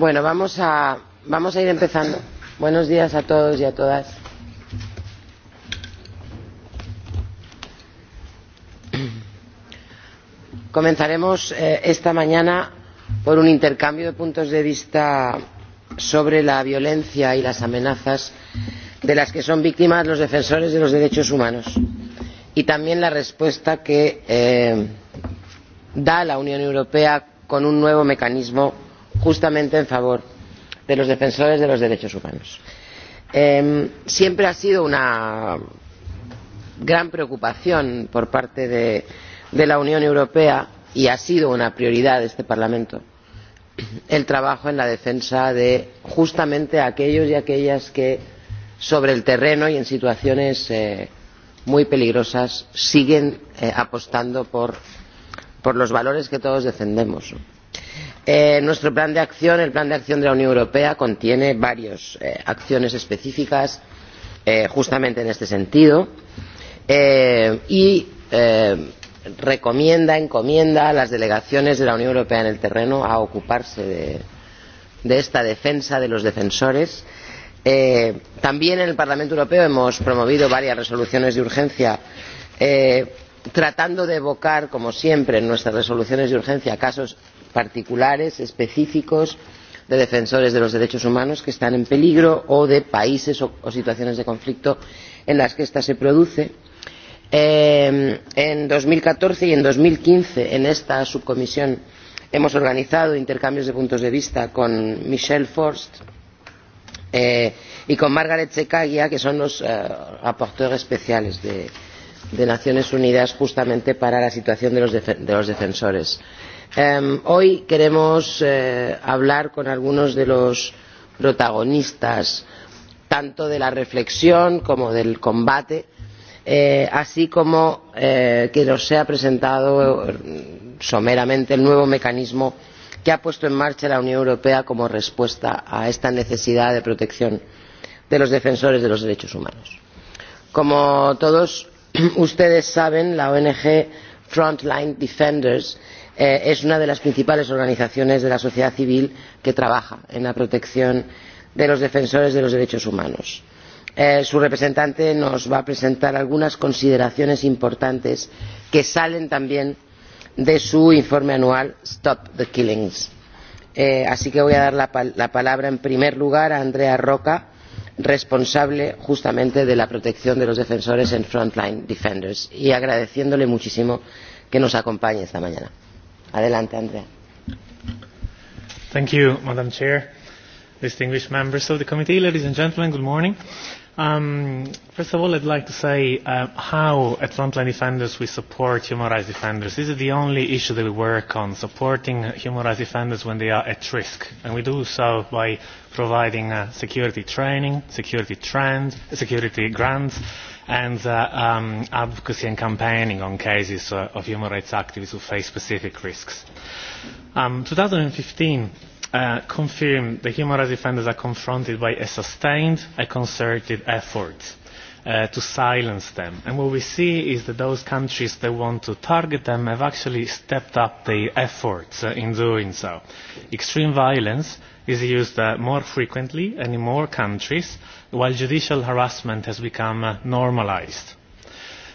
Bueno, vamos a, vamos a ir empezando. Buenos días a todos y a todas. Comenzaremos eh, esta mañana por un intercambio de puntos de vista sobre la violencia y las amenazas de las que son víctimas los defensores de los derechos humanos y también la respuesta que eh, da la unión europea con un nuevo mecanismo justamente en favor de los defensores de los derechos humanos. Eh, siempre ha sido una gran preocupación por parte de, de la Unión Europea y ha sido una prioridad de este Parlamento el trabajo en la defensa de justamente aquellos y aquellas que sobre el terreno y en situaciones eh, muy peligrosas siguen eh, apostando por, por los valores que todos defendemos. ¿no? Eh, nuestro plan de acción, el plan de acción de la Unión Europea, contiene varias eh, acciones específicas eh, justamente en este sentido y recomienda, encomienda a las delegaciones de la Unión Europea en el terreno a ocuparse de, de esta defensa de los defensores. también en el Parlamento Europeo hemos promovido varias resoluciones de urgencia tratando de evocar, como siempre en nuestras resoluciones de urgencia, casos particulares específicos de defensores de los derechos humanos que están en peligro o de países o, o situaciones de conflicto en las que ésta se produce. Eh, en dos mil catorce y en dos mil quince en esta subcomisión hemos organizado intercambios de puntos de vista con michel forst eh, y con margaret Zecaglia, que son los eh, especiales de las Naciones Unidas justamente para la situación de los, defen de los defensores Eh, hoy queremos eh, hablar con algunos de los protagonistas tanto de la reflexión como del combate eh, así como eh, que nos sea presentado mm, someramente el nuevo mecanismo que ha puesto en marcha la unión europea como respuesta a esta necesidad de protección de los defensores de los derechos humanos. como todos ustedes saben la ong frontline defenders Eh, es una de las principales organizaciones de la sociedad civil que trabaja en la protección de los defensores de los derechos humanos. Eh, su representante nos va a presentar algunas consideraciones importantes que salen también de su informe anual Stop the Killings. Eh, así que voy a dar la, la palabra en primer lugar a Andrea Roca, responsable justamente de la protección de los defensores en Frontline Defenders, y agradeciéndole muchísimo que nos acompañe esta mañana. Adelante, Andrea. Thank you, Madam Chair, distinguished members of the committee, ladies and gentlemen, good morning. Um, first of all, I'd like to say uh, how at Frontline Defenders we support human rights defenders. This is the only issue that we work on, supporting human rights defenders when they are at risk. And we do so by providing uh, security training, security trend, security grants, and uh, um, advocacy and campaigning on cases uh, of human rights activists who face specific risks. Um, 2015 uh, confirmed that human rights defenders are confronted by a sustained, a concerted effort uh, to silence them. And what we see is that those countries that want to target them have actually stepped up the efforts uh, in doing so. Extreme violence is used uh, more frequently and in more countries while judicial harassment has become uh, normalised.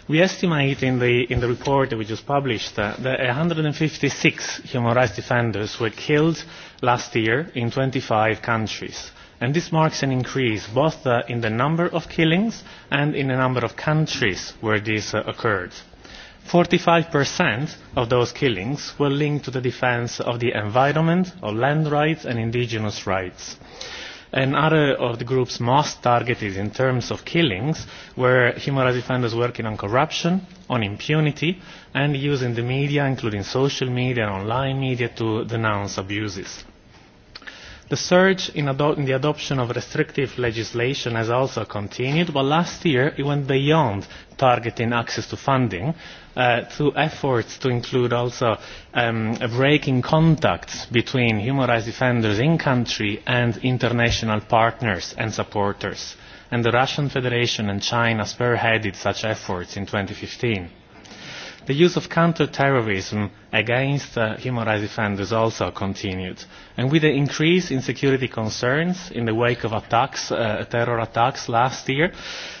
We estimate in the, in the report that we just published uh, that 156 human rights defenders were killed last year in 25 countries. And this marks an increase both uh, in the number of killings and in the number of countries where this uh, occurred. 45% of those killings were linked to the defence of the environment, of land rights and indigenous rights Another of the group's most targeted in terms of killings were human rights defenders working on corruption, on impunity, and using the media, including social media and online media, to denounce abuses. The surge in, in the adoption of restrictive legislation has also continued, but last year it went beyond targeting access to funding uh, through efforts to include also um, breaking contacts between human rights defenders in country and international partners and supporters. And the Russian Federation and China spearheaded such efforts in fifteen. The use of counter-terrorism against uh, human rights defenders also continued. And with the increase in security concerns in the wake of attacks, uh, terror attacks last year,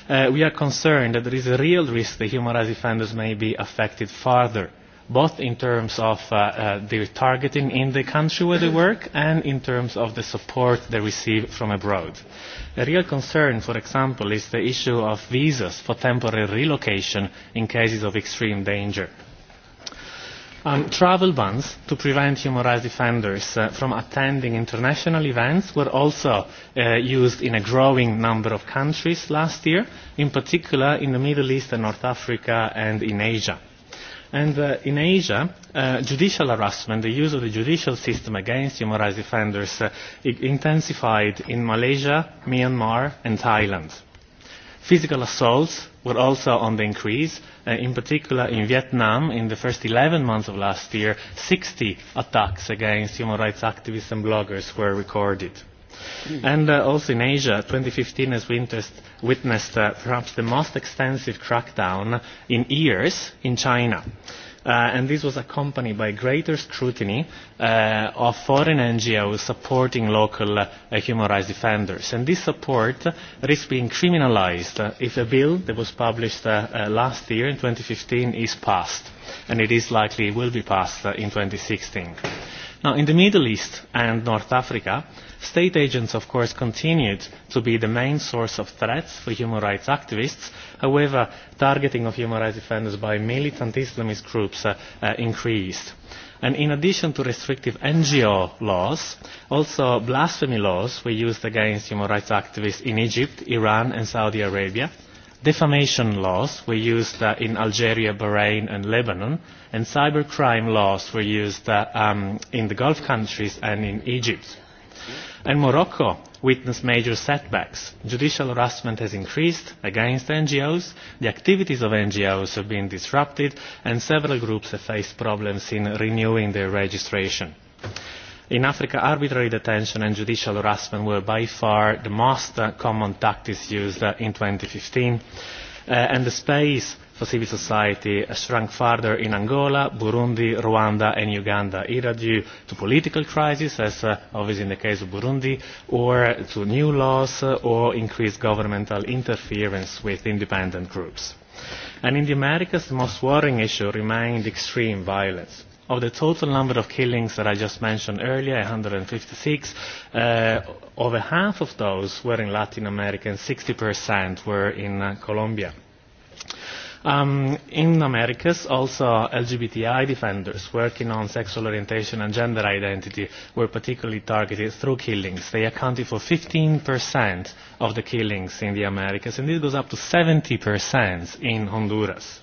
uh, we are concerned that there is a real risk that human rights defenders may be affected further, both in terms of uh, uh, their targeting in the country where they work and in terms of the support they receive from abroad. A real concern, for example, is the issue of visas for temporary relocation in cases of extreme danger Um, travel bans to prevent human rights defenders uh, from attending international events were also uh, used in a growing number of countries last year, in particular in the Middle East and North Africa and in Asia. And uh, in Asia, uh, judicial harassment, the use of the judicial system against human rights defenders, uh, intensified in Malaysia, Myanmar, and Thailand. Physical assaults were also on the increase. Uh, in particular, in Vietnam, in the first 11 months of last year, 60 attacks against human rights activists and bloggers were recorded. Hmm. And uh, also in Asia, 2015 has witnessed, witnessed uh, perhaps the most extensive crackdown in years in China uh, and this was accompanied by greater scrutiny uh, of foreign ngos supporting local uh, human rights defenders. and this support risks being criminalised if a bill that was published uh, uh, last year in 2015 is passed, and it is likely it will be passed uh, in 2016. now, in the middle east and north africa, State agents, of course, continued to be the main source of threats for human rights activists. However, targeting of human rights defenders by militant Islamist groups uh, uh, increased. And in addition to restrictive NGO laws, also blasphemy laws were used against human rights activists in Egypt, Iran and Saudi Arabia. Defamation laws were used uh, in Algeria, Bahrain and Lebanon, and cybercrime laws were used uh, um, in the Gulf countries and in Egypt and Morocco witnessed major setbacks. Judicial harassment has increased against NGOs, the activities of NGOs have been disrupted, and several groups have faced problems in renewing their registration. In Africa, arbitrary detention and judicial harassment were by far the most common tactics used uh, in fifteen, uh, and the space for civil society shrunk further in Angola, Burundi, Rwanda and Uganda, either due to political crisis, as uh, obviously in the case of Burundi, or to new laws uh, or increased governmental interference with independent groups. And in the Americas, the most worrying issue remained extreme violence. Of the total number of killings that I just mentioned earlier, 156, uh, over half of those were in Latin America and 60% were in uh, Colombia Um, in Americas, also LGBTI defenders working on sexual orientation and gender identity were particularly targeted through killings. They accounted for 15% of the killings in the Americas, and this goes up to 70% in Honduras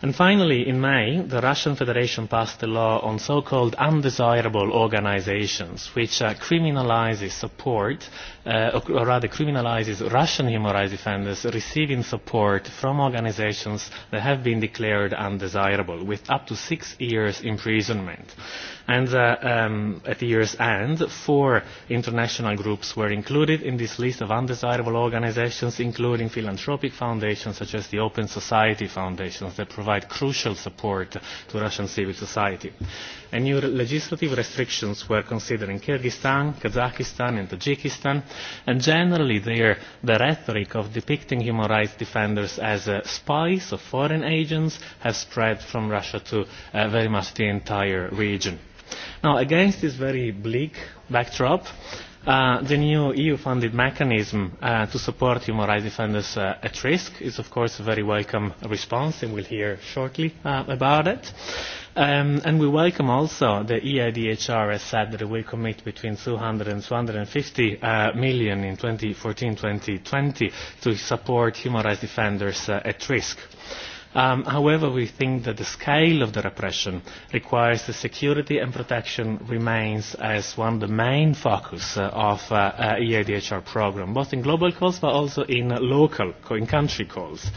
And finally, in May, the Russian Federation passed a law on so-called undesirable organizations, which uh, criminalizes support, uh, or rather criminalizes Russian human rights defenders receiving support from organizations that have been declared undesirable, with up to six years imprisonment and uh, um, at the year's end, four international groups were included in this list of undesirable organizations, including philanthropic foundations such as the Open Society foundations that provide crucial support to Russian civil society. And new legislative restrictions were considered in Kyrgyzstan, Kazakhstan, and Tajikistan, and generally their, the rhetoric of depicting human rights defenders as uh, spies of foreign agents has spread from Russia to uh, very much the entire region. Now, against this very bleak backdrop, uh, the new EU-funded mechanism uh, to support human rights defenders uh, at risk is, of course, a very welcome response, and we'll hear shortly uh, about it. Um, and we welcome also the EIDHR has said that it will commit between 200 and 250 uh, million in 2014-2020 to support human rights defenders uh, at risk. Um, however, we think that the scale of the repression requires that security and protection remains as one of the main focus uh, of uh, uh EADHR program, both in global calls but also in local, in country calls.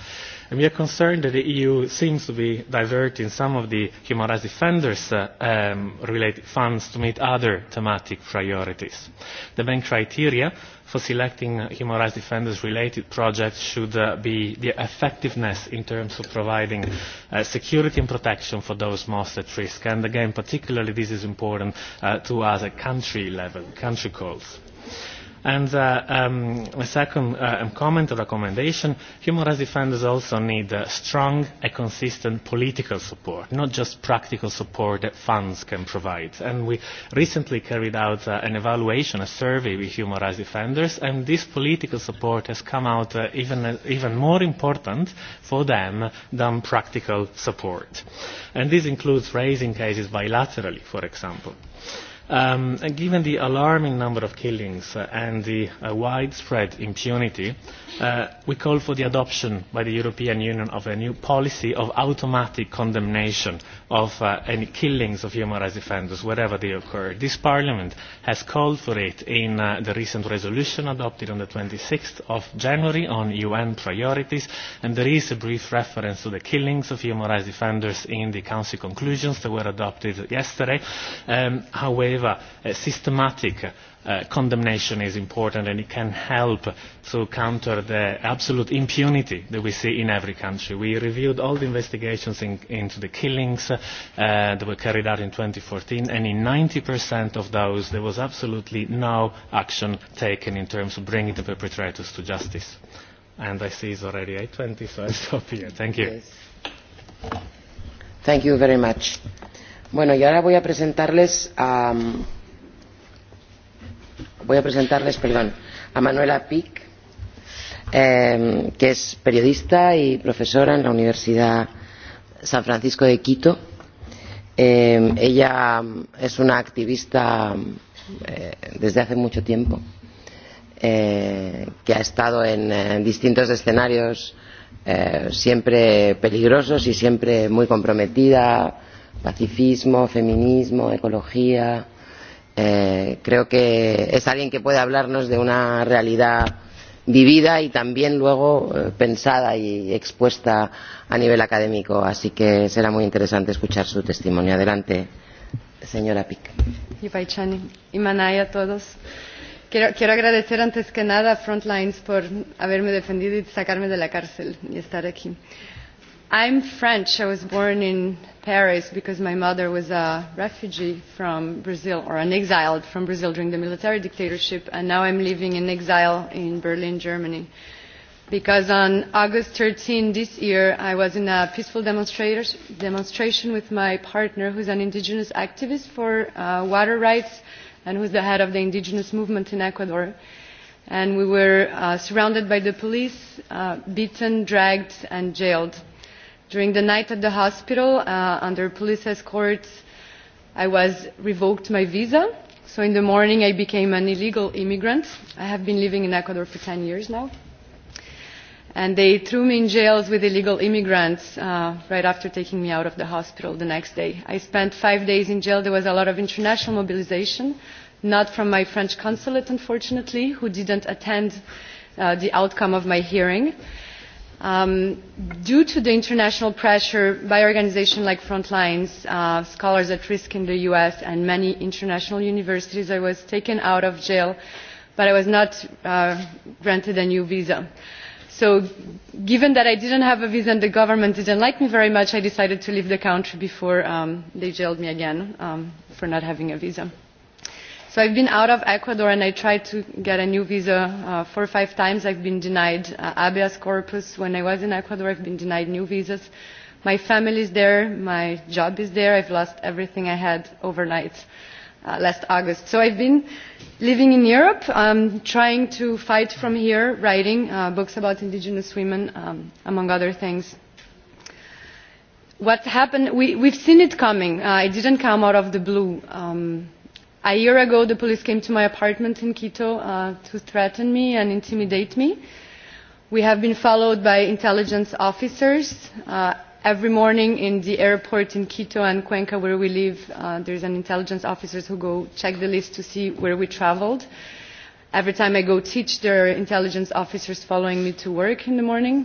And we are concerned that the EU seems to be diverting some of the human rights defenders' uh, um, related funds to meet other thematic priorities. The main criteria for selecting human rights defenders related projects should uh, be the effectiveness in terms of providing uh, security and protection for those most at risk. And again, particularly this is important uh, to us at country level, country calls. And uh, um, a second uh, um, comment or recommendation, human rights defenders also need uh, strong and consistent political support, not just practical support that funds can provide. And we recently carried out uh, an evaluation, a survey with human rights defenders, and this political support has come out uh, even, uh, even more important for them than practical support. And this includes raising cases bilaterally, for example. Um, and given the alarming number of killings uh, and the uh, widespread impunity, uh, we call for the adoption by the European Union of a new policy of automatic condemnation of uh, any killings of human rights defenders wherever they occur. This Parliament has called for it in uh, the recent resolution adopted on the 26th of January on UN priorities, and there is a brief reference to the killings of human rights defenders in the Council conclusions that were adopted yesterday. Um, however, favour uh, systematic uh, condemnation is important and it can help to counter the absolute impunity that we see in every country. We reviewed all the investigations in, into the killings uh, that were carried out in 2014 and in 90% of those there was absolutely no action taken in terms of bringing the perpetrators to justice. And I see it's already 8.20 so I stop here. Thank you. Yes. Thank you very much. Bueno, y ahora voy a presentarles a, voy a, presentarles, perdón, a Manuela Pic, eh, que es periodista y profesora en la Universidad San Francisco de Quito. Eh, ella es una activista eh, desde hace mucho tiempo, eh, que ha estado en, en distintos escenarios eh, siempre peligrosos y siempre muy comprometida pacifismo, feminismo, ecología. Eh, creo que es alguien que puede hablarnos de una realidad vivida y también luego eh, pensada y expuesta a nivel académico. Así que será muy interesante escuchar su testimonio. Adelante, señora Pic. Quiero, quiero agradecer antes que nada a Frontlines por haberme defendido y sacarme de la cárcel y estar aquí. Eh, I'm French. I was born in Paris because my mother was a refugee from Brazil or an exiled from Brazil during the military dictatorship, and now I'm living in exile in Berlin, Germany. Because on August 13 this year, I was in a peaceful demonstration with my partner, who's an indigenous activist for uh, water rights and who's the head of the indigenous movement in Ecuador and we were uh, surrounded by the police, uh, beaten, dragged, and jailed during the night at the hospital uh, under police escort i was revoked my visa so in the morning i became an illegal immigrant i have been living in ecuador for ten years now and they threw me in jails with illegal immigrants uh, right after taking me out of the hospital the next day. I spent five days in jail. There was a lot of international mobilization, not from my French consulate, unfortunately, who didn't attend uh, the outcome of my hearing. Um, due to the international pressure by organisations like Frontlines, uh, Scholars at Risk in the US, and many international universities, I was taken out of jail, but I was not uh, granted a new visa. So, given that I didn't have a visa and the government didn't like me very much, I decided to leave the country before um, they jailed me again um, for not having a visa so i've been out of ecuador and i tried to get a new visa uh, four or five times i've been denied uh, habeas corpus when i was in ecuador i've been denied new visas my family is there my job is there i've lost everything i had overnight uh, last august so i've been living in europe um, trying to fight from here writing uh, books about indigenous women um, among other things what happened we, we've seen it coming uh, it didn't come out of the blue um, a year ago the police came to my apartment in quito uh, to threaten me and intimidate me. we have been followed by intelligence officers. Uh, every morning in the airport in quito and cuenca where we live uh, there an intelligence officer who go check the list to see where we travelled. every time i go teach there are intelligence officers following me to work in the morning.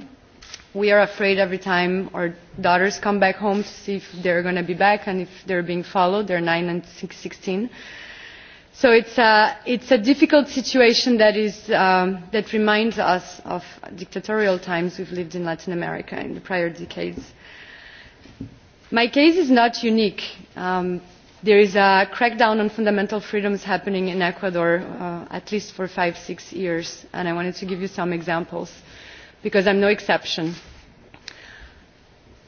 we are afraid every time our daughters come back home to see if they are going to be back and if they are being followed they are nine and sixteen. 16 so it is a difficult situation that, is, um, that reminds us of dictatorial times we have lived in latin america in the prior decades. my case is not unique. Um, there is a crackdown on fundamental freedoms happening in ecuador uh, at least for five six years and i wanted to give you some examples because i am no exception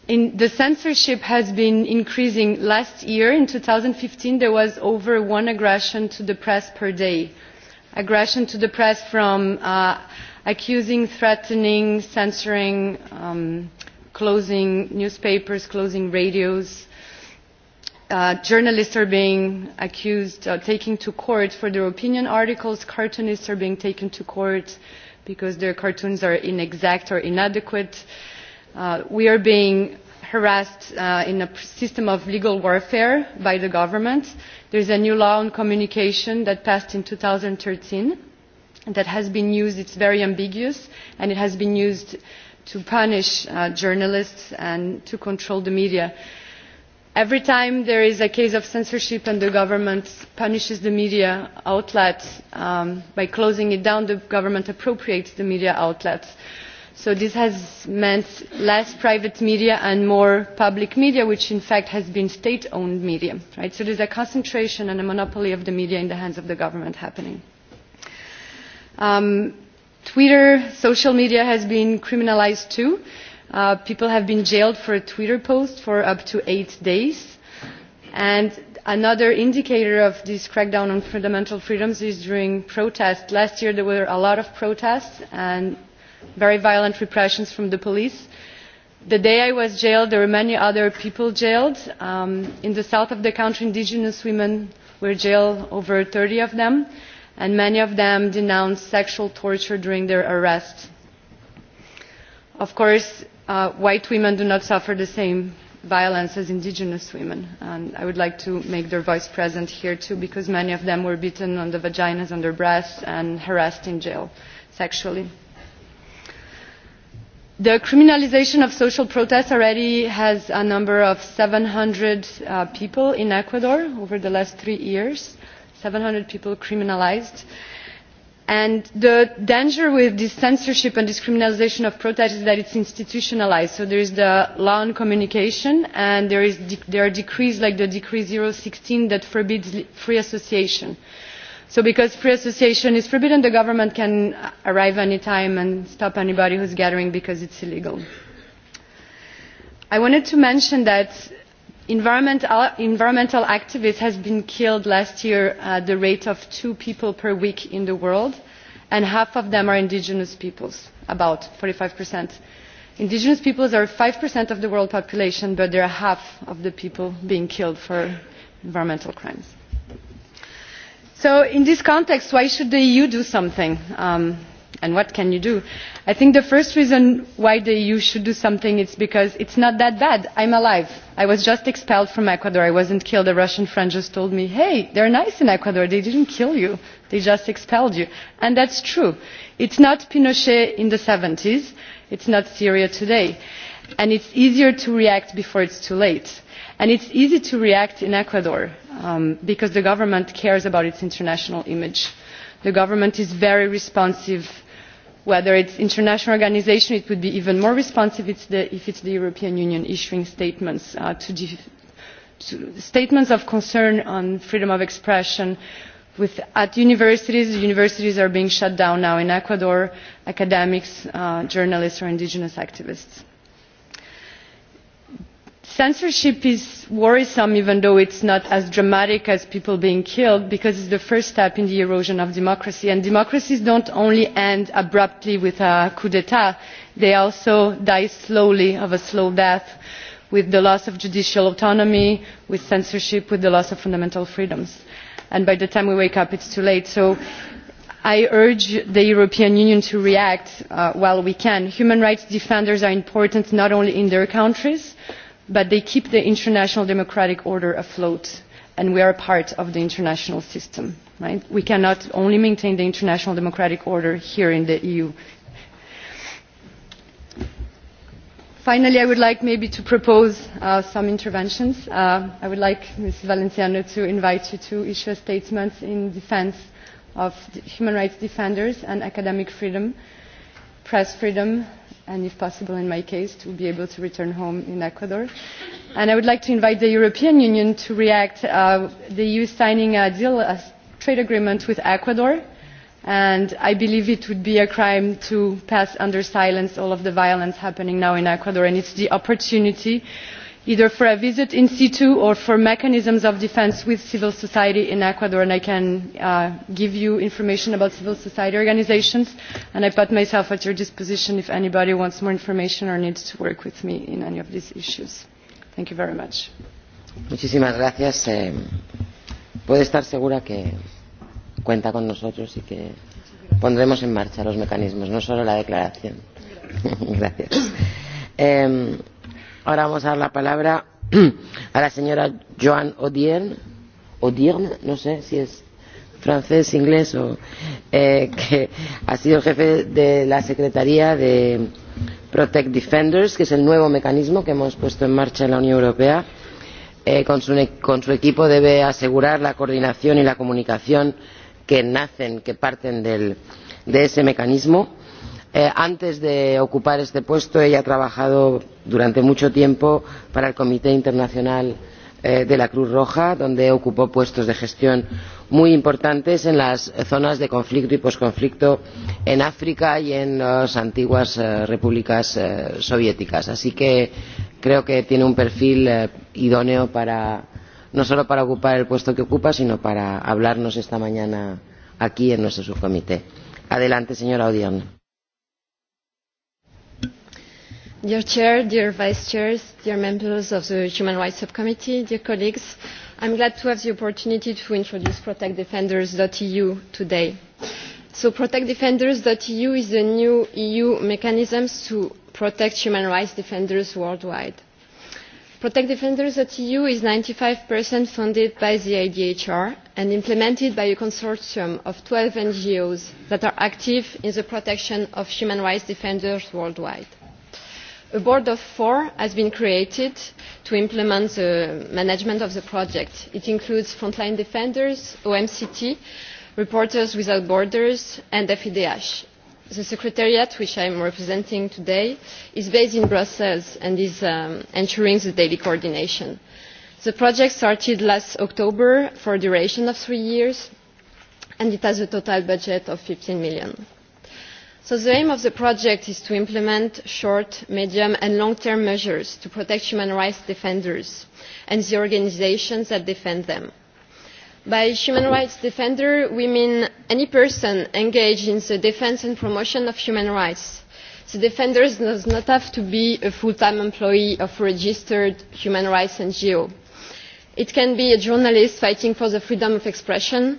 in, the censorship has been increasing. Last year, in two thousand fifteen there was over one aggression to the press per day. Aggression to the press from uh, accusing, threatening, censoring, um, closing newspapers, closing radios. Uh, journalists are being accused of uh, taking to court for their opinion articles. Cartoonists are being taken to court because their cartoons are inexact or inadequate. Uh, Uh, we are being harassed uh, in a system of legal warfare by the government. there is a new law on communication that passed in two thousand and thirteen that has been used it is very ambiguous and it has been used to punish uh, journalists and to control the media. every time there is a case of censorship and the government punishes the media outlets, um, by closing it down the government appropriates the media outlets so this has meant less private media and more public media which in fact has been state owned media. Right? so there is a concentration and a monopoly of the media in the hands of the government happening. Um, twitter social media has been criminalised too. Uh, people have been jailed for a twitter post for up to eight days and another indicator of this crackdown on fundamental freedoms is during protests. last year there were a lot of protests and very violent repressions from the police. the day i was jailed there were many other people jailed. Um, in the south of the country indigenous women were jailed over thirty of them and many of them denounced sexual torture during their arrest. of course uh, white women do not suffer the same violence as indigenous women and i would like to make their voice present here too because many of them were beaten on the vaginas on their breasts and harassed in jail sexually the criminalisation of social protest already has a number of seven hundred uh, people in ecuador over the last three years seven hundred people criminalised and the danger with this censorship and this criminalisation of protest is that it is institutionalised so there is the law on communication and there, are decrees like the decree sixteen that forbids free association so because free association is forbidden the government can arrive any time and stop anybody who is gathering because it is illegal. i wanted to mention that uh, environmental activists have been killed last year at the rate of two people per week in the world and half of them are indigenous peoples about forty five indigenous peoples are five of the world population but they are half of the people being killed for environmental crimes so in this context why should the eu do something um, and what can you do? i think the first reason why the eu should do something is because it is not that bad i am alive i was just expelled from ecuador i was not killed a russian friend just told me hey they are nice in ecuador they did not kill you they just expelled you and that is true it is not pinochet in the seventies, it is not syria today and it is easier to react before it is too late and it is easy to react in ecuador um, because the government cares about its international image. the government is very responsive whether it is an international organisation it would be even more responsive if it is the european union issuing uh, statements of concern on freedom of expression at universities universities are being shut down now in ecuador academics uh, journalists or indigenous activists censorship is worrisome even though it is not as dramatic as people being killed because it is the first step in the erosion of democracy and democracies do not only end abruptly with a coup d'tat they also die slowly of a slow death with the loss of judicial autonomy with censorship with the loss of fundamental freedoms and by the time we wake up it is too late. so i urge the european union to react uh, while we can. human rights defenders are important not only in their countries but but they keep the international democratic order afloat and we are part of the international system. Right? We cannot only maintain the international democratic order here in the EU. Finally, I would like maybe to propose uh, some interventions. Uh, I would like Ms. Valenciano to invite you to issue statements in defense of human rights defenders and academic freedom, press freedom, and if possible in my case to be able to return home in ecuador. And i would like to invite the european union to react uh, the eu signing a deal a trade agreement with ecuador and i believe it would be a crime to pass under silence all of the violence happening now in ecuador and it's the opportunity uh, either for a visit in situ or for mechanisms of defence with civil society in ecuador and i can uh, give you information about civil society organisations and i put myself at your disposition if anybody wants more information or needs to work with me on any of these issues. thank you very much. Muchísimas gracias. Eh, puede estar segura que cuenta con nosotros y que pondremos en marcha los mecanismos, no solo la declaración. gracias. Eh, Ahora vamos a dar la palabra a la señora Joan Odierne, Odierne, no sé si es francés, inglés o eh, que ha sido jefe de la Secretaría de Protect Defenders, que es el nuevo mecanismo que hemos puesto en marcha en la Unión Europea. Eh, con, su, con su equipo debe asegurar la coordinación y la comunicación que nacen, que parten del, de ese mecanismo Eh, antes de ocupar este puesto ella ha trabajado durante mucho tiempo para el comité internacional eh, de la cruz roja donde ocupó puestos de gestión muy importantes en las zonas de conflicto y posconflicto en áfrica y en las antiguas eh, repúblicas soviéticas así que creo que tiene un perfil idóneo no solo para ocupar el puesto que ocupa sino para hablarnos esta mañana aquí en nuestro subcomité. adelante señora audion. Dear Chair, dear Vice Chairs, dear members of the Human Rights Subcommittee, dear colleagues, I'm glad to have the opportunity to introduce protectdefenders.eu today. So protectdefenders.eu is a new EU mechanism to protect human rights defenders worldwide. Protectdefenders.eu is 95% funded by the IDHR and implemented by a consortium of 12 NGOs that are active in the protection of human rights defenders worldwide a board of four has been created to implement the management of the project. it includes frontline defenders omct reporters without borders and fedh. the secretariat which i am representing today is based in brussels and is um, ensuring the daily coordination. the project started last october for a duration of three years and it has a total budget of eur fifteen million so the aim of the project is to implement short medium and long term measures to protect human rights defenders and the organisations that defend them. by human rights defender we mean any person engaged in the defence and promotion of human rights. the defender does not have to be a full time employee of a registered human rights ngo. it can be a journalist fighting for the freedom of expression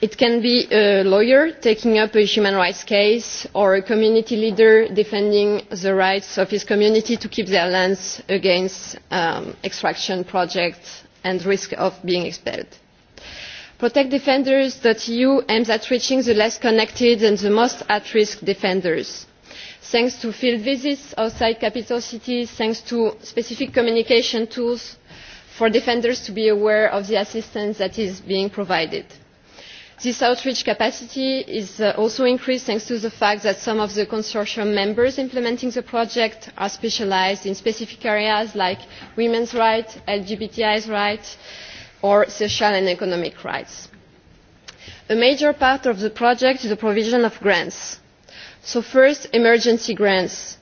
it can be a lawyer taking up a human rights case or a community leader defending the rights of his community to keep their lands against um, extraction projects and risk of being expelled. EU aims at reaching the less connected and the most at risk defenders thanks to field visits outside capital cities thanks to specific communication tools for defenders to be aware of the assistance that is being provided this outreach capacity is uh, also increased thanks to the fact that some of the consortium members implementing the project are specialised in specific areas like women's rights lgbti rights or social and economic rights. a major part of the project is the provision of grants. so first emergency grants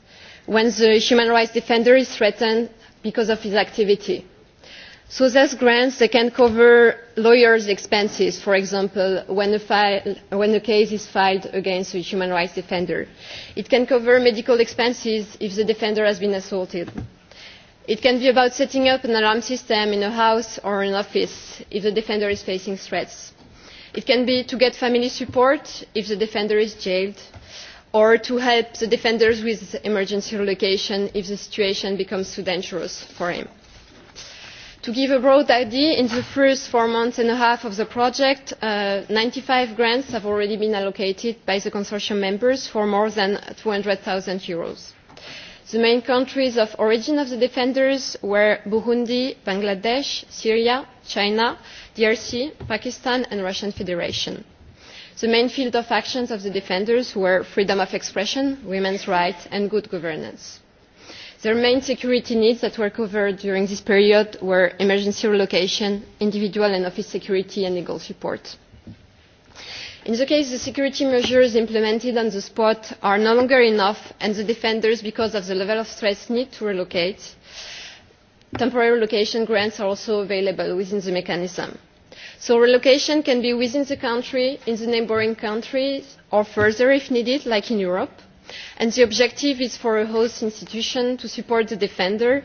when the human rights defender is threatened because of his activity so those grants they can cover lawyers' expenses, for example, when a, file, when a case is filed against a human rights defender. It can cover medical expenses if the defender has been assaulted. It can be about setting up an alarm system in a house or an office if the defender is facing threats. It can be to get family support if the defender is jailed, or to help the defenders with emergency relocation if the situation becomes too dangerous for him to give a broad idea in the first four months and a half of the project ninety uh, five grants have already been allocated by the consortium members for more than eur two hundred zero the main countries of origin of the defenders were burundi bangladesh syria china drc pakistan and the russian federation. the main fields of action of the defenders were freedom of expression women's rights and good governance the main security needs that were covered during this period were emergency relocation individual and office security and legal support. in the case the security measures implemented on the spot are no longer enough and the defenders because of the level of stress need to relocate. temporary relocation grants are also available within the mechanism. so relocation can be within the country in the neighbouring countries or further if needed like in europe and the objective is for a host institution to support the defender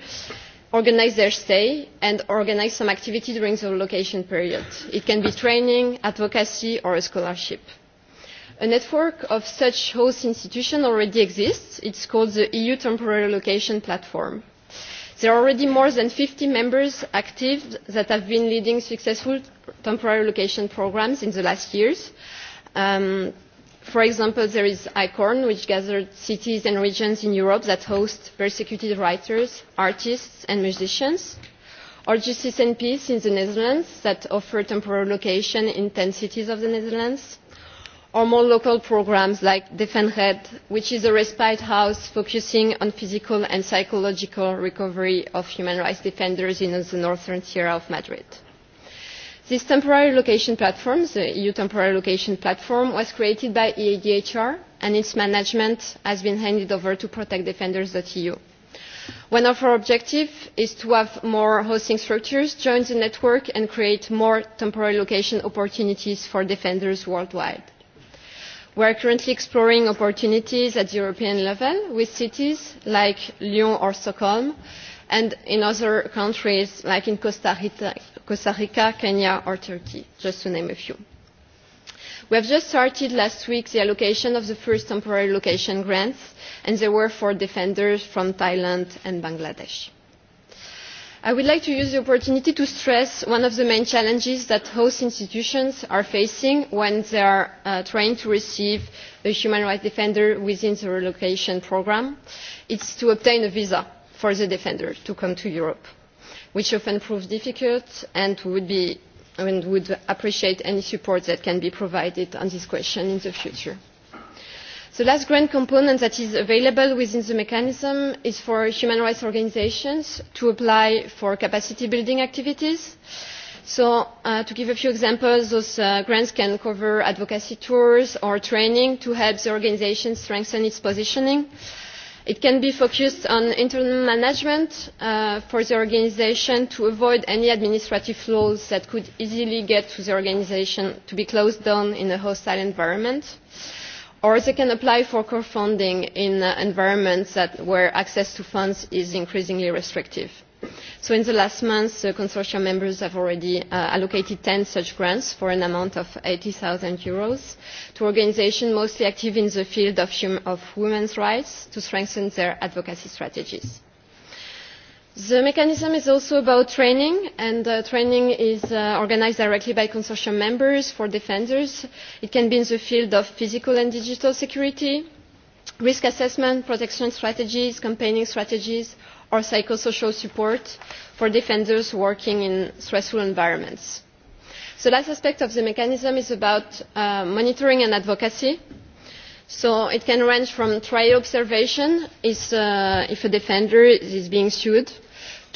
organise their stay and organise some activity during the relocation period. it can be training advocacy or a scholarship. a network of such host institutions already exists it is called the eu temporary location platform. there are already more than fifty members active that have been leading successful temporary relocation programmes in the last years. Um, for example there is icorn which gathers cities and regions in europe that host persecuted writers artists and musicians or justice and peace in the netherlands that offer temporary location in ten cities of the netherlands or more local programmes like defenred which is a respite house focusing on physical and psychological recovery of human rights defenders in the northern sierra of madrid. This temporary location platform, the EU temporary location platform, was created by EADHR and its management has been handed over to protectdefenders.eu. One of our objectives is to have more hosting structures join the network and create more temporary location opportunities for defenders worldwide. We are currently exploring opportunities at European level with cities like Lyon or Stockholm and in other countries like in Costa Rica, Costa Rica, Kenya or Turkey, just to name a few. We have just started last week the allocation of the first temporary location grants, and they were for defenders from Thailand and Bangladesh. I would like to use the opportunity to stress one of the main challenges that host institutions are facing when they are uh, trying to receive a human rights defender within the relocation programme. It's to obtain a visa for the defender to come to Europe which often prove difficult and would, would appreciate any support that can be provided on this question in the future. The last grant component that is available within the mechanism is for human rights organisations to apply for capacity building activities. So uh, to give a few examples, those uh, grants can cover advocacy tours or training to help the organisation strengthen its positioning it can be focused on internal management uh, for the organisation to avoid any administrative flaws that could easily get to the organisation to be closed down in a hostile environment or they can apply for co funding in uh, environments that, where access to funds is increasingly restrictive. So in the last month, the consortium members have already uh, allocated 10 such grants for an amount of 80,000 euros to organizations mostly active in the field of, hum of women's rights to strengthen their advocacy strategies. The mechanism is also about training, and uh, training is uh, organized directly by consortium members for defenders. It can be in the field of physical and digital security, risk assessment, protection strategies, campaigning strategies, or psychosocial support for defenders working in stressful environments. the last aspect of the mechanism is about uh, monitoring and advocacy. so it can range from trial observation uh, if a defender is being sued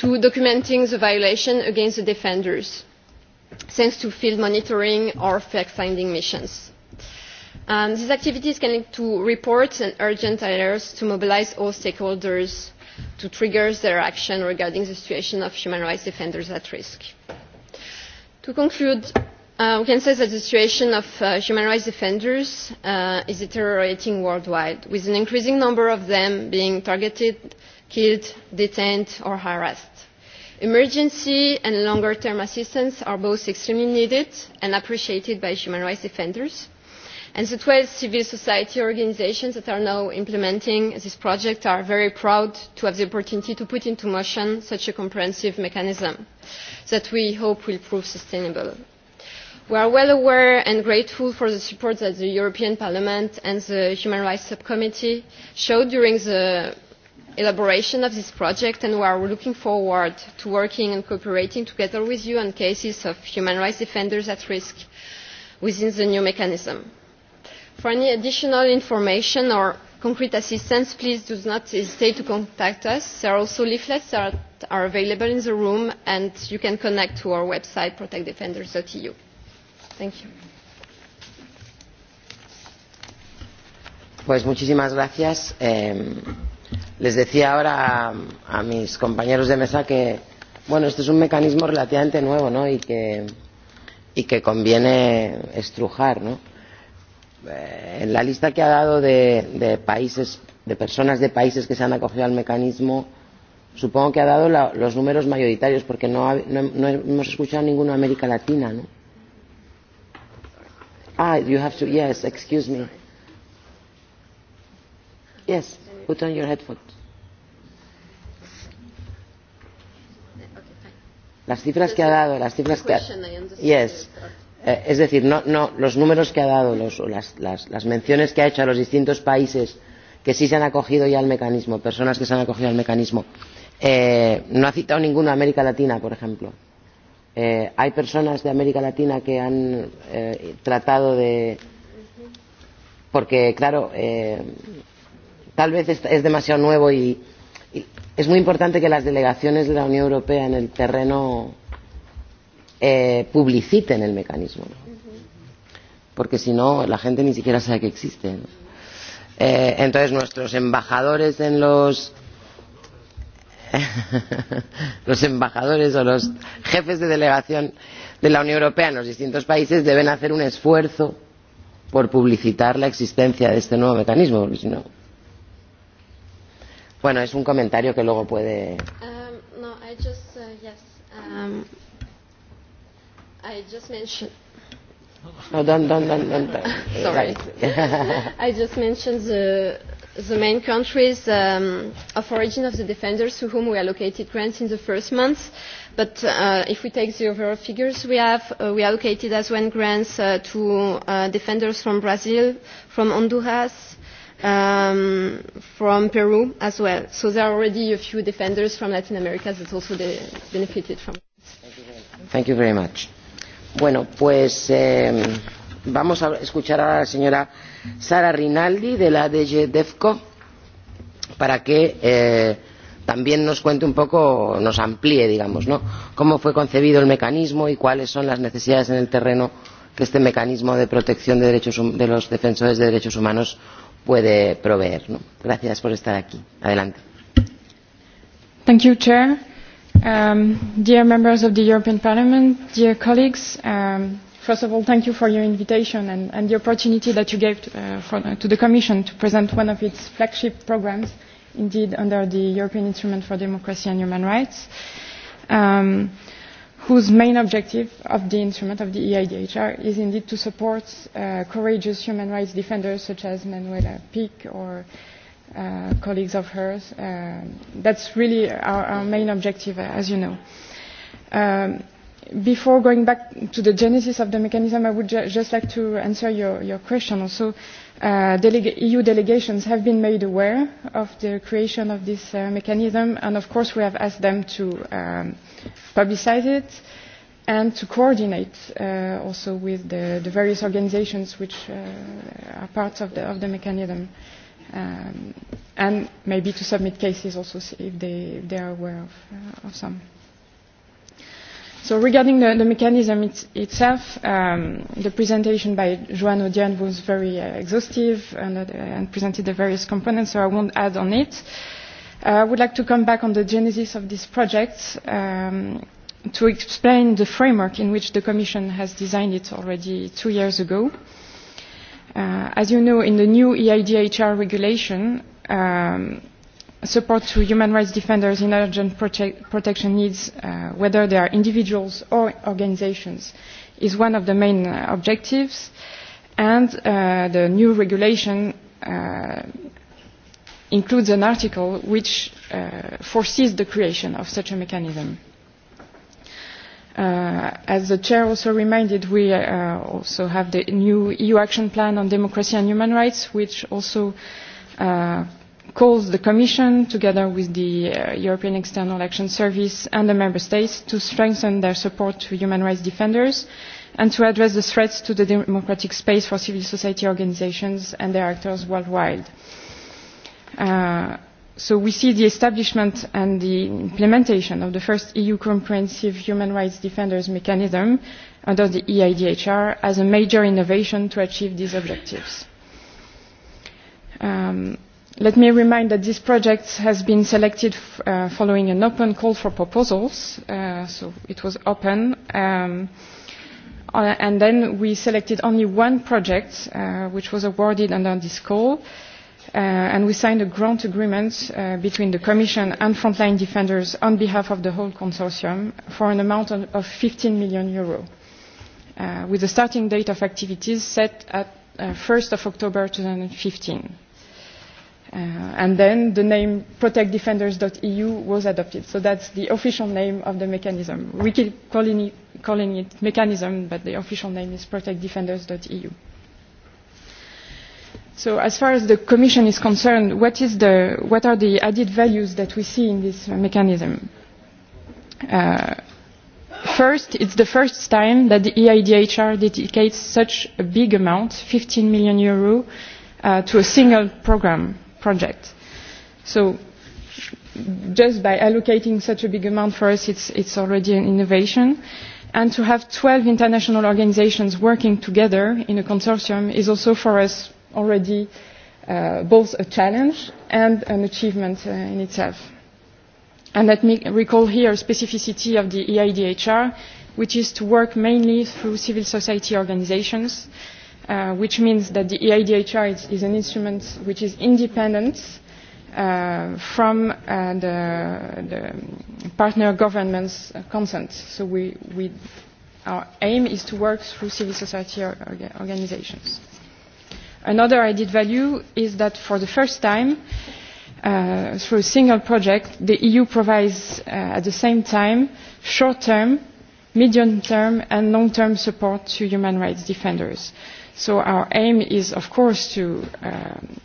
to documenting the violation against the defenders thanks to field monitoring or fact finding missions. Um, these activities can lead to reports and urgent alerts to mobilise all stakeholders to trigger their action regarding the situation of human rights defenders at risk. To conclude, uh, we can say that the situation of uh, human rights defenders uh, is deteriorating worldwide, with an increasing number of them being targeted, killed, detained or harassed. Emergency and longer-term assistance are both extremely needed and appreciated by human rights defenders and the twelve civil society organisations that are now implementing this project are very proud to have the opportunity to put into motion such a comprehensive mechanism that we hope will prove sustainable. we are well aware and grateful for the support that the european parliament and the human rights subcommittee showed during the elaboration of this project and we are looking forward to working and cooperating together with you on cases of human rights defenders at risk within the new mechanism for any additional information or concrete assistance please do not hesitate to contact us. there are also leaflets that are available in the room and you can connect to our website protectdefenders e thank you. Pues muchísimas gracias. Eh, les decía ahora a, a mis compañeros de mesa que bueno, este es un mecanismo relativamente nuevo ¿no? y, que, y que conviene estrujar. ¿no? en eh, la lista que ha dado de, de países de personas de países que se han acogido al mecanismo supongo que ha dado la, los números mayoritarios porque no, ha, no, no hemos escuchado ninguno de América Latina ¿no? ah you have to yes excuse me yes put on your headphones las cifras que ha dado las cifras que ha, yes Eh, es decir, no, no, los números que ha dado, los, o las, las, las menciones que ha hecho a los distintos países que sí se han acogido ya al mecanismo, personas que se han acogido al mecanismo, eh, no ha citado a América Latina, por ejemplo. Eh, hay personas de América Latina que han eh, tratado de. Porque, claro, eh, tal vez es, es demasiado nuevo y, y es muy importante que las delegaciones de la Unión Europea en el terreno eh, publiciten el mecanismo. ¿no? Porque si no, la gente ni siquiera sabe que existe. ¿no? Eh, entonces, nuestros embajadores en los. los embajadores o los jefes de delegación de la Unión Europea en los distintos países deben hacer un esfuerzo por publicitar la existencia de este nuevo mecanismo, porque si no. Bueno, es un comentario que luego puede. Um, no, I just, uh, yes, um, i just mentioned. No, don't, don't, don't, don't. Sorry. I just mentioned the, the main countries um, of origin of the defenders to whom we allocated grants in the first month. But uh, if we take the overall figures we have, uh, we allocated as well grants uh, to uh, defenders from Brazil, from Honduras, um, from Peru as well. So there are already a few defenders from Latin America that also benefited from. Thank you very much. Bueno, pues eh, vamos a escuchar a la señora Sara Rinaldi de la DG DEFCO para que eh, también nos cuente un poco, nos amplíe, digamos, ¿no? cómo fue concebido el mecanismo y cuáles son las necesidades en el terreno que este mecanismo de protección de, derechos, de los defensores de derechos humanos puede proveer. ¿no? Gracias por estar aquí. Adelante. Thank you, Chair. Um, dear members of the European Parliament, dear colleagues, um, first of all, thank you for your invitation and, and the opportunity that you gave to, uh, for, uh, to the Commission to present one of its flagship programs, indeed under the European Instrument for Democracy and Human Rights, um, whose main objective of the instrument of the EIDHR is indeed to support uh, courageous human rights defenders such as Manuela Pic or uh, colleagues of hers. Uh, that's really our, our main objective, uh, as you know. Um, before going back to the genesis of the mechanism, I would ju just like to answer your, your question also. Uh, delega EU delegations have been made aware of the creation of this uh, mechanism, and of course we have asked them to um, publicize it and to coordinate uh, also with the, the various organizations which uh, are part of the, of the mechanism. Uh, um, and maybe to submit cases also if they, if they are aware of, uh, of some. So regarding the, the mechanism it, itself, um, the presentation by Joan Odian was very uh, exhaustive and, uh, and presented the various components, so I won't add on it. Uh, I would like to come back on the genesis of this project um, to explain the framework in which the Commission has designed it already two years ago. Uh, Uh, as you know, in the new EIDHR regulation, um, support to human rights defenders in urgent prote protection needs, uh, whether they are individuals or organizations, is one of the main uh, objectives. And uh, the new regulation uh, includes an article which uh, foresees the creation of such a mechanism. Uh, as the chair also reminded, we uh, also have the new EU action plan on democracy and human rights, which also uh, calls the Commission, together with the uh, European External Action Service and the Member States, to strengthen their support to human rights defenders and to address the threats to the democratic space for civil society organizations and their actors worldwide. Uh, so we see the establishment and the implementation of the first eu comprehensive human rights defenders mechanism under the eidhr as a major innovation to achieve these objectives. Um, let me remind that this project has been selected f uh, following an open call for proposals, uh, so it was open, um, uh, and then we selected only one project uh, which was awarded under this call, uh, uh, and we signed a grant agreement uh, between the Commission and frontline defenders on behalf of the whole consortium for an amount of, 15 million euros, uh, with the starting date of activities set at uh, 1st of October 2015. Uh, and then the name protectdefenders.eu was adopted. So that's the official name of the mechanism. We keep calling it, calling it mechanism, but the official name is protectdefenders.eu. So as far as the Commission is concerned, what, is the, what are the added values that we see in this mechanism? Uh, first, it's the first time that the EIDHR dedicates such a big amount, 15 million euro, uh, to a single program project. So just by allocating such a big amount for us, it's, it's already an innovation. And to have 12 international organizations working together in a consortium is also for us already uh, both a challenge and an achievement uh, in itself. And let me recall here a specificity of the EIDHR, which is to work mainly through civil society organizations, uh, which means that the EIDHR is, is an instrument which is independent uh, from uh, the, the partner government's consent. So we, we, our aim is to work through civil society or, or organizations. Another added value is that for the first time, uh, through a single project, the EU provides uh, at the same time short-term, medium-term and long-term support to human rights defenders. So our aim is, of course, to um,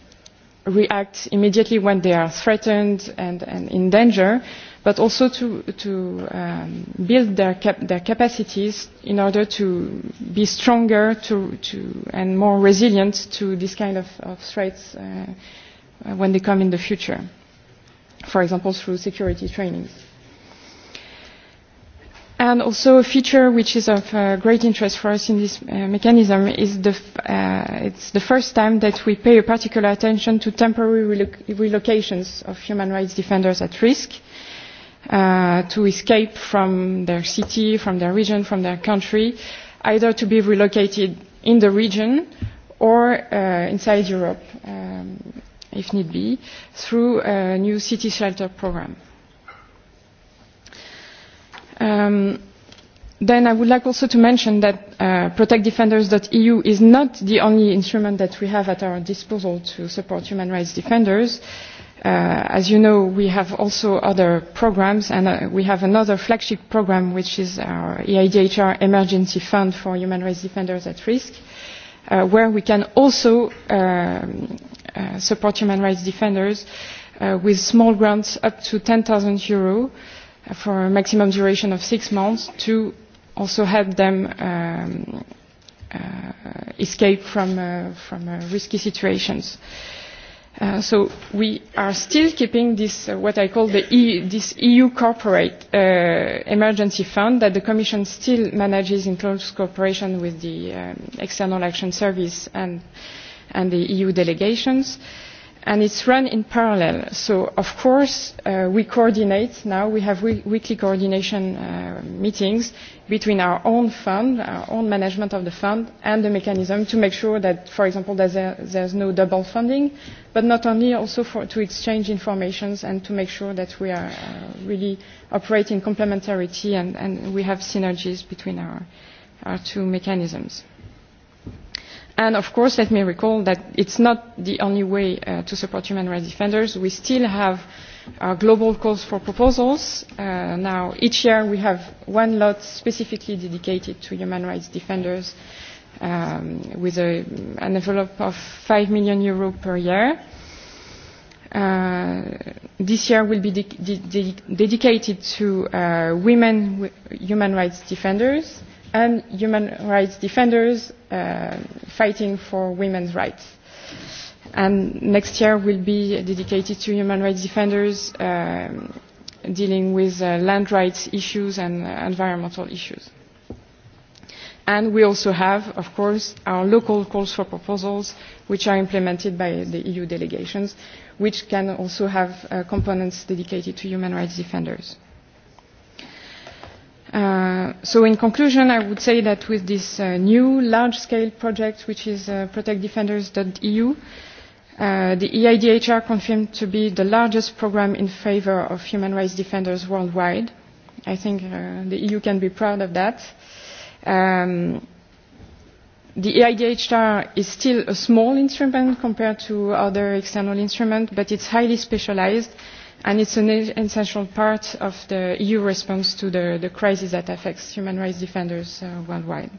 react immediately when they are threatened and, and in danger, but also to, to um, build their, cap their capacities in order to be stronger to, to, and more resilient to this kind of, of threats uh, uh when they come in the future, for example, through security training. And also a feature which is of uh, great interest for us in this uh, mechanism is the f uh, it's the first time that we pay a particular attention to temporary reloc relocations of human rights defenders at risk. Uh, uh, to escape from their city, from their region, from their country, either to be relocated in the region or uh, inside Europe, um, if need be, through a new city shelter program. Um, then I would like also to mention that uh, protectdefenders.eu is not the only instrument that we have at our disposal to support human rights defenders. Uh, Uh, as you know, we have also other programs, and uh, we have another flagship program, which is our EIDHR Emergency Fund for Human Rights Defenders at Risk, uh, where we can also um, uh, support human rights defenders uh, with small grants up to 10,000 euro for a maximum duration of six months to also help them um, uh, escape from, uh, from uh, risky situations. Uh, Uh, so we are still keeping this uh, what i call the EU, this eu corporate uh, emergency fund that the commission still manages in close cooperation with the um, external action service and, the eu delegations and it is run in parallel. So, of course, uh, we coordinate now. We have weekly coordination uh, meetings between our own fund, our own management of the fund, and the mechanism to make sure that, for example, there, is no double funding, but not only also for, to exchange information and to make sure that we are uh, really operating complementarity and, we have synergies between our two mechanisms. And of course, let me recall that it's not the only way uh, to support human rights defenders. We still have our uh, global calls for proposals. Uh, now, each year we have one lot specifically dedicated to human rights defenders um, with a, an envelope of 5 million euro per year. Uh, this year will be de de de dedicated to uh, women human rights defenders and human rights defenders uh, fighting for women's rights. And next year will be dedicated to human rights defenders um, dealing with uh, land rights issues and uh, environmental issues. And we also have, of course, our local calls for proposals, which are implemented by the EU delegations, which can also have uh, components dedicated to human rights defenders. Uh, so in conclusion, I would say that with this uh, new large-scale project, which is uh, protectdefenders.eu, uh, the EIDHR confirmed to be the largest program in favor of human rights defenders worldwide. I think uh, the EU can be proud of that. Um, the EIDHR is still a small instrument compared to other external instruments, but it's highly specialized and it's an essential part of the EU response to the, crisis that affects human rights defenders uh, worldwide.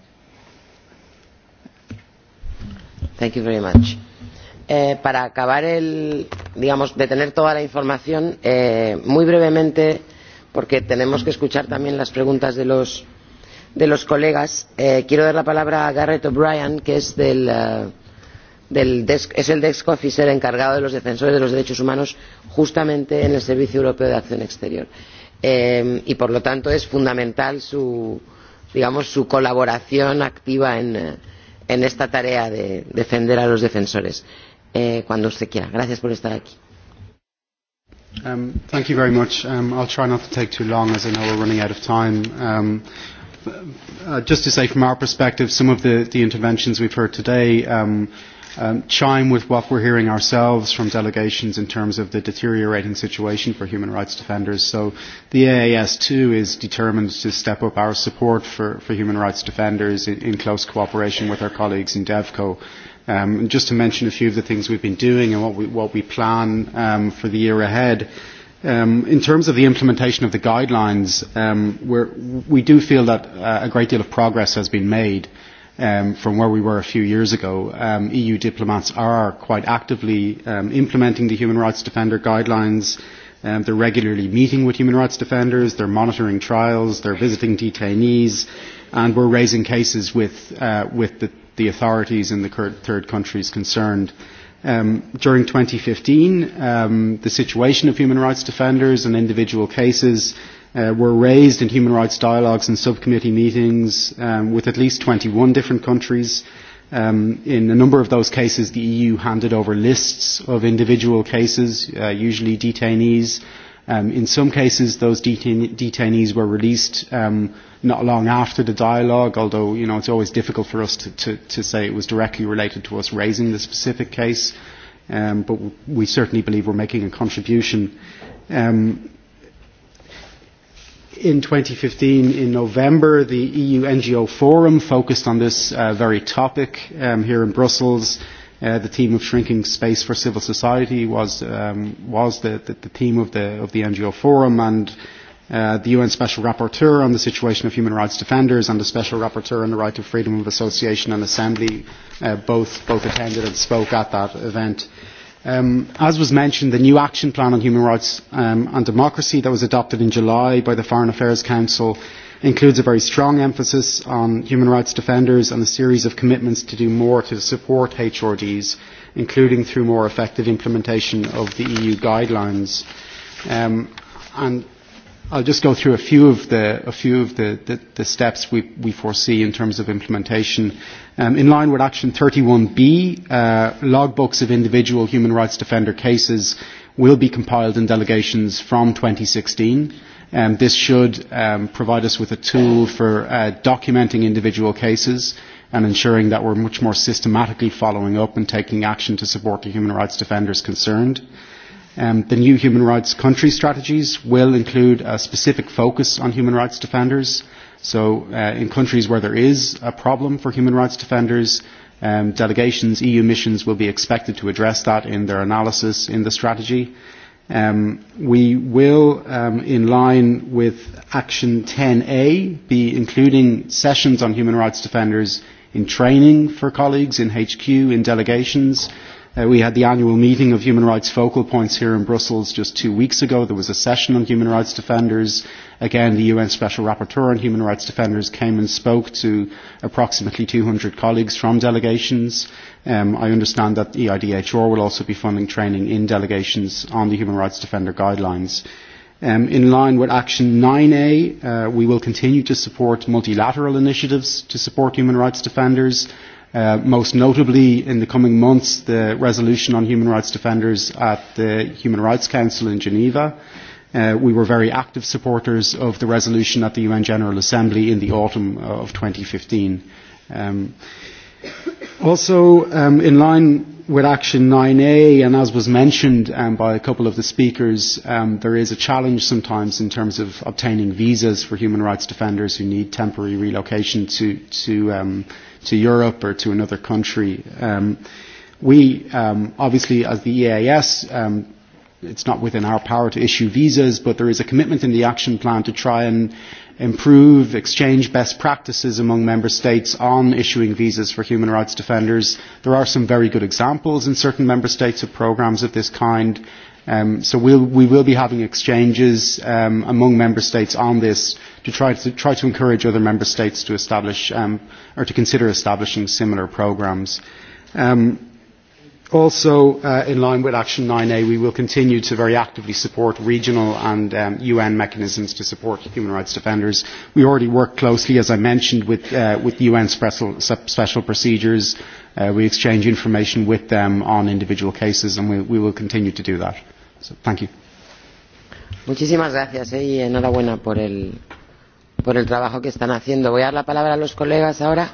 Thank you very much. Eh, para acabar el, digamos, de tener toda la información, eh, muy brevemente, porque tenemos que escuchar también las preguntas de los, de los colegas, eh, quiero dar la palabra a Garrett O'Brien, que es del. Uh, es el desk officer encargado de los defensores de los derechos humanos justamente en el servicio europeo de acción exterior eh, y por lo tanto es fundamental su, digamos, su colaboración activa en, eh, en esta tarea de defender a los defensores eh, cuando usted quiera. Gracias por estar aquí. Um, thank you very much. Um, I'll try not to take too long as I know we're running out of time. Um, uh, just to say from our perspective, some of the, the interventions we've heard today um, um, chime with what we're hearing ourselves from delegations in terms of the deteriorating situation for human rights defenders. So the AAS too is determined to step up our support for, for human rights defenders in, in close cooperation with our colleagues in DevCo. Um, and just to mention a few of the things we've been doing and what we, what we plan um, for the year ahead. Um, in terms of the implementation of the guidelines, um, we're, we do feel that uh, a great deal of progress has been made. Uh, um, from where we were a few years ago. Um, EU diplomats are quite actively um, implementing the Human Rights Defender guidelines. Um, they're regularly meeting with human rights defenders, they're monitoring trials, they're visiting detainees, and we're raising cases with, uh, with the, the authorities in the third countries concerned. Um, during 2015, um, the situation of human rights defenders and individual cases uh, were raised in human rights dialogues and subcommittee meetings um, with at least 21 different countries. Um, in a number of those cases, the EU handed over lists of individual cases, uh, usually detainees. Um, in some cases, those detain- detainees were released um, not long after the dialogue, although you know, it's always difficult for us to, to, to say it was directly related to us raising the specific case. Um, but we certainly believe we're making a contribution. Um, in 2015, in November, the EU NGO Forum focused on this uh, very topic um, here in Brussels. Uh, the theme of shrinking space for civil society was um, was the, the, the theme of the of the NGO forum, and uh, the UN Special Rapporteur on the situation of human rights defenders and the Special Rapporteur on the right to freedom of association and assembly uh, both both attended and spoke at that event. Uh, Um, as was mentioned, the new action plan on human rights um, and democracy that was adopted in July by the Foreign Affairs Council includes a very strong emphasis on human rights defenders and a series of commitments to do more to support HRDs, including through more effective implementation of the EU guidelines. Um, and I'll just go through a few of the, a few of the, the, the steps we, we foresee in terms of implementation. Um, in line with Action 31B, uh, logbooks of individual human rights defender cases will be compiled in delegations from 2016. Um, this should um, provide us with a tool for uh, documenting individual cases and ensuring that we're much more systematically following up and taking action to support the human rights defenders concerned. Um, the new human rights country strategies will include a specific focus on human rights defenders. So uh, in countries where there is a problem for human rights defenders, um, delegations, EU missions will be expected to address that in their analysis in the strategy. Um, we will, um, in line with Action 10A, be including sessions on human rights defenders in training for colleagues in HQ, in delegations. Uh, we had the annual meeting of Human Rights Focal Points here in Brussels just two weeks ago. There was a session on human rights defenders. Again, the UN Special Rapporteur on Human Rights Defenders came and spoke to approximately 200 colleagues from delegations. Um, I understand that EIDHR will also be funding training in delegations on the Human Rights Defender Guidelines. Um, in line with Action 9A, uh, we will continue to support multilateral initiatives to support human rights defenders Uh, most notably, in the coming months, the resolution on human rights defenders at the Human Rights Council in Geneva. Uh, we were very active supporters of the resolution at the UN General Assembly in the autumn of 2015. Um, also, um, in line with Action 9A, and as was mentioned um, by a couple of the speakers, um, there is a challenge sometimes in terms of obtaining visas for human rights defenders who need temporary relocation to, to um, to Europe or to another country. Um, we, um, obviously, as the EAS, um, it's not within our power to issue visas, but there is a commitment in the action plan to try and improve, exchange best practices among member states on issuing visas for human rights defenders. There are some very good examples in certain member states of programs of this kind Um, so we'll, we will be having exchanges um, among member states on this to try to, try to encourage other member states to establish um, or to consider establishing similar programs. Um, also, uh, in line with Action 9A, we will continue to very actively support regional and um, UN mechanisms to support human rights defenders. We already work closely, as I mentioned, with, uh, with UN special, special procedures. Uh, we exchange information with them on individual cases, and we, we will continue to do that. So, thank you. Muchísimas gracias eh, y enhorabuena por el, por el trabajo que están haciendo. Voy a dar la palabra a los colegas ahora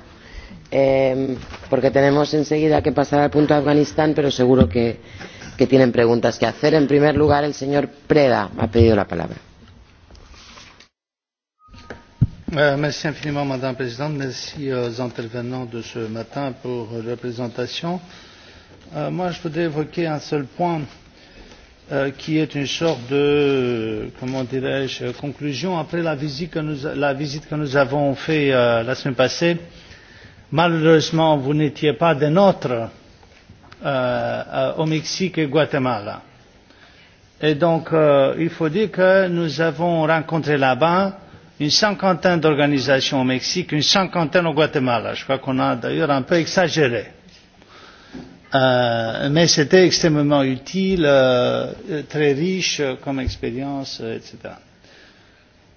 eh, porque tenemos enseguida que pasar al punto de Afganistán, pero seguro que, que tienen preguntas que hacer. En primer lugar, el señor Preda ha pedido la palabra. Euh, merci infiniment, Madame la Présidente. Merci aux intervenants de ce matin pour leur présentation. Euh, moi, je voudrais évoquer un seul point euh, Euh, qui est une sorte de euh, comment dirais je conclusion après la visite que nous, la visite que nous avons faite euh, la semaine passée. Malheureusement, vous n'étiez pas des nôtres euh, euh au Mexique et au Guatemala. Et donc, euh, il faut dire que nous avons rencontré là-bas une cinquantaine d'organisations au Mexique, une cinquantaine au Guatemala. Je crois qu'on a d'ailleurs un peu exagéré. Euh, mais c'était extrêmement utile, euh, très riche comme expérience, etc.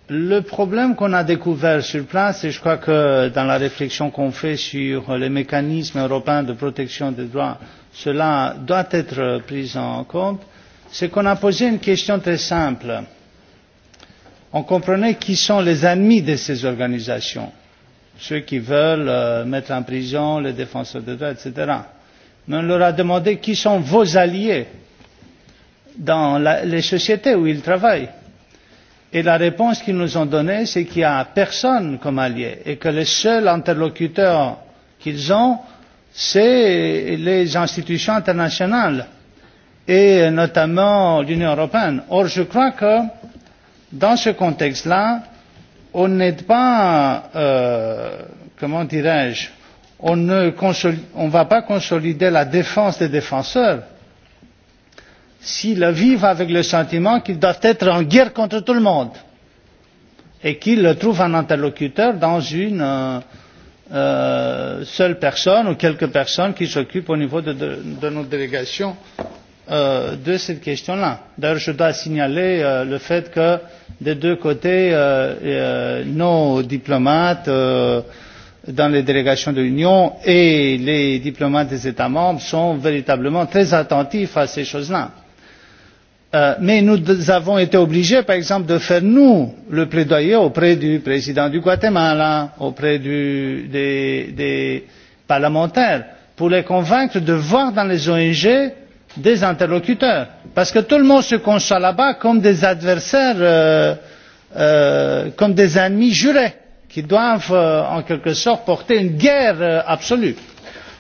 Le problème qu'on a découvert sur place, et je crois que dans la réflexion qu'on fait sur les mécanismes européens de protection des droits, cela doit être pris en compte, c'est qu'on a posé une question très simple. On comprenait qui sont les ennemis de ces organisations, ceux qui veulent euh, mettre en prison les défenseurs des droits, etc mais on leur a demandé qui sont vos alliés dans la, les sociétés où ils travaillent. Et la réponse qu'ils nous ont donnée, c'est qu'il n'y a personne comme allié et que le seul interlocuteur qu'ils ont, c'est les institutions internationales et notamment l'Union européenne. Or, je crois que dans ce contexte-là, on n'est pas, euh, comment dirais-je, on ne on va pas consolider la défense des défenseurs s'ils vivent avec le sentiment qu'ils doivent être en guerre contre tout le monde et qu'ils trouvent un interlocuteur dans une euh, euh, seule personne ou quelques personnes qui s'occupent au niveau de, de, de nos délégations euh, de cette question là. D'ailleurs, je dois signaler euh, le fait que des deux côtés, euh, nos diplomates, dans les délégations de l'union et les diplomates des états membres sont véritablement très attentifs à ces choses là. Euh, mais nous avons été obligés par exemple de faire nous le plaidoyer auprès du président du guatemala auprès des, parlementaires pour les convaincre de voir dans les ong des interlocuteurs parce que tout le monde se conçoit là bas comme des adversaires euh, euh, comme des ennemis jurés qui doivent euh, en quelque sorte porter une guerre euh, absolue.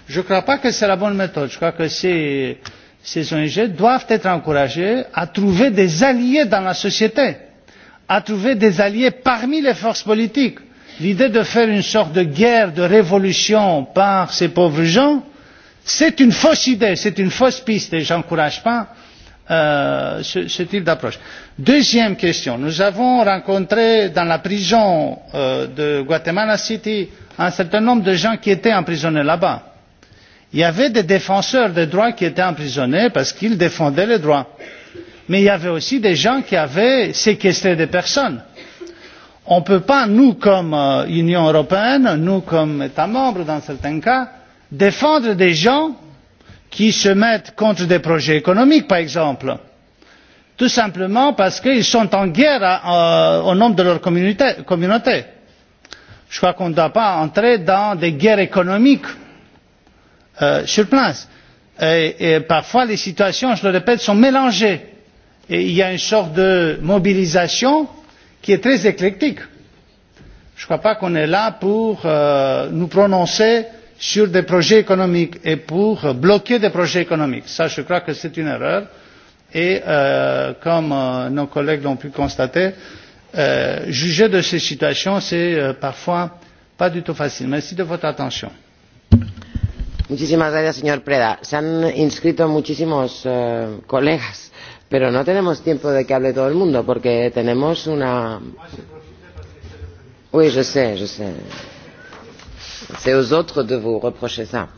Je ne crois pas que c'est la bonne méthode. Je crois que ces, ces ONG doivent être encouragées à trouver des alliés dans la société, à trouver des alliés parmi les forces politiques. L'idée de faire une sorte de guerre, de révolution par ces pauvres gens, c'est une fausse idée, c'est une fausse piste et je n'encourage pas Euh, ce, ce type d'approche. Deuxième question. Nous avons rencontré dans la prison euh, de Guatemala City un certain nombre de gens qui étaient emprisonnés là-bas. Il y avait des défenseurs des droits qui étaient emprisonnés parce qu'ils défendaient les droits. Mais il y avait aussi des gens qui avaient séquestré des personnes. On ne peut pas, nous, comme euh, Union européenne, nous, comme États membres, dans certains cas, défendre des gens qui se mettent contre des projets économiques par exemple tout simplement parce qu'ils sont en guerre euh, au nom de leur communauté. je crois qu'on ne doit pas entrer dans des guerres économiques euh, sur place. Et, et parfois les situations je le répète sont mélangées et il y a une sorte de mobilisation qui est très éclectique. je ne crois pas qu'on est là pour euh, nous prononcer sur des projets économiques et pour bloquer des projets économiques. je crois que c'est une erreur et euh, comme euh, nos collègues l'ont pu constater euh, juger de ces situations c'est parfois pas du tout facile. merci de votre attention. Muchísimas gracias, señor Preda. Se han inscrito muchísimos eh, colegas, pero no tenemos tiempo de que hable todo el mundo porque tenemos una c'est aux autres de vous reprocher ça. ¿no?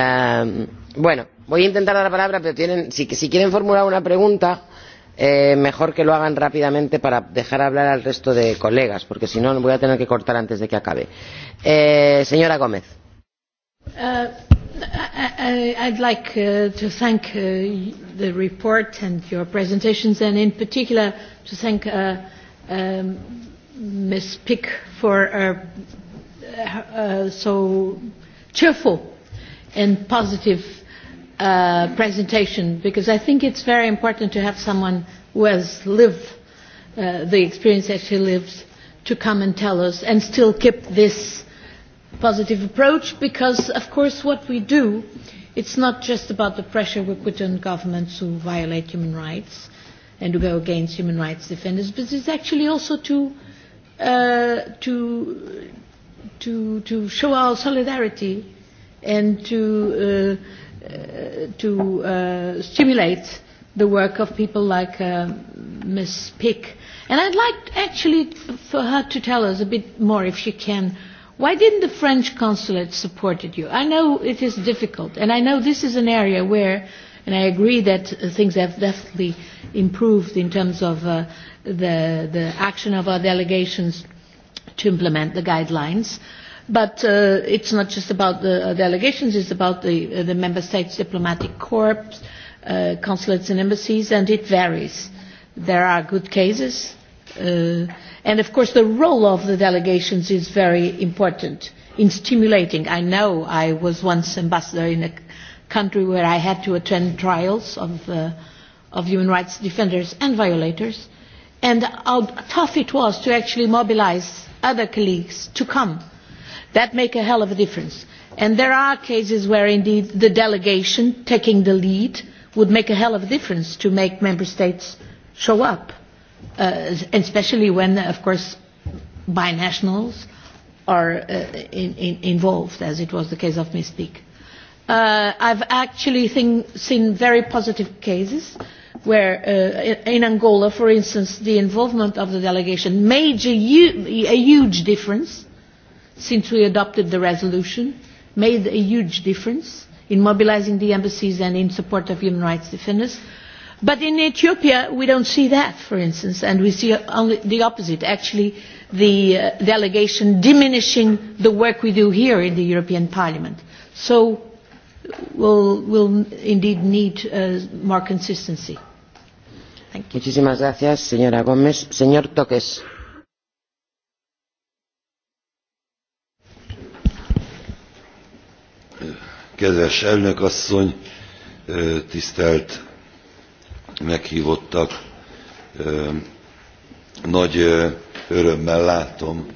Euh, bueno, voy a intentar dar la palabra, pero tienen, si, si quieren formular una pregunta, eh, mejor que lo hagan rápidamente para dejar hablar al resto de colegas, porque si no voy a tener que cortar antes de que acabe. Eh, señora Gómez. Uh, I, I'd like uh, to thank uh, the report and your presentations, and in particular to thank uh, um, Ms. Pick for her uh, so cheerful and positive uh, presentation because I think it's very important to have someone who has lived uh, the experience that she lived to come and tell us and still keep this positive approach because of course what we do it's not just about the pressure we put on governments who violate human rights and who go against human rights defenders but it's actually also to uh, to to, to show our solidarity and to, uh, uh, to uh, stimulate the work of people like uh, Ms. Pick. And I'd like actually for her to tell us a bit more, if she can, why didn't the French consulate supported you? I know it is difficult, and I know this is an area where, and I agree that uh, things have definitely improved in terms of uh, the, the action of our delegations to implement the guidelines. But uh, it's not just about the uh, delegations, it's about the, uh, the member states' diplomatic corps, uh, consulates and embassies, and it varies. There are good cases. Uh, and of course, the role of the delegations is very important in stimulating. I know I was once ambassador in a country where I had to attend trials of, uh, of human rights defenders and violators, and how tough it was to actually mobilize other colleagues to come. That makes a hell of a difference. And there are cases where indeed the delegation taking the lead would make a hell of a difference to make member states show up, uh, especially when, of course, binationals are uh, in, in, involved, as it was the case of Ms. Peak. Uh, I've actually think, seen very positive cases. Uh, where uh, in Angola, for instance, the involvement of the delegation made a, hu a huge difference since we adopted the resolution, made a huge difference in mobilizing the embassies and in support of human rights defenders. But in Ethiopia, we don't see that, for instance, and we see only the opposite. Actually, the uh, delegation diminishing the work we do here in the European Parliament. So we'll, we'll indeed need uh, more consistency. Muchísimas gracias, señora Gómez. Señor Toques. Kedves elnök asszony, tisztelt meghívottak, nagy örömmel látom,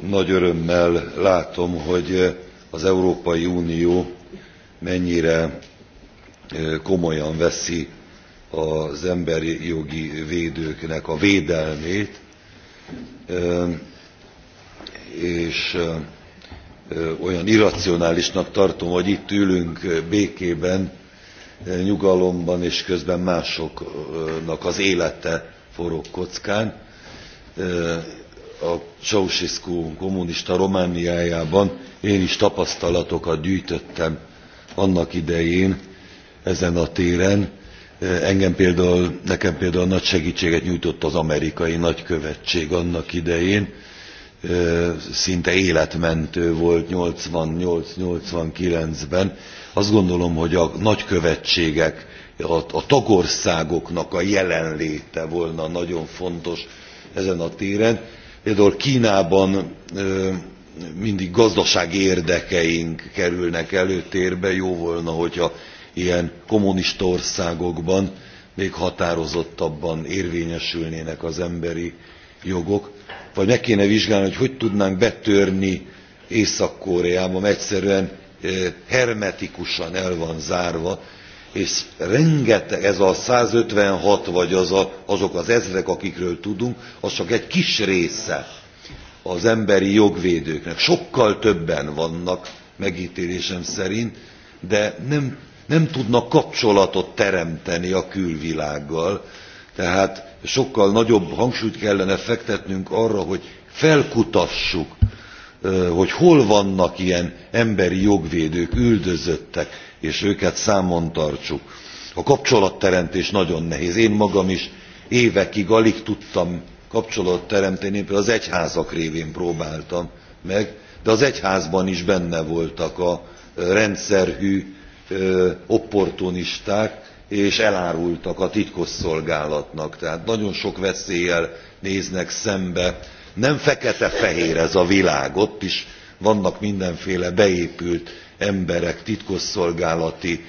nagy örömmel látom, hogy az Európai Unió mennyire komolyan veszi az emberi jogi védőknek a védelmét, és olyan irracionálisnak tartom, hogy itt ülünk békében, nyugalomban, és közben másoknak az élete forog kockán. A Ceausescu kommunista Romániájában én is tapasztalatokat gyűjtöttem annak idején ezen a téren, Eh, engem például, nekem például nagy segítséget nyújtott az amerikai nagykövetség annak idején, eh, szinte életmentő volt 88-89-ben. Azt gondolom, hogy a nagykövetségek, a, a tagországoknak a jelenléte volna nagyon fontos ezen a téren. Például Kínában eh, mindig gazdasági érdekeink kerülnek előtérbe, jó volna, hogyha ilyen kommunista országokban még határozottabban érvényesülnének az emberi jogok, vagy meg kéne vizsgálni, hogy hogy tudnánk betörni Észak-Koreában, egyszerűen e, hermetikusan el van zárva, és rengeteg, ez a 156 vagy az a, azok az ezrek, akikről tudunk, az csak egy kis része az emberi jogvédőknek. Sokkal többen vannak megítélésem szerint, de nem nem tudnak kapcsolatot teremteni a külvilággal, tehát sokkal nagyobb hangsúlyt kellene fektetnünk arra, hogy felkutassuk, hogy hol vannak ilyen emberi jogvédők, üldözöttek, és őket számon tartsuk. A kapcsolatteremtés nagyon nehéz. Én magam is évekig alig tudtam kapcsolatteremteni, én például az egyházak révén próbáltam meg, de az egyházban is benne voltak a rendszerhű opportunisták és elárultak a titkosszolgálatnak. Tehát nagyon sok veszéllyel néznek szembe. Nem fekete-fehér ez a világ, ott is vannak mindenféle beépült emberek, titkosszolgálati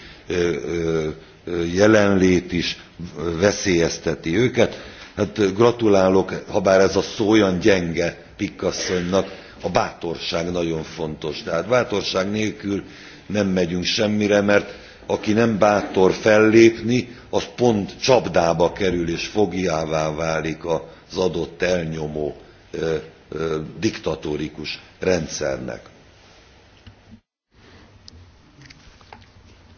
jelenlét is veszélyezteti őket. Hát gratulálok, habár ez a szó olyan gyenge Pikasszonynak, a bátorság nagyon fontos. Tehát bátorság nélkül nem megyünk semmire, mert aki nem bátor fellépni, az pont csapdába kerül és fogjává válik az adott elnyomó ö, ö, diktatórikus rendszernek.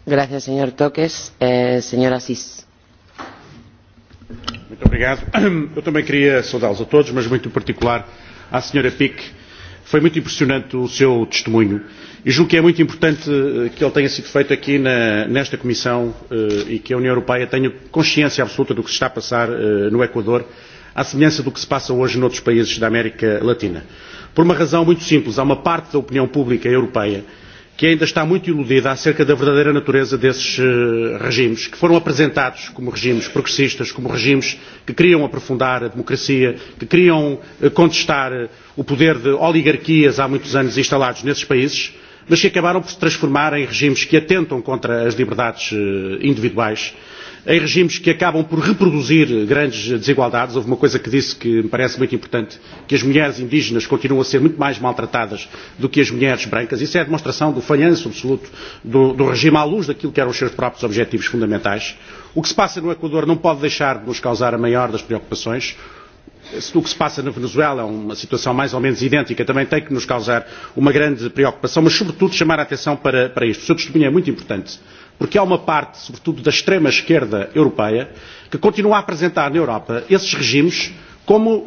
Gracias, señor Toques. Eh, señor Asís. Muito obrigado. Eu também queria saudá-los a todos, mas muito em particular à senhora Pique. Foi muito impressionante o seu testemunho. Uh, E julgo que é muito importante eh, que ele tenha sido feito aqui na, nesta Comissão eh, e que a União Europeia tenha consciência absoluta do que se está a passar eh, no Equador, à semelhança do que se passa hoje noutros países da América Latina. Por uma razão muito simples, há uma parte da opinião pública europeia que ainda está muito iludida acerca da verdadeira natureza desses regimes, que foram apresentados como regimes progressistas, como regimes que queriam aprofundar a democracia, que queriam contestar o poder de oligarquias há muitos anos instalados nesses países, mas que acabaram por se transformar em regimes que atentam contra as liberdades eh, individuais, em regimes que acabam por reproduzir grandes desigualdades. Houve uma coisa que disse que me parece muito importante, que as mulheres indígenas continuam a ser muito mais maltratadas do que as mulheres brancas. Isso é a demonstração do falhanço absoluto do, do regime à luz daquilo que eram os seus próprios objetivos fundamentais. O que se passa no Equador não pode deixar de nos causar a maior das preocupações o que se passa na Venezuela, é uma situação mais ou menos idêntica, também tem que nos causar uma grande preocupação, mas sobretudo chamar a atenção para, para isto. O seu testemunho é muito importante, porque há uma parte, sobretudo da extrema-esquerda europeia, que continua a apresentar na Europa esses regimes como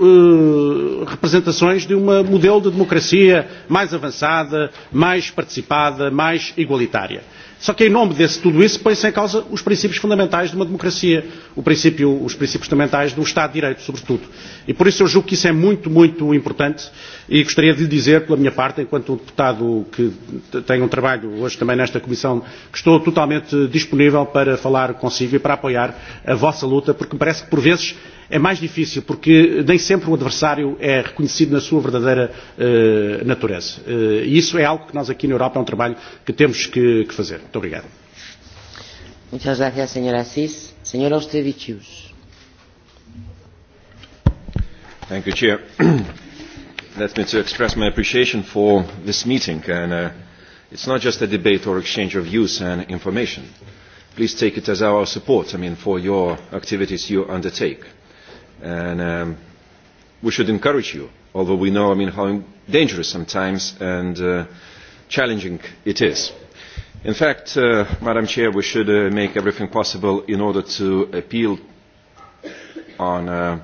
eh, representações de um modelo de democracia mais avançada, mais participada, mais igualitária. Só que em nome de tudo isso põe-se em causa os princípios fundamentais de uma democracia, princípio, os princípios fundamentais de um Estado de Direito, sobretudo. E por isso eu julgo que isso é muito, muito importante e gostaria de dizer, pela minha parte, enquanto um deputado que tem um trabalho hoje também nesta Comissão, que estou totalmente disponível para falar consigo e para apoiar a vossa luta, porque me parece que por vezes é mais difícil, porque nem sempre o adversário é reconhecido na sua verdadeira uh, natureza. Uh, e isso é algo que nós aqui na Europa é um trabalho que temos que, que fazer. Muito obrigado. Muchas gracias, señora Asís. Señora Thank you, Chair. Let me to express my appreciation for this meeting. And uh, it's not just a debate or exchange of views and information. Please take it as our support, I mean, for your activities you undertake. And um, we should encourage you, although we know, I mean, how dangerous sometimes and uh, challenging it is. In fact, uh, Madam Chair, we should uh, make everything possible in order to appeal on uh,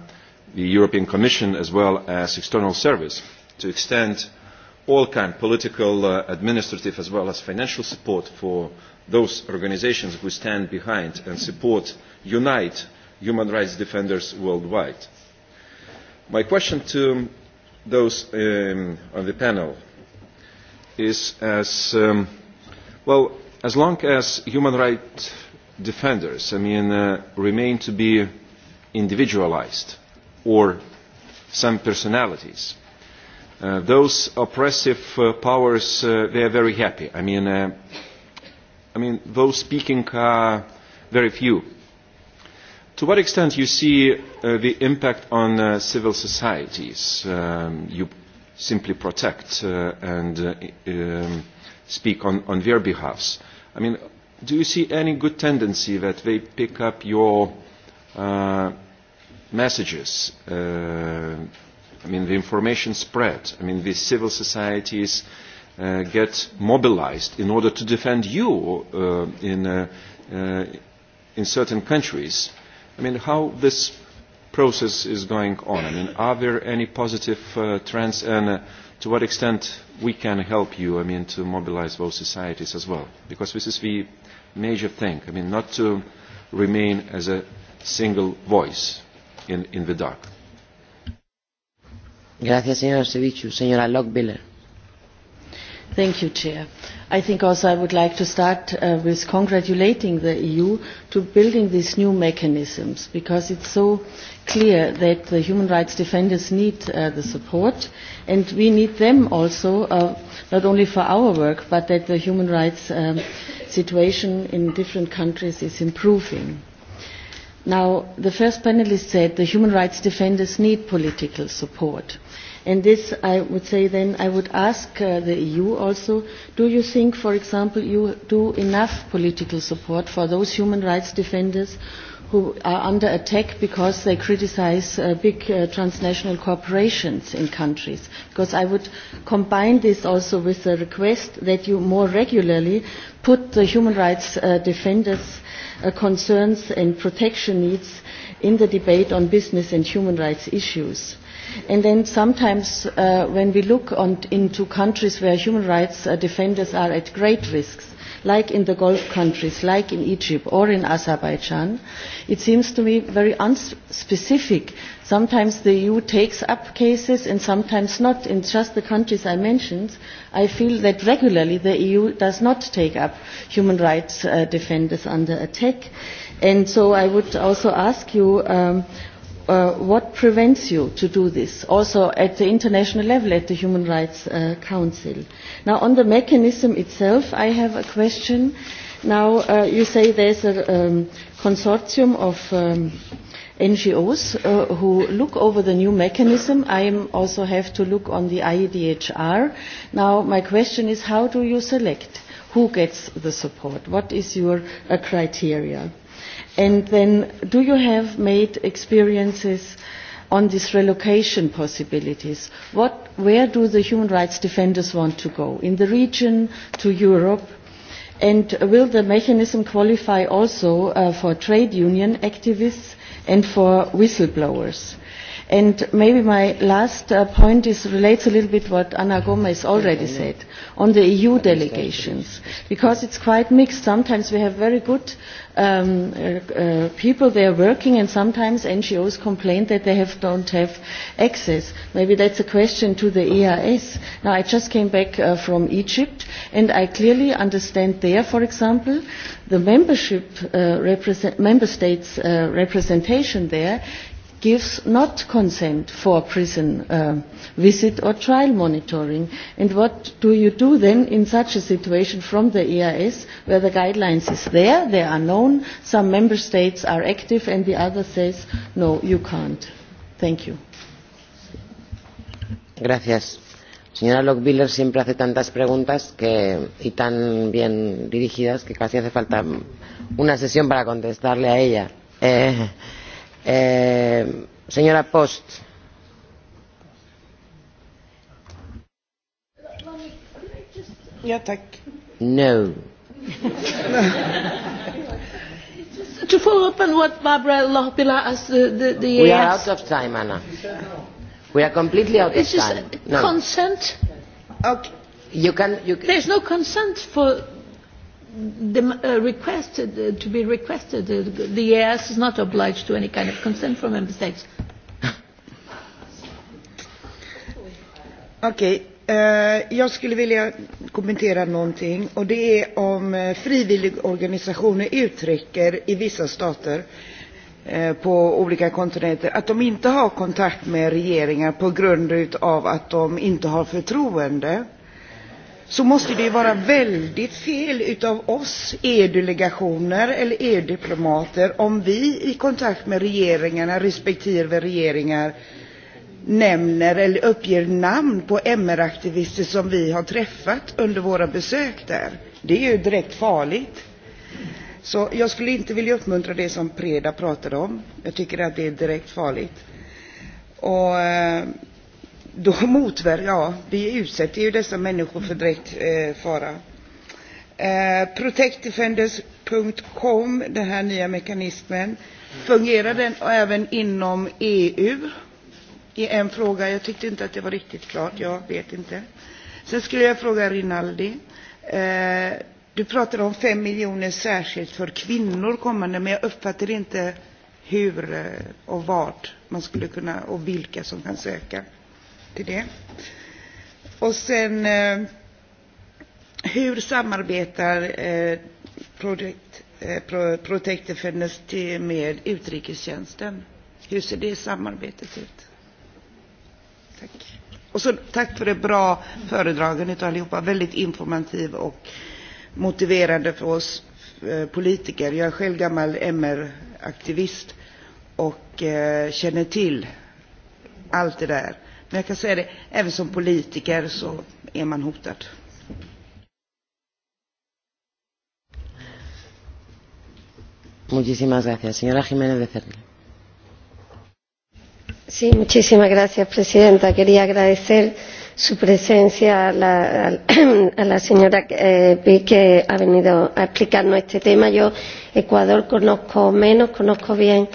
the European Commission as well as external service to extend all kinds of political, uh, administrative as well as financial support for those organisations who stand behind and support, unite human rights defenders worldwide. My question to those um, on the panel is as, um, well, as long as human rights defenders, I mean, uh, remain to be individualised or some personalities. Uh, those oppressive uh, powers, uh, they are very happy. I mean, uh, I mean, those speaking are very few. To what extent you see uh, the impact on uh, civil societies um, you simply protect uh, and uh, um, speak on, on their behalfs? I mean, do you see any good tendency that they pick up your uh, messages, uh, I mean, the information spread, I mean, the civil societies uh, get mobilized in order to defend you uh, in, uh, uh, in certain countries. I mean, how this process is going on? I mean, are there any positive uh, trends and uh, to what extent we can help you, I mean, to mobilize those societies as well? Because this is the major thing. I mean, not to remain as a single voice in, in the dark. Gracias, señora Sevichu. Señora Lockbiller. Thank you, Chair. I think also I would like to start uh, with congratulating the EU to building these new mechanisms because it's so clear that the human rights defenders need uh, the support and we need them also uh, not only for our work but that the human rights um, situation in different countries is improving. Now, the first panelist said the human rights defenders need political support. And this, I would say then, I would ask uh, the EU also, do you think, for example, you do enough political support for those human rights defenders who are under attack because they criticize uh, big uh, transnational corporations in countries. Because I would combine this also with the request that you more regularly put the human rights uh, defenders Uh, concerns and protection needs in the debate on business and human rights issues. And then sometimes uh, when we look on, into countries where human rights uh, defenders are at great risks, like in the Gulf countries, like in Egypt or in Azerbaijan, it seems to me very unspecific. Sometimes the EU takes up cases and sometimes not. In just the countries I mentioned, I feel that regularly the EU does not take up human rights uh, defenders under attack. And so I would also ask you um, uh, what prevents you to do this, also at the international level, at the Human Rights uh, Council? Now, on the mechanism itself, I have a question. Now, uh, you say there's a um, consortium of um, NGOs uh, who look over the new mechanism. I also have to look on the IEDHR. Now, my question is, how do you select who gets the support? What is your uh, criteria? And then, do you have made experiences on these relocation possibilities? What, where do the human rights defenders want to go? In the region, to Europe? And will the mechanism qualify also uh, for trade union activists and for whistleblowers? And maybe my last uh, point is, relates a little bit to what Ana Gomez already said on the EU delegations, because it's quite mixed. Sometimes we have very good um, uh, uh, people there working, and sometimes NGOs complain that they have, don't have access. Maybe that's a question to the EIS. Now, I just came back uh, from Egypt, and I clearly understand there, for example, the membership, uh, represent, member states' uh, representation there gives not consent for prison uh, visit or trial monitoring. And what do you do then in such a situation from the EIS where the guidelines is there, they are known, some member states are active and the other says, no, you can't. Thank you. Gracias. Señora Lockbiller siempre hace tantas preguntas que, y tan bien dirigidas que casi hace falta una sesión para contestarle a ella. Eh, Eh, señora Post. Ja, tack. No. to follow up on what Barbara Lohbila asked the, uh, the, the We asked. are out of time, Anna. We are completely out It's of time. It's just no. consent. Okay. You can, you can. There's no consent for the, uh, requested uh, to be requested. Uh, the EAS is not obliged to any kind of consent from member states. okay. Uh, jag skulle vilja kommentera någonting och det är om frivilliga eh, frivilligorganisationer uttrycker i vissa stater eh, på olika kontinenter att de inte har kontakt med regeringar på grund av att de inte har förtroende så måste det vara väldigt fel av oss EU-delegationer eller EU-diplomater om vi i kontakt med regeringarna respektive regeringar nämner eller uppger namn på MR-aktivister som vi har träffat under våra besök där. Det är ju direkt farligt. Så jag skulle inte vilja uppmuntra det som Preda pratade om. Jag tycker att det är direkt farligt. Och, eh, då motver ja, vi utsätter ju dessa människor för direkt eh, fara. Eh, Protectdefenders.com, den här nya mekanismen, fungerar den även inom EU? I en fråga, jag tyckte inte att det var riktigt klart, jag vet inte. Sen skulle jag fråga Rinaldi. Eh, du pratade om fem miljoner särskilt för kvinnor kommande, men jag uppfattar inte hur eh, och vart man skulle kunna och vilka som kan söka till det. Och sen eh, hur samarbetar eh, Project, Defenders eh, med utrikestjänsten? Hur ser det samarbetet ut? Tack. Och så, tack för det bra föredragen utav allihopa. Väldigt informativ och motiverande för oss eh, politiker. Jag är själv gammal MR-aktivist och känner till allt det där. Men jag kan säga det, även som politiker så är man hotad. Muchísimas gracias. Señora Jiménez de Becerril. Sí, muchísimas gracias, presidenta. Quería agradecer su presencia a la, a la señora eh, que ha venido a explicarnos este tema. Yo Ecuador conozco menos, conozco bien eh,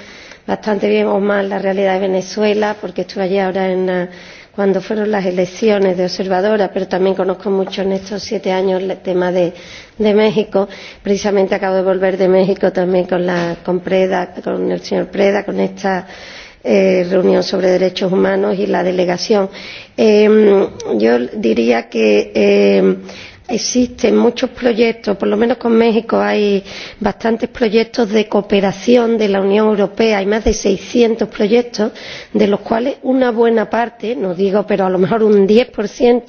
bastante bien o mal la realidad de Venezuela, porque estuve allí ahora en, eh, cuando fueron las elecciones de observadora, pero también conozco mucho en estos siete años el tema de, de México. Precisamente acabo de volver de México también con, la, con, Preda, con el señor Preda, con esta eh, reunión sobre derechos humanos y la delegación. Eh, yo diría que. Eh, Existen muchos proyectos, por lo menos con México hay bastantes proyectos de cooperación de la Unión Europea, hay más de seiscientos proyectos, de los cuales una buena parte, no digo, pero a lo mejor un diez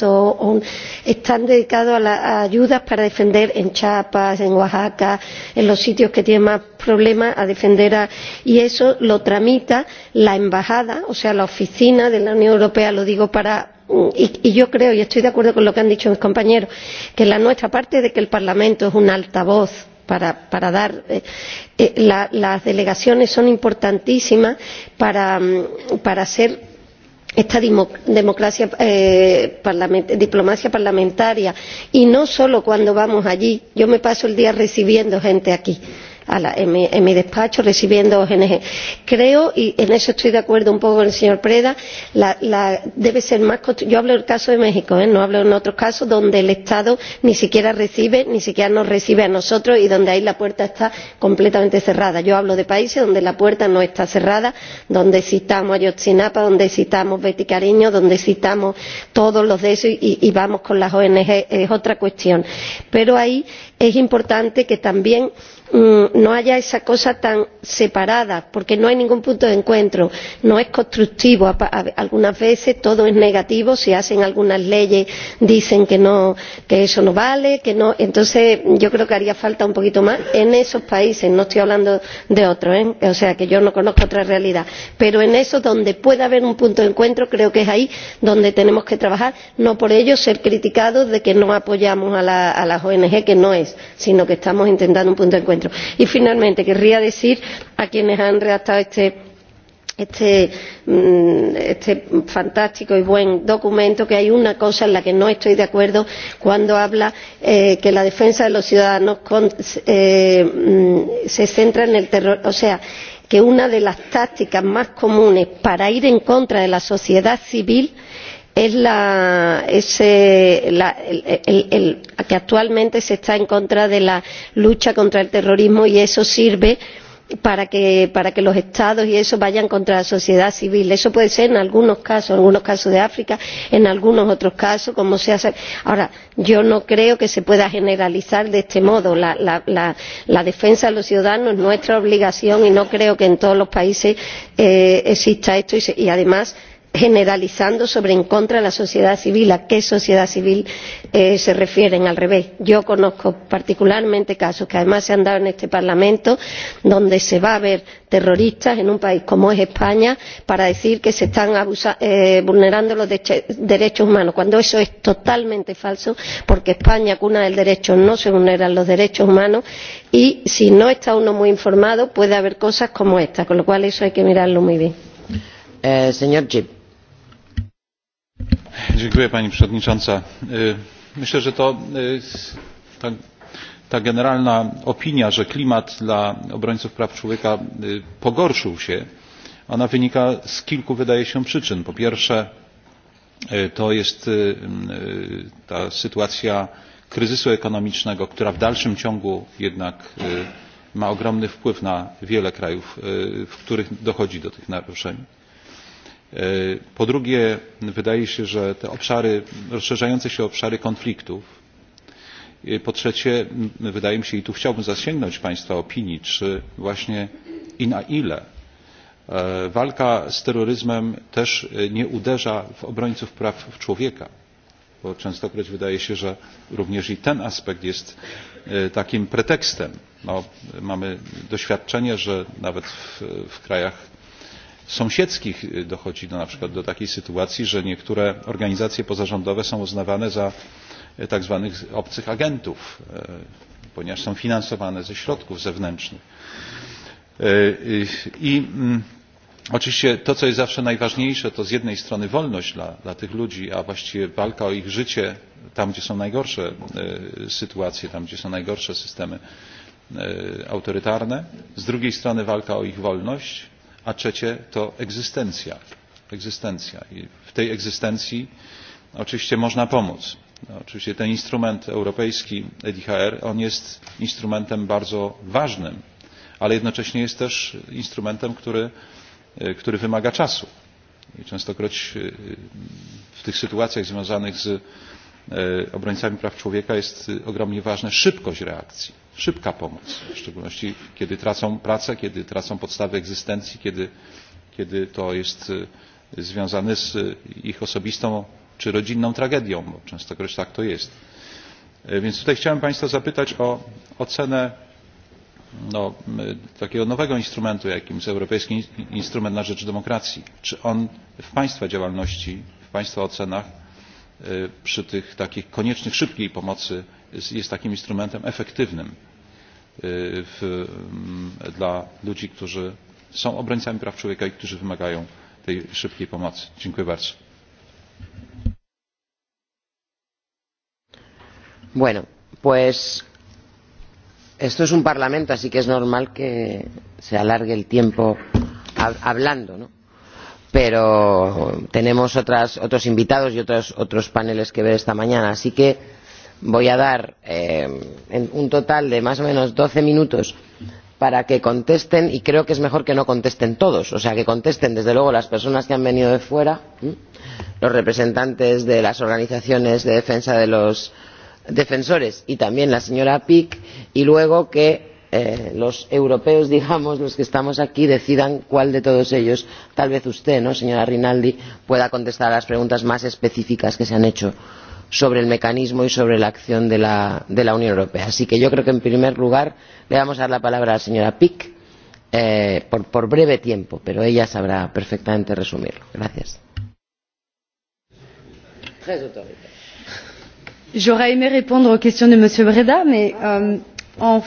o un, están dedicados a, la, ayudas para defender en Chiapas, en Oaxaca, en los sitios que tienen más problemas a defender y eso lo tramita la embajada, o sea, la oficina de la Unión Europea, lo digo para y, yo creo y estoy de acuerdo con lo que han dicho mis compañeros que la nuestra aparte de que el parlamento es un altavoz para, dar eh, eh, las delegaciones son importantísimas para, mm, hacer esta democracia, eh, diplomacia parlamentaria y no solo cuando vamos allí yo me paso el día recibiendo gente aquí en, mi, despacho recibiendo ong. creo y en eso estoy de acuerdo un poco con el señor preda debe ser más yo hablo del caso de méxico ¿eh? no hablo en otros casos donde el estado ni siquiera recibe ni siquiera nos recibe a nosotros y donde ahí la puerta está completamente cerrada. yo hablo de países donde la puerta no está cerrada donde citamos ayotzinapa donde citamos betty cariño donde citamos todos los de esos y, y vamos con las ong es otra cuestión. pero ahí es importante que también Mm, no haya esa cosa tan separada porque no hay ningún punto de encuentro no es constructivo algunas veces todo es negativo se hacen algunas leyes dicen que, no, que eso no vale que no entonces yo creo que haría falta un poquito más en esos países no estoy hablando de otros ¿eh? o sea que yo no conozco otra realidad pero en esos donde pueda haber un punto de encuentro creo que es ahí donde tenemos que trabajar no por ello ser criticados de que no apoyamos a, la, a las ong que no es sino que estamos intentando un punto de encuentro encuentro. y finalmente querría decir a quienes han redactado mm, este, fantástico y buen documento que hay una cosa en la que no estoy de acuerdo cuando habla de eh, que la defensa de los ciudadanos con, eh, mm, se centra en el terror o sea que una de las tácticas más comunes para ir en contra de la sociedad civil es es la, ese, la, el, el, el, que actualmente se está en contra de la lucha contra el terrorismo y eso sirve para que, para que los estados y eso vayan contra la sociedad civil. Eso puede ser en algunos casos, en algunos casos de África, en algunos otros casos, como se hace. Ahora, yo no creo que se pueda generalizar de este modo. La, la, la, la defensa de los ciudadanos es nuestra obligación y no creo que en todos los países eh, exista esto y, se, y además generalizando sobre en contra de la sociedad civil. ¿A qué sociedad civil eh, se refieren? Al revés. Yo conozco particularmente casos que además se han dado en este Parlamento donde se va a ver terroristas en un país como es España para decir que se están eh, vulnerando los derechos humanos, cuando eso es totalmente falso porque España, cuna del derecho, no se vulneran los derechos humanos y si no está uno muy informado puede haber cosas como esta, con lo cual eso hay que mirarlo muy bien. Eh, señor Chip pani przewodnicząca. Myślę, że ta, generalna opinia, że klimat dla obrońców praw człowieka pogorszył się, wynika z kilku, wydaje się, przyczyn. Po pierwsze, to jest ta sytuacja kryzysu ekonomicznego, która w dalszym ciągu jednak ma ogromny wpływ na wiele krajów, w których dochodzi do tych naruszeń E, po drugie wydaje się że te obszary rozszerzające się obszary konfliktów po trzecie wydaje mi się i tu chciałbym zasięgnąć państwa opinii czy właśnie i na ile e, walka z terroryzmem też nie uderza w obrońców praw człowieka bo częstokroć wydaje się że również i ten aspekt jest e, takim pretekstem. No, mamy doświadczenie że nawet w krajach sąsiedzkich e, dochodzi do, na przykład do takiej sytuacji, że niektóre organizacje pozarządowe są uznawane za e, tak zwanych obcych agentów, e, ponieważ są finansowane ze środków zewnętrznych. I mm, oczywiście to, co jest zawsze najważniejsze, to z jednej strony wolność dla, dla tych ludzi, a właściwie walka o ich życie tam, gdzie są najgorsze sytuacje, tam, gdzie są najgorsze systemy autorytarne, z drugiej strony walka o ich wolność, a trzecie to egzystencja. egzystencja. I w tej egzystencji oczywiście można pomóc. No, oczywiście ten instrument europejski EDHR on jest instrumentem bardzo ważnym, ale jednocześnie jest też instrumentem, który, e, który wymaga czasu. I częstokroć e, w tych sytuacjach związanych z e, obrońcami praw człowieka jest ogromnie ważna szybkość reakcji szybka pomoc, w szczególności kiedy tracą pracę, kiedy tracą podstawy egzystencji, kiedy, kiedy to jest związane z ich osobistą czy rodzinną tragedią, bo częstokroć tak to jest. Więc tutaj chciałem Państwa zapytać o ocenę no, takiego nowego instrumentu, jakim jest Europejski Instrument na Rzecz Demokracji. Czy on w Państwa działalności, w Państwa ocenach przy tych takich koniecznych szybkiej pomocy jest takim instrumentem efektywnym w, mm, dla ludzi którzy są obrońcami praw człowieka i którzy wymagają tej szybkiej pomocy. dziękuję bardzo. Bueno, pues esto es un parlamento, así que es normal que se alargue el tiempo hablando, ¿no? Pero tenemos otras, otros invitados y otros, otros paneles que ver esta mañana, así que voy a dar eh, un total de más o menos doce minutos para que contesten y creo que es mejor que no contesten todos o sea que contesten desde luego las personas que han venido de fuera los representantes de las organizaciones de defensa de los defensores y también la señora Pick y luego que eh, los europeos digamos los que estamos aquí decidan cuál de todos ellos tal vez usted ¿no, señora rinaldi pueda contestar a las preguntas más específicas que se han hecho sobre el mecanismo y sobre la acción de la, de la Unión Europea. Así que yo creo que, en primer lugar, le vamos a dar la palabra a la señora Pick eh, por, por breve tiempo, pero ella sabrá perfectamente resumirlo. Gracias. J'aurais aimé répondre aux questions de M. Breda, mais euh, en,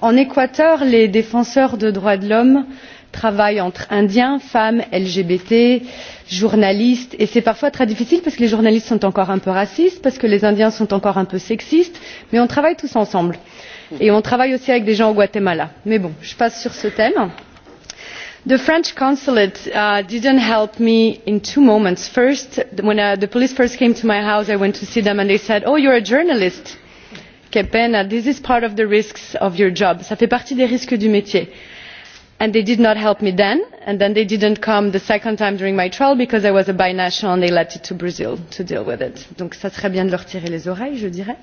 en Équateur, les défenseurs de droits de l'homme euh, travail entre indiens femmes lgbt journalistes et c'est parfois très difficile parce que les journalistes sont encore un peu racistes parce que les indiens sont encore un peu sexistes mais on travaille tous ensemble et on travaille aussi avec des gens au guatemala. mais bon je passe sur ce thème. The French consulate uh, didn't help me in two moments. First, when uh, the police first came to my house, I went to see them and they said, "Oh, you're a journalist." Que pena. Uh, this is part of the risks of your job. Ça fait partie des risques du métier and they did not help me then and then they did not come the second time during my trial because i was a binational and they left it to brazil to deal with it. donc ça serait bien de leur tirer les oreilles je dirais.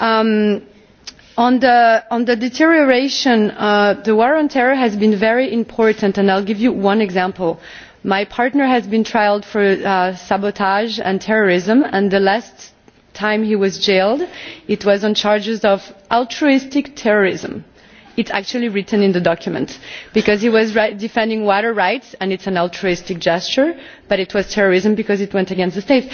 Mm. Um, on, the, deterioration uh, the war on terror has been very important and I will give you one example. my partner has been trialled for uh, sabotage and terrorism and the last time he was jailed it was on charges of altruistic terrorism it is actually written in the document because he was defending water rights and it is an altruistic gesture but it was terrorism because it went against the state.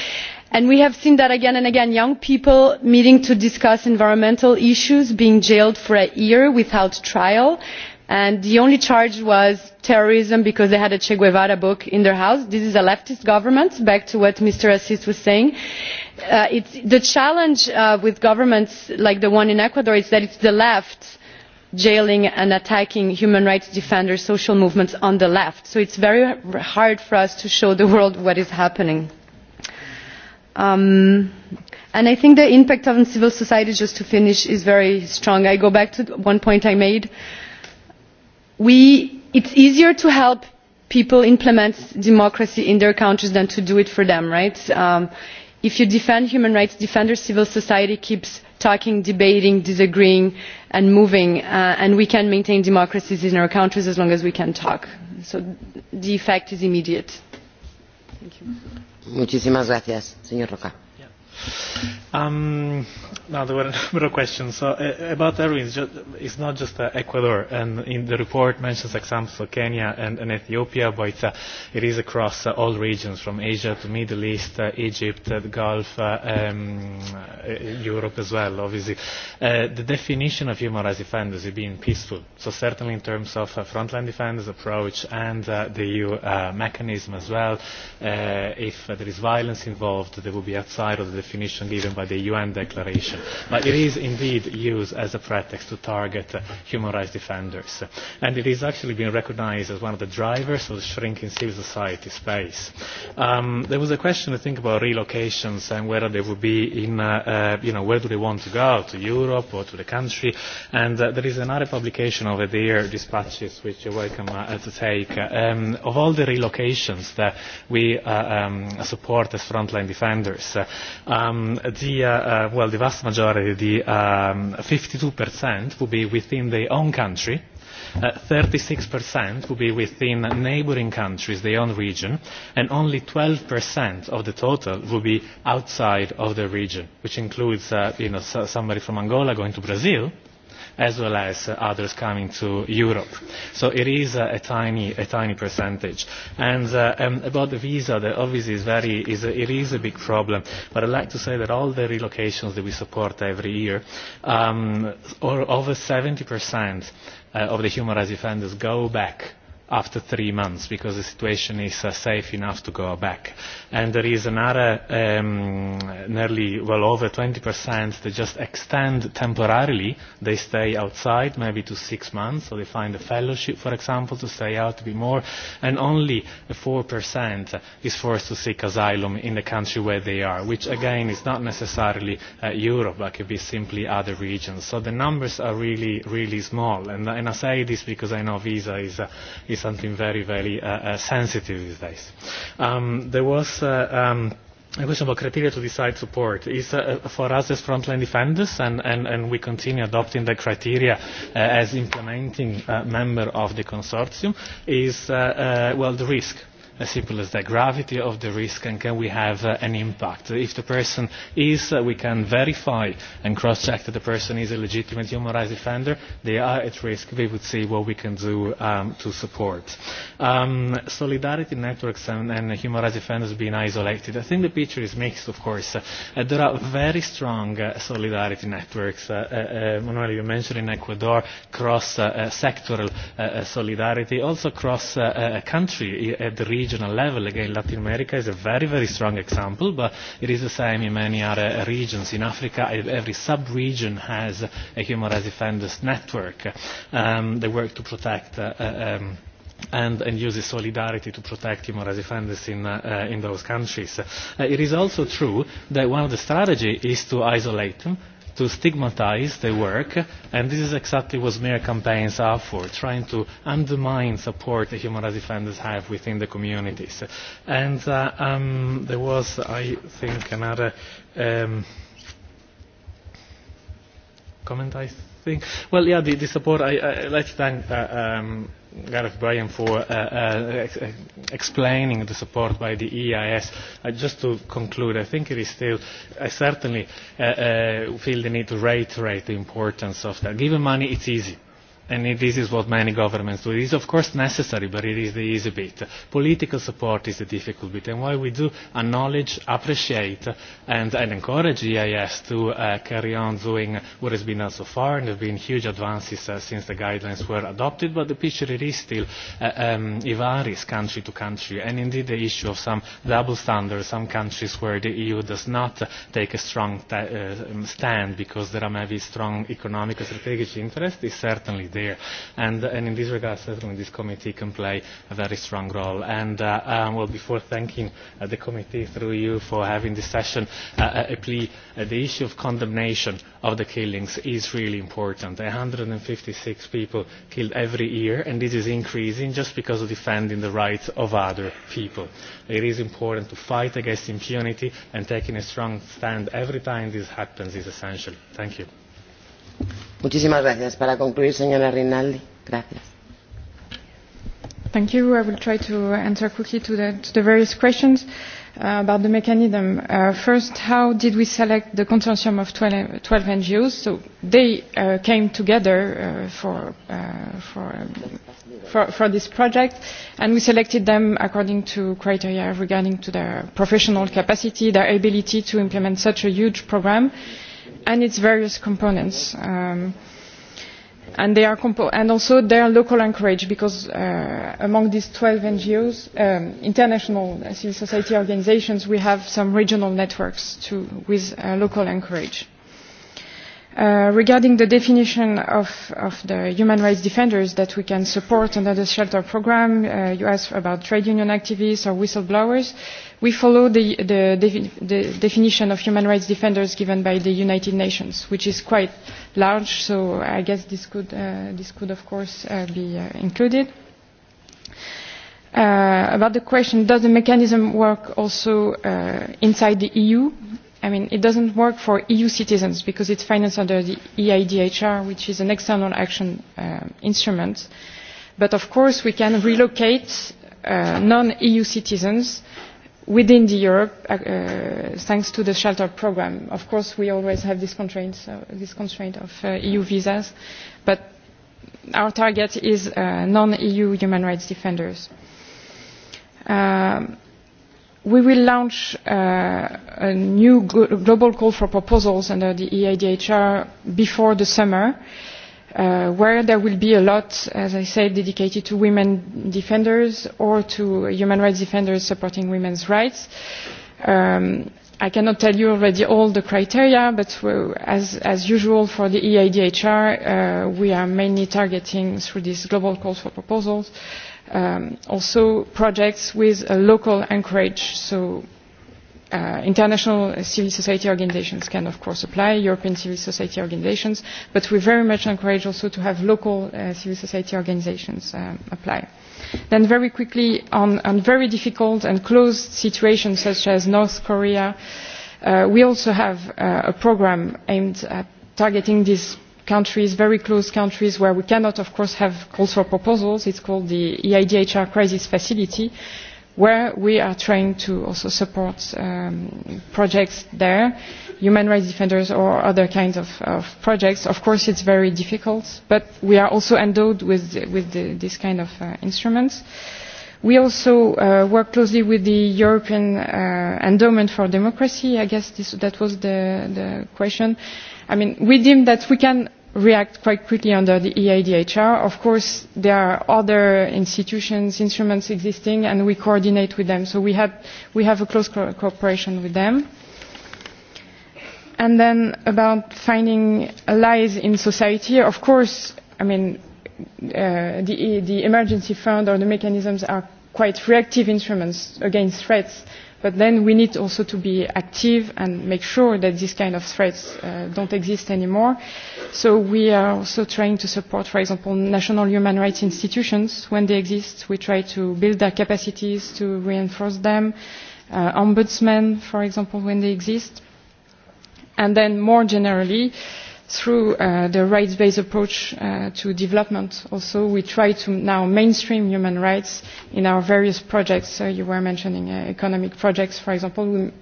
And we have seen that again and again young people meeting to discuss environmental issues being jailed for a year without trial and the only charge was terrorism because they had a che guevara book in their house. this is a leftist government back to what mr assis was saying. Uh, the challenge uh, with governments like the one in ecuador is that it is the left jailing and attacking human rights defenders and social movements on the left so it is very hard for us to show the world what is happening. Um, and i think the impact on civil society just to finish is very strong. i go back to one point i made. it is easier to help people implement democracy in their countries than to do it for them right? Um, if you defend human rights defenders civil society keeps talking debating disagreeing and moving uh, and we can maintain democracies in our countries as long as we can talk. so the effect is immediate. Thank you. No, there were a number of questions. So, uh, about heroin, it's, it's not just uh, Ecuador, and in the report mentions examples of Kenya and, and Ethiopia, but it's, uh, it is across uh, all regions, from Asia to Middle East, uh, Egypt, uh, the Gulf, uh, um, uh, Europe as well, obviously. Uh, the definition of human rights defenders is being peaceful, so certainly in terms of uh, frontline defenders approach and uh, the EU uh, mechanism as well, uh, if uh, there is violence involved, they will be outside of the definition given by the UN declaration situation. But it is indeed used as a pretext to target uh, human rights defenders. And it is actually been recognized as one of the drivers of the shrinking civil society space. Um, there was a question, I think, about relocations and whether they would be in, uh, uh, you know, where do they want to go, to Europe or to the country. And uh, there is another publication over there, Dispatches, which you're welcome uh, to take. Um, of all the relocations that we uh, um, support as frontline defenders, uh, um, the, uh, uh, well, the vast majority, the um, 52%, will be within their own country, uh, 36% will be within neighboring countries, their own region, and only 12% of the total will be outside of the region, which includes uh, you know, somebody from Angola going to Brazil, as well as others coming to Europe. So it is a tiny, a tiny percentage. And uh, um, about the visa, the obviously is very, is a, it is a big problem. But I'd like to say that all the relocations that we support every year, um, or over 70% uh, of the human rights defenders go back after three months because the situation is uh, safe enough to go back. And there is another um, nearly well over 20% that just extend temporarily. They stay outside maybe to six months, so they find a fellowship, for example, to stay out a bit more. And only 4% is forced to seek asylum in the country where they are, which again is not necessarily uh, Europe, but could be simply other regions. So the numbers are really, really small. And, and I say this because I know visa is, uh, is is something very, very uh, uh, sensitive these days. Um, there was uh, um, a question about criteria to decide support is uh, uh, for us as frontline defenders, and, and, and we continue adopting the criteria uh, as implementing uh, member of the consortium, is, uh, uh, well, the risk as simple as that, gravity of the risk and can we have uh, an impact. If the person is, uh, we can verify and cross-check that the person is a legitimate human rights defender, they are at risk, we would see what we can do um, to support. Um, solidarity networks and, and human rights defenders being isolated. I think the picture is mixed, of course. Uh, there are very strong uh, solidarity networks. Uh, uh, uh Manuel, you mentioned in Ecuador cross-sectoral uh, uh, uh, uh, solidarity, also cross-country uh, uh, uh, at the region regional level. Again, Latin America is a very, very strong example, but it is the same in many other regions. In Africa, every sub-region has a human rights defenders network. Um, they work to protect uh, uh um, and, and uses solidarity to protect human rights defenders in, uh, uh, in those countries. Uh, it is also true that one of the strategies is to isolate them to stigmatize their work, and this is exactly what smear campaigns are for, trying to undermine support that human rights defenders have within the communities. And uh, um, there was, I think, another um, comment, I think. Well, yeah, the, the support, I, I, let's thank uh, um, Gareth Bryan for uh, uh, ex uh, explaining the support by the EIS. Uh, just to conclude, I think it is still, I certainly uh, uh, feel the need to reiterate the importance of that. Given money, it's easy and it, this is what many governments do. It is of course necessary, but it is the easy bit. Political support is the difficult bit, and why we do acknowledge, appreciate, and, and encourage EIS to uh, carry on doing what has been done so far, and there have been huge advances uh, since the guidelines were adopted, but the picture it is still, uh, um, it varies country to country, and indeed the issue of some double standards, some countries where the EU does not take a strong uh, um, stand because there are maybe strong economic or strategic interests is certainly there. And, uh, and in this regard, certainly this committee can play a very strong role. And uh, um, well, before thanking uh, the committee through you for having this session, uh, uh a plea, uh, the issue of condemnation of the killings is really important. 156 people killed every year, and this is increasing just because of defending the rights of other people. It is important to fight against impunity and taking a strong stand every time this happens is essential. Thank you. Muchísimas gracias. Para concluir, señora Rinaldi. Gracias. Thank you. I will try to answer quickly to the, to the various questions uh, about the mechanism. Uh, first, how did we select the consortium of 12, 12 NGOs? So they uh, came together uh, for, uh, for, for, for this project, and we selected them according to criteria regarding to their professional capacity, their ability to implement such a huge program. Uh, and its various components. Um, and, they are compo and also their local anchorage, because uh, among these 12 NGOs, um, international civil society organizations, we have some regional networks too, with uh, local anchorage Uh, regarding the definition of, of the human rights defenders that we can support under the shelter programme, uh, you asked about trade union activists or whistleblowers. We follow the, the, defi the definition of human rights defenders given by the United Nations, which is quite large, so I guess this could, uh, this could of course, uh, be uh, included. Uh, about the question, does the mechanism work also uh, inside the EU? I mean, it doesn't work for EU citizens because it's financed under the EIDHR, which is an external action uh, instrument. But of course, we can relocate uh, non-EU citizens within the Europe uh, uh, thanks to the shelter program. Of course, we always have this constraint, so uh, this constraint of uh, EU visas, but our target is uh, non-EU human rights defenders. Um, we will launch uh, a new global call for proposals under the eidhr before the summer uh, where there will be a lot, as I said, dedicated to women defenders or to human rights defenders supporting women's rights. Um, I cannot tell you already all the criteria, but as, as usual for the EIDHR, uh, we are mainly targeting through these global calls for proposals uh, Um, also projects with a local anchorage. So uh, international civil society organisations can, of course, apply, European civil society organisations, but we very much encourage also to have local uh, civil society organisations um, apply. Then very quickly, on, very difficult and closed situations such as North Korea, uh, we also have a programme aimed at targeting these countries, very close countries where we cannot, of course, have calls for proposals. It's called the EIDHR Crisis Facility, where we are trying to also support um, projects there, human rights defenders or other kinds of, of projects. Of course, it's very difficult, but we are also endowed with, with the, this kind of uh, instruments. We also uh, work closely with the European uh, Endowment for Democracy. I guess this, that was the, the question. Uh, i mean, we deem that we can react quite quickly under the EIDHR. Of course, there are other institutions, instruments existing, and we coordinate with them. So we, have we have a close co cooperation with them. And then about finding allies in society, of course, I mean, uh, the, the emergency fund or the mechanisms are quite reactive instruments against threats But then we need also to be active and make sure that these kind of threats uh, don't exist anymore. So we are also trying to support, for example, national human rights institutions when they exist. We try to build their capacities to reinforce them. Uh, ombudsmen, for example, when they exist. And then more generally, uh, through uh, the rights based approach uh, to development also we try to now mainstream human rights in our various projects so you were mentioning uh, economic projects for example we,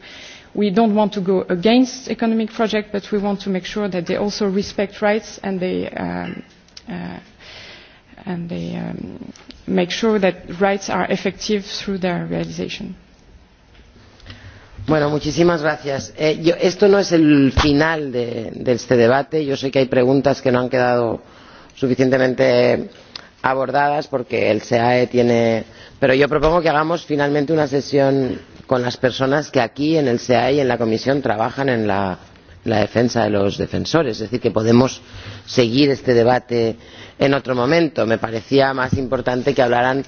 we don't want to go against economic projects but we want to make sure that they also respect rights and they um, uh, and they um, make sure that rights are effective through their realization Bueno, muchísimas gracias. Eh, yo, esto no es el final de, de este debate. Yo sé que hay preguntas que no han quedado suficientemente abordadas porque el SEAE tiene. Pero yo propongo que hagamos finalmente una sesión con las personas que aquí en el SEAE y en la Comisión trabajan en la, la defensa de los defensores. Es decir, que podemos seguir este debate en otro momento. Me parecía más importante que hablaran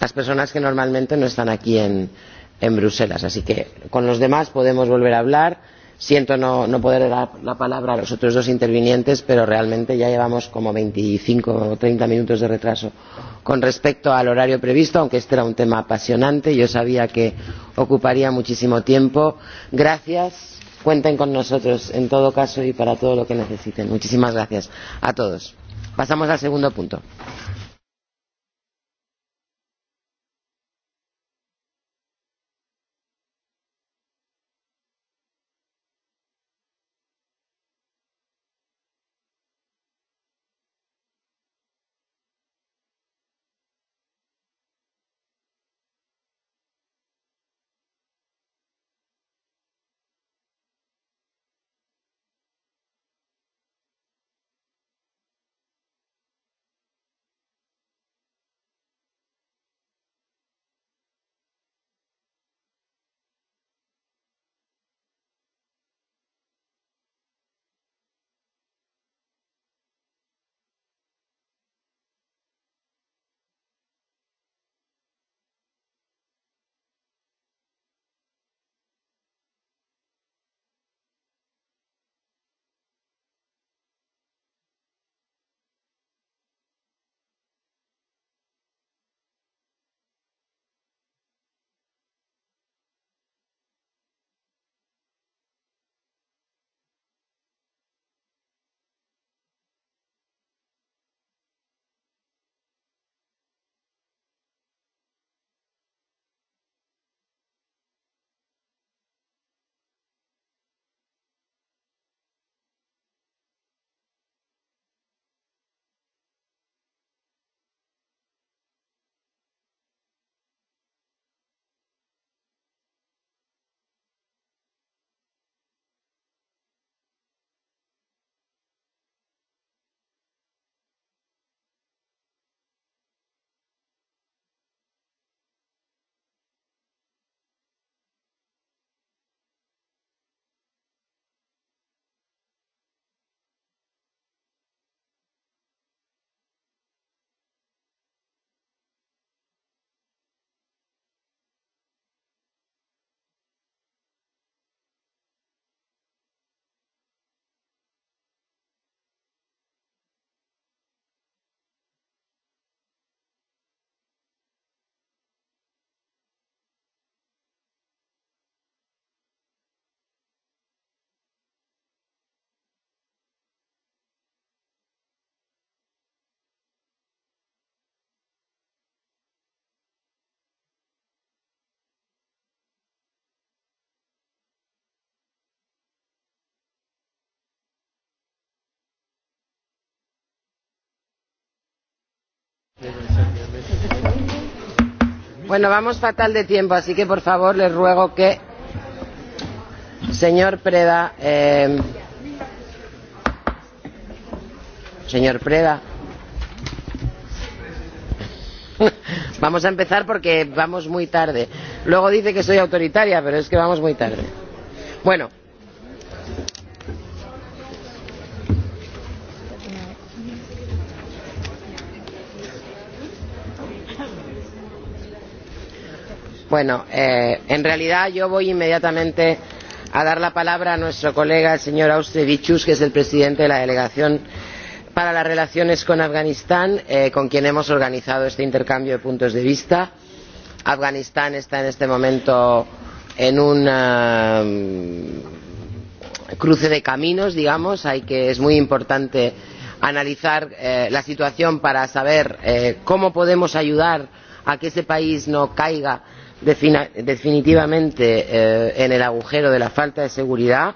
las personas que normalmente no están aquí en en Bruselas. Así que con los demás podemos volver a hablar. Siento no, no poder dar la palabra a los otros dos intervinientes, pero realmente ya llevamos como veinticinco o treinta minutos de retraso con respecto al horario previsto, aunque este era un tema apasionante. Yo sabía que ocuparía muchísimo tiempo. Gracias. Cuenten con nosotros en todo caso y para todo lo que necesiten. Muchísimas gracias a todos. Pasamos al segundo punto. Bueno, vamos fatal de tiempo, así que por favor les ruego que, señor Preda, eh, señor Preda, vamos a empezar porque vamos muy tarde. Luego dice que soy autoritaria, pero es que vamos muy tarde. Bueno, Bueno, eh, en realidad yo voy inmediatamente a dar la palabra a nuestro colega, el señor Austrevichus, que es el presidente de la delegación para las relaciones con Afganistán, eh, con quien hemos organizado este intercambio de puntos de vista. Afganistán está en este momento en un eh, cruce de caminos, digamos. Hay que, es muy importante analizar eh, la situación para saber eh, cómo podemos ayudar a que ese país no caiga definitivamente eh, en el agujero de la falta de seguridad.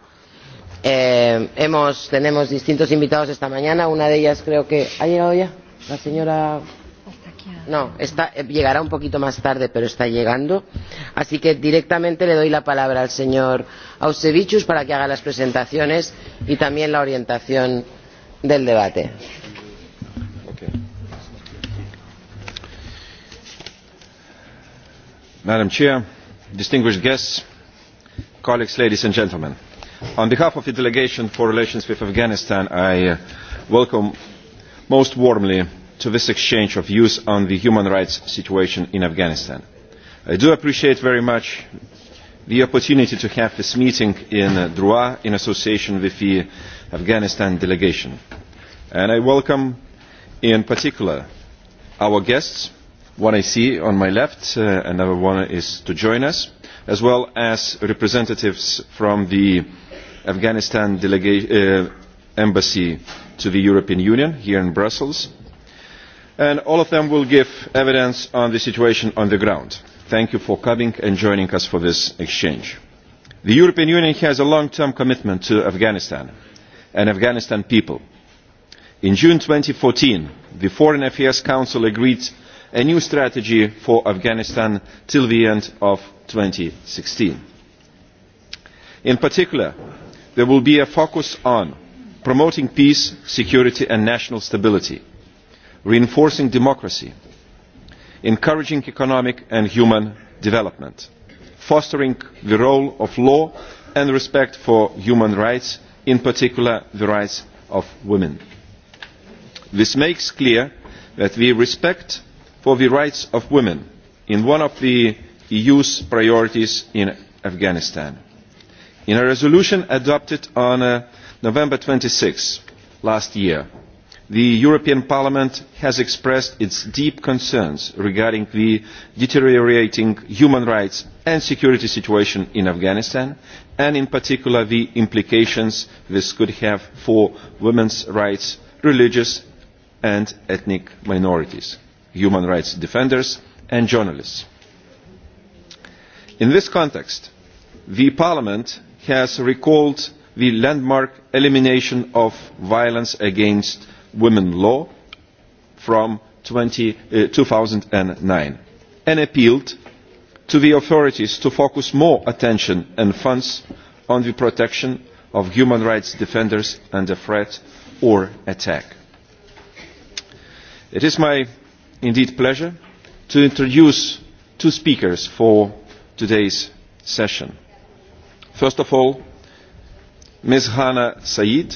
Eh, hemos, tenemos distintos invitados esta mañana. Una de ellas creo que ha llegado ya la señora. No, está, eh, llegará un poquito más tarde, pero está llegando. Así que directamente le doy la palabra al señor Ausevichus para que haga las presentaciones y también la orientación del debate. madam president distinguished guests colleagues ladies and gentlemen on behalf of the delegation for relations with afghanistan i uh, welcome most warmly to this exchange of views on the human rights situation in afghanistan. i do appreciate very much the opportunity to have this meeting in uh, Drua in association with the afghanistan delegation and i welcome in particular our guests one I see on my left, uh, another one is to join us, as well as representatives from the Afghanistan delega- uh, embassy to the European Union here in Brussels. And all of them will give evidence on the situation on the ground. Thank you for coming and joining us for this exchange. The European Union has a long-term commitment to Afghanistan and Afghanistan people. In June fourteen, the Foreign Affairs Council agreed a new strategy for afghanistan till the end of. two thousand and sixteen in particular there will be a focus on promoting peace security and national stability reinforcing democracy encouraging economic and human development fostering the role of law and respect for human rights in particular the rights of women. this makes clear that we respect for the rights of women in one of the eu's priorities in afghanistan. in a resolution adopted on uh, twenty six last year the european parliament has expressed its deep concerns regarding the deteriorating human rights and security situation in afghanistan and in particular the implications this could have for women's rights religious and ethnic minorities human rights defenders and journalists. in this context the parliament has recalled the landmark elimination of violence against women law from 20, uh, 2009 and appealed to the authorities to focus more attention and funds on the protection of human rights defenders under threat or attack. It is my indeed pleasure to introduce two speakers for today's session. First of all, Ms. Hana Said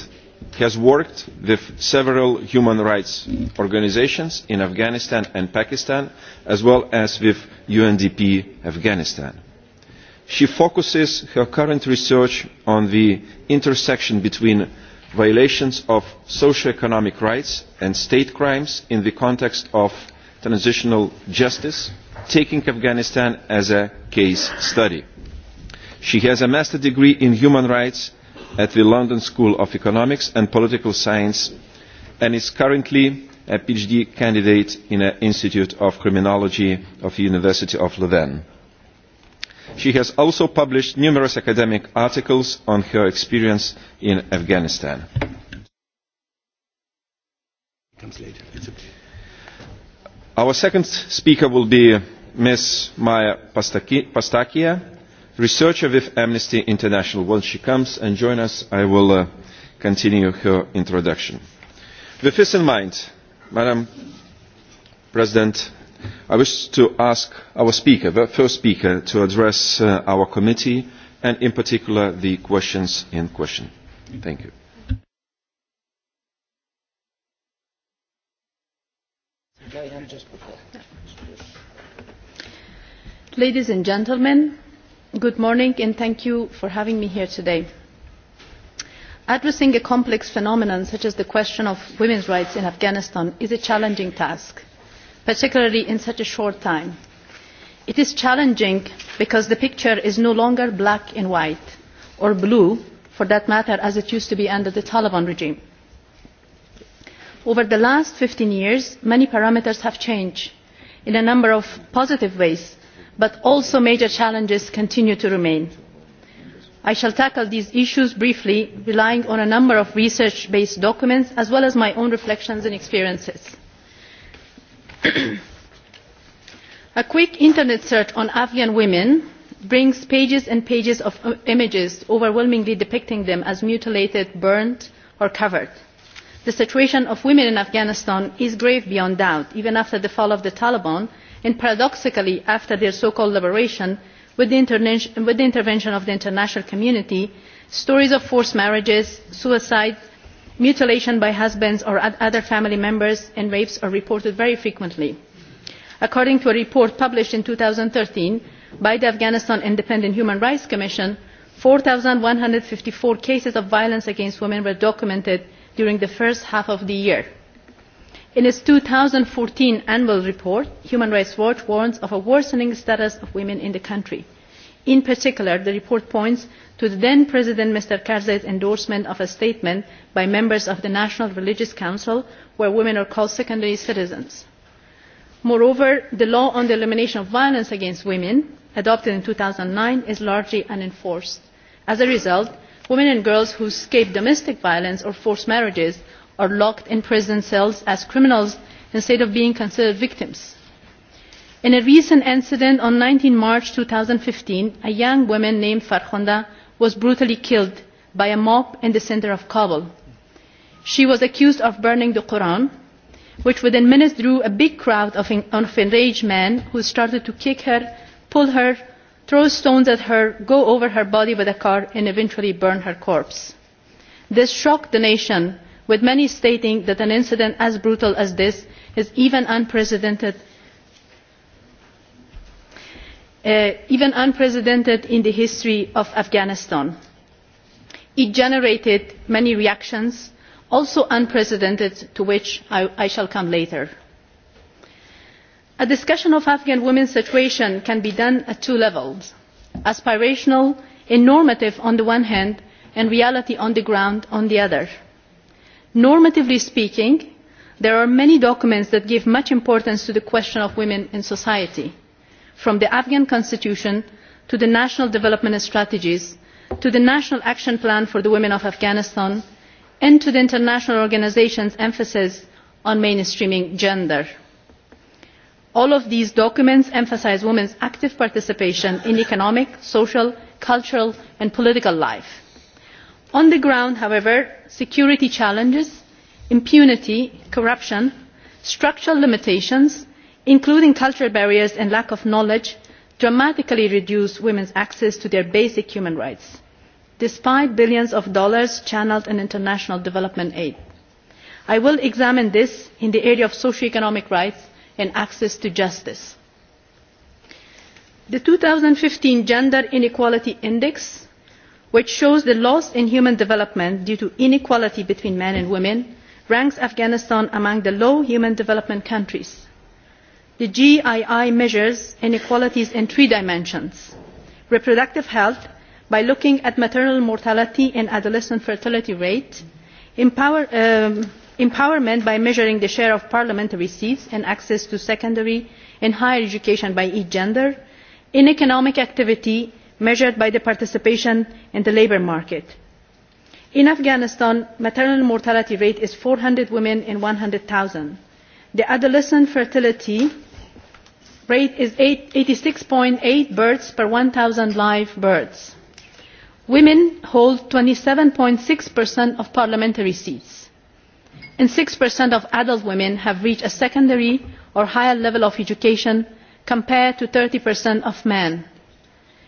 has worked with several human rights organisations in Afghanistan and Pakistan, as well as with UNDP Afghanistan. She focuses her current research on the intersection between violations of socio economic rights and state crimes in the context of transitional justice, taking Afghanistan as a case study. She has a master's degree in human rights at the London School of Economics and Political Science and is currently a PhD candidate in the Institute of Criminology of the University of Leuven. She has also published numerous academic articles on her experience in Afghanistan. It comes later. It's okay. Our second speaker will be Ms. Maya Pastakia, researcher with Amnesty International. When she comes and joins us, I will uh, continue her introduction. With this in mind, Madam President, I wish to ask our speaker, the first speaker, to address uh, our committee and in particular the questions in question. Thank you. just before. Ladies and gentlemen, good morning and thank you for having me here today. Addressing a complex phenomenon such as the question of women's rights in Afghanistan is a challenging task, particularly in such a short time. It is challenging because the picture is no longer black and white, or blue for that matter as it used to be under the Taliban regime over the last fifteen years many parameters have changed in a number of positive ways but also major challenges continue to remain. i shall tackle these issues briefly relying on a number of research based documents as well as my own reflections and experiences. a quick internet search on afghan women brings pages and pages of images overwhelmingly depicting them as mutilated burnt or covered the situation of women in afghanistan is grave beyond doubt even after the fall of the taliban and paradoxically after their so called liberation with the, intervention of the international community stories of forced marriages suicide mutilation by husbands or other family members and rapes are reported very frequently. according to a report published in two thousand and thirteen by the afghanistan independent human rights commission four one hundred and fifty four cases of violence against women were documented during the first half of the year. In its fourteen annual report, Human Rights Watch warns of a worsening status of women in the country. In particular, the report points to the then President Mr. Karzai's endorsement of a statement by members of the National Religious Council where women are called secondary citizens. Moreover, the law on the elimination of violence against women, adopted in two thousand nine, is largely unenforced. As a result, women and girls who escape domestic violence or forced marriages are locked in prison cells as criminals instead of being considered victims. in a recent incident on nineteen march two thousand and fifteen a young woman named farhonda was brutally killed by a mob in the centre of kabul. she was accused of burning the quran which within minutes drew a big crowd of, of enraged men who started to kick her pull her throw stones at her go over her body with a car and eventually burn her corpse. this shocked the nation with many stating that an incident as brutal as this is even unprecedented uh, in the history of Afghanistan. It generated many reactions, also unprecedented, to which I shall come later a discussion of afghan women's situation can be done at two levels aspirational and normative on the one hand and reality on the ground on the other. normatively speaking there are many documents that give much importance to the question of women in society from the afghan constitution to the national development strategies to the national action plan for the women of afghanistan and to the international organisations' emphasis on mainstreaming gender all of these documents emphasise women's active participation in economic social cultural and political life. on the ground however security challenges impunity corruption structural limitations including cultural barriers and lack of knowledge dramatically reduce women's access to their basic human rights despite billions of dollars channelled in international development aid. i will examine this in the area of socio economic rights and access to justice. The fifteen Gender Inequality Index, which shows the loss in human development due to inequality between men and women, ranks Afghanistan among the low human development countries. The GII measures inequalities in three dimensions reproductive health by looking at maternal mortality and adolescent fertility rate, empower, um, empowerment by measuring the share of parliamentary seats and access to secondary and higher education by each gender in economic activity measured by the participation in the labour market. in afghanistan the maternal mortality rate is four hundred women in one hundred zero the adolescent fertility rate is eighty six eight births per one thousand live births. women hold twenty seven six of parliamentary seats and six of adult women have reached a secondary or higher level of education compared to thirty of men.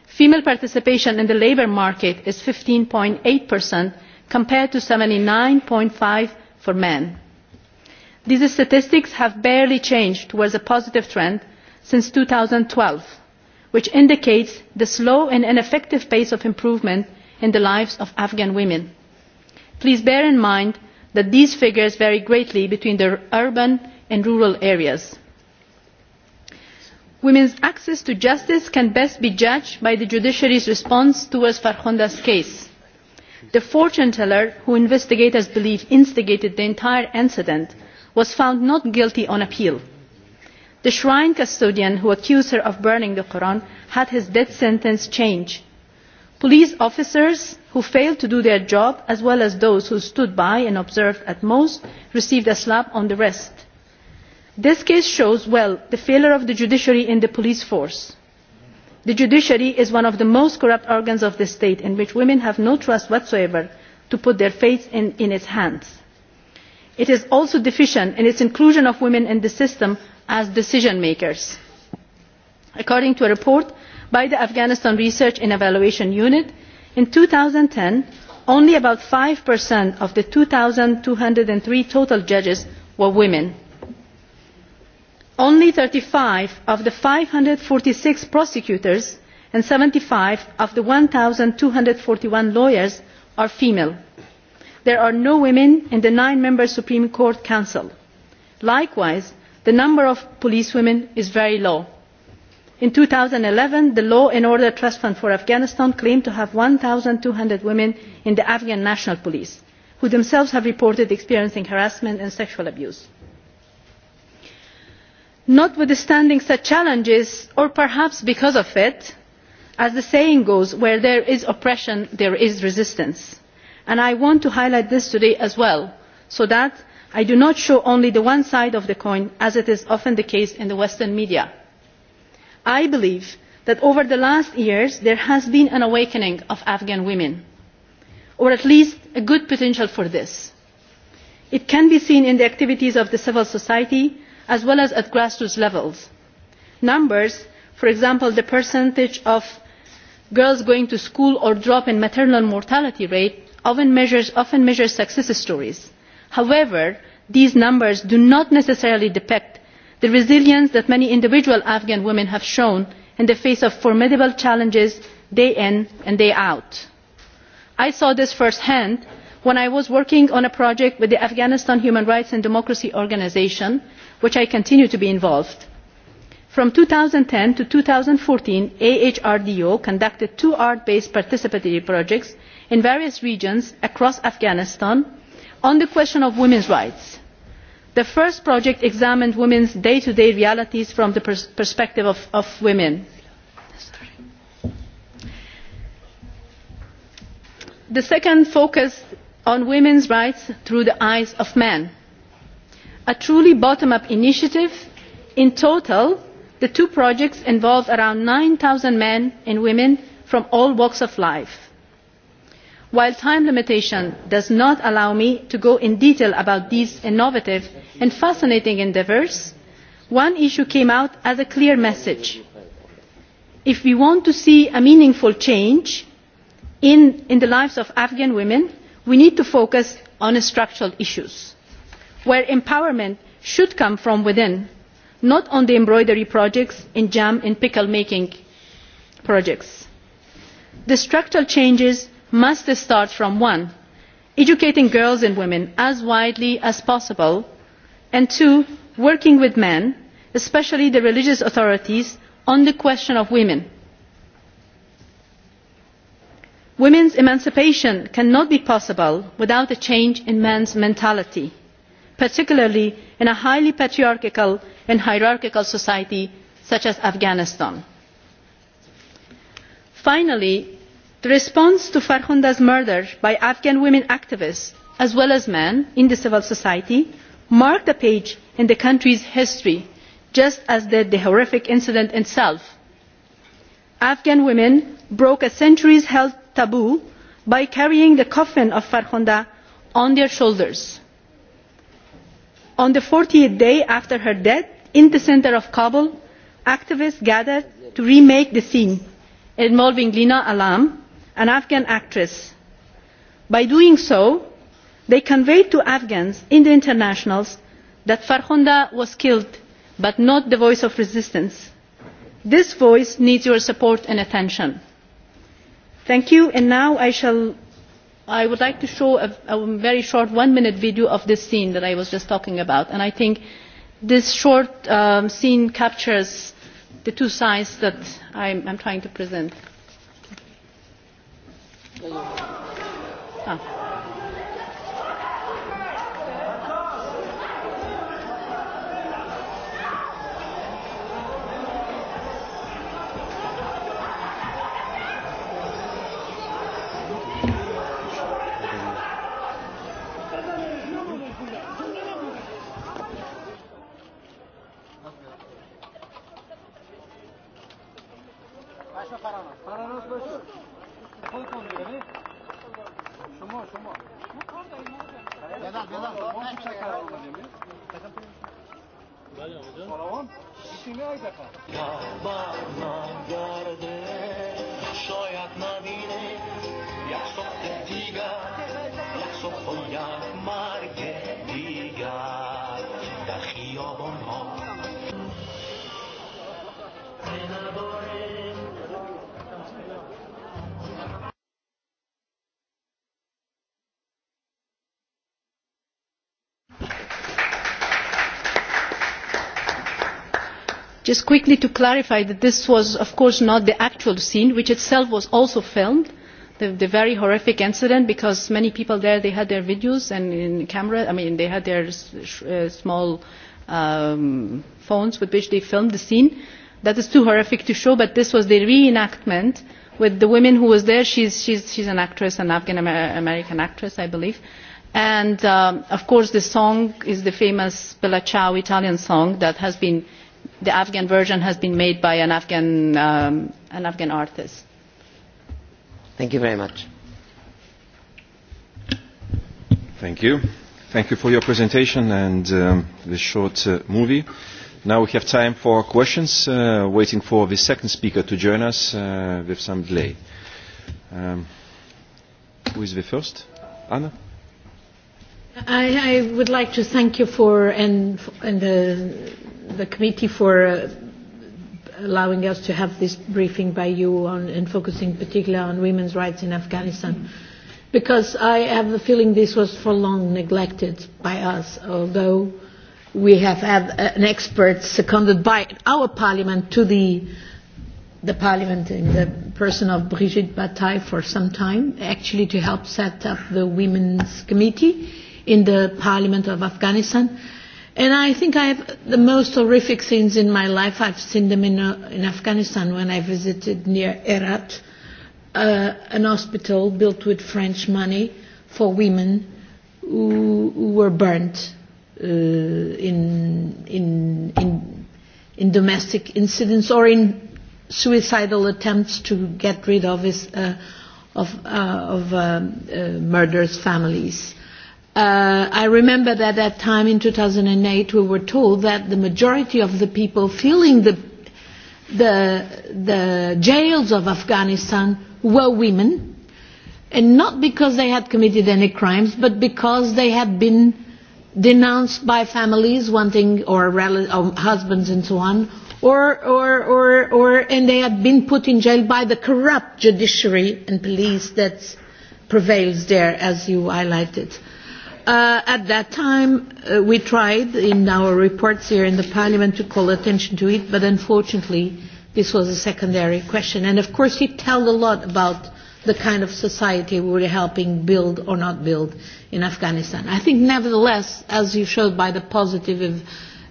female participation in the labour market is fifteen eight compared to seventy nine five for men. these statistics have barely changed towards a positive trend since two thousand and twelve which indicates the slow and ineffective pace of improvement in the lives of afghan women. please bear in mind that these figures vary greatly between the urban and rural areas. women's access to justice can best be judged by the judiciary's response towards farhonda's case. the fortune teller who investigators believe instigated the entire incident was found not guilty on appeal. the shrine custodian who accused her of burning the koran had his death sentence changed. police officers who failed to do their job as well as those who stood by and observed at most received a slap on the wrist. this case shows well the failure of the judiciary in the police force. the judiciary is one of the most corrupt organs of the state in which women have no trust whatsoever to put their faith in, in its hands. it is also deficient in its inclusion of women in the system as decision makers. according to a report by the afghanistan research and evaluation unit in two thousand and ten only about five of the two two hundred and three total judges were women. only thirty five of the five hundred and forty six prosecutors and seventy five of the one two hundred and forty one lawyers are female. there are no women in the nine member supreme court council. likewise the number of policewomen is very low in two thousand and eleven the law and order trust fund for afghanistan claimed to have one two hundred women in the afghan national police who themselves have reported experiencing harassment and sexual abuse. notwithstanding such challenges or perhaps because of it as the saying goes where there is oppression there is resistance and i want to highlight this today as well so that i do not show only the one side of the coin as is often the case in the western media i believe that over the last years there has been an awakening of afghan women or at least a good potential for this. it can be seen in the activities of civil society as well as at grassroots levels. numbers for example the percentage of girls going to school or drop in maternal mortality rate often measures, often measures success stories. however these numbers do not necessarily depict the resilience that many individual afghan women have shown in the face of formidable challenges day in and day out. i saw this first hand when i was working on a project with the afghanistan human rights and democracy organisation in which i continue to be involved. from two thousand and ten to two thousand and fourteen ahrdo conducted two art based participatory projects in various regions across afghanistan on the question of women's rights the first project examined women's day to day realities from the perspective of, of women. the second focused on women's rights through the eyes of men a truly bottom up initiative. in total the two projects involved around nine zero men and women from all walks of life while time limitation does not allow me to go into detail about these innovative and fascinating endeavours one issue came out as a clear message if we want to see a meaningful change in, the lives of afghan women we need to focus on structural issues where empowerment should come from within not on the embroidery projects and jam and pickle making projects. the structural changes must start from one educating girls and women as widely as possible and two working with men especially the religious authorities on the question of women. women's emancipation cannot be possible without a change in men's mentality particularly in a highly patriarchal and hierarchical society such as afghanistan. finally the response to farhunda's murder by afghan women activists as well as men in civil society marked a page in the country's history just as did the horrific incident itself. afghan women broke a centuries held taboo by carrying the coffin of farhunda on their shoulders. on the fortieth day after her death in the centre of kabul activists gathered to remake the scene involving lina alam an afghan actress. by doing so they conveyed to afghans and the internationals that farhonda was killed but not the voice of resistance. this voice needs your support and attention. thank you and now i shall i would like to show a, a very short one minute video of this scene that i was just talking about and i think this short um, scene captures the two sides that i am trying to present. Ah. just quickly to clarify that this was of course not the actual scene which itself was also filmed the, the very horrific incident because many people there they had their videos and in camera i mean they had their uh, small um, phones with which they filmed the scene that is too horrific to show but this was the reenactment with the woman who was there she's she's she's an actress an afghan Amer american actress i believe and um, of course the song is the famous Bella Ciao Italian song that has been the Afghan version has been made by an Afghan, um, an Afghan artist. Thank you very much. Thank you. Thank you for your presentation and um, this short uh, movie. Now we have time for questions, uh, waiting for the second speaker to join us uh, with some delay. Um, who is the first? Anna? I, I would like to thank you for and, and the the committee for uh, allowing us to have this briefing by you on, and focusing particularly on women's rights in Afghanistan. Because I have the feeling this was for long neglected by us, although we have had an expert seconded by our parliament to the, the parliament in the person of Brigitte Bataille for some time, actually to help set up the women's committee in the parliament of Afghanistan And I think I have the most horrific scenes in my life. I've seen them in, uh, in Afghanistan when I visited near Erat uh, an hospital built with French money for women who, who were burnt uh, in, in, in, in domestic incidents or in suicidal attempts to get rid of, his, uh, of, uh, of uh, uh, murderous families Uh, I remember that at that time in 2008 we were told that the majority of the people filling the, the, the jails of Afghanistan were women, and not because they had committed any crimes, but because they had been denounced by families wanting or, or husbands and so on, or, or, or, or, and they had been put in jail by the corrupt judiciary and police that prevails there, as you highlighted. Uh, Uh, at that time, uh, we tried in our reports here in the Parliament to call attention to it, but unfortunately, this was a secondary question. And of course, it tells a lot about the kind of society we were helping build or not build in Afghanistan. I think, nevertheless, as you showed by the positive,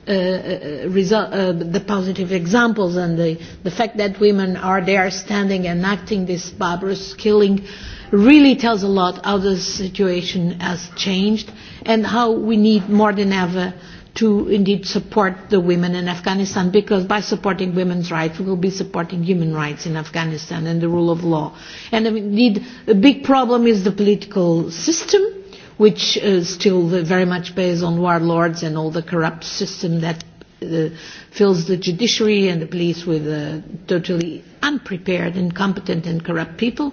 uh, uh, result, uh, the positive examples and the, the fact that women are there standing and acting this barbarous killing, uh, really tells a lot how the situation has changed and how we need more than ever to indeed support the women in Afghanistan because by supporting women's rights we will be supporting human rights in Afghanistan and the rule of law. And indeed a big problem is the political system which is uh, still very much based on warlords and all the corrupt system that uh, fills the judiciary and the police with uh, totally unprepared, incompetent and corrupt people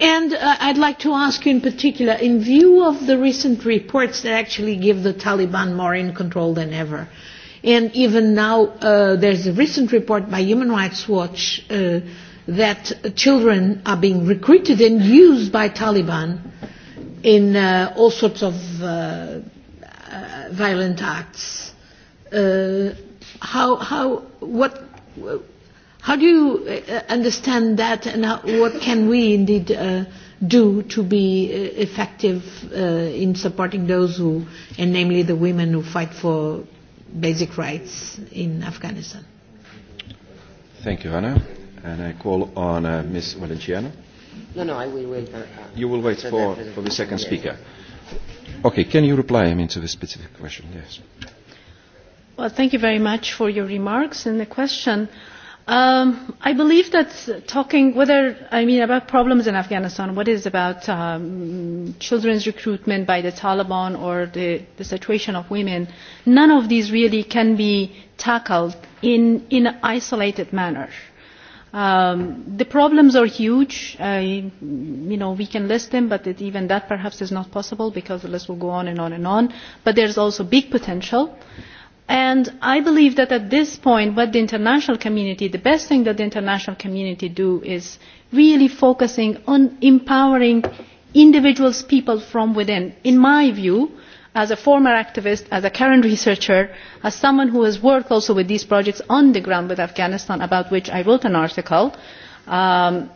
And uh, I'd like to ask you in particular, in view of the recent reports that actually give the Taliban more in control than ever, and even now uh, there's a recent report by Human Rights Watch uh, that children are being recruited and used by Taliban in uh, all sorts of uh, uh, violent acts. Uh, how, how, what, How do you uh, understand that, and how, what can we indeed uh, do to be uh, effective uh, in supporting those who, and namely the women who fight for basic rights in Afghanistan? Thank you, Hannah. And I call on uh, Ms. Valenciano. No, no, I will wait. Uh, you will wait for, for the second speaker. Okay, can you reply, I mean, to the specific question? Yes. Well, thank you very much for your remarks and the question. Um, I believe that talking whether I mean about problems in Afghanistan, what is about um, children's recruitment by the Taliban or the, the situation of women, none of these really can be tackled in in an isolated manner. Um, the problems are huge. I, you know, we can list them, but it, even that perhaps is not possible because the list will go on and on and on. But there's also big potential And I believe that at this point, what the international community, the best thing that the international community do is really focusing on empowering individuals, people from within. In my view, as a former activist, as a current researcher, as someone who has worked also with these projects on the ground with Afghanistan, about which I wrote an article, um,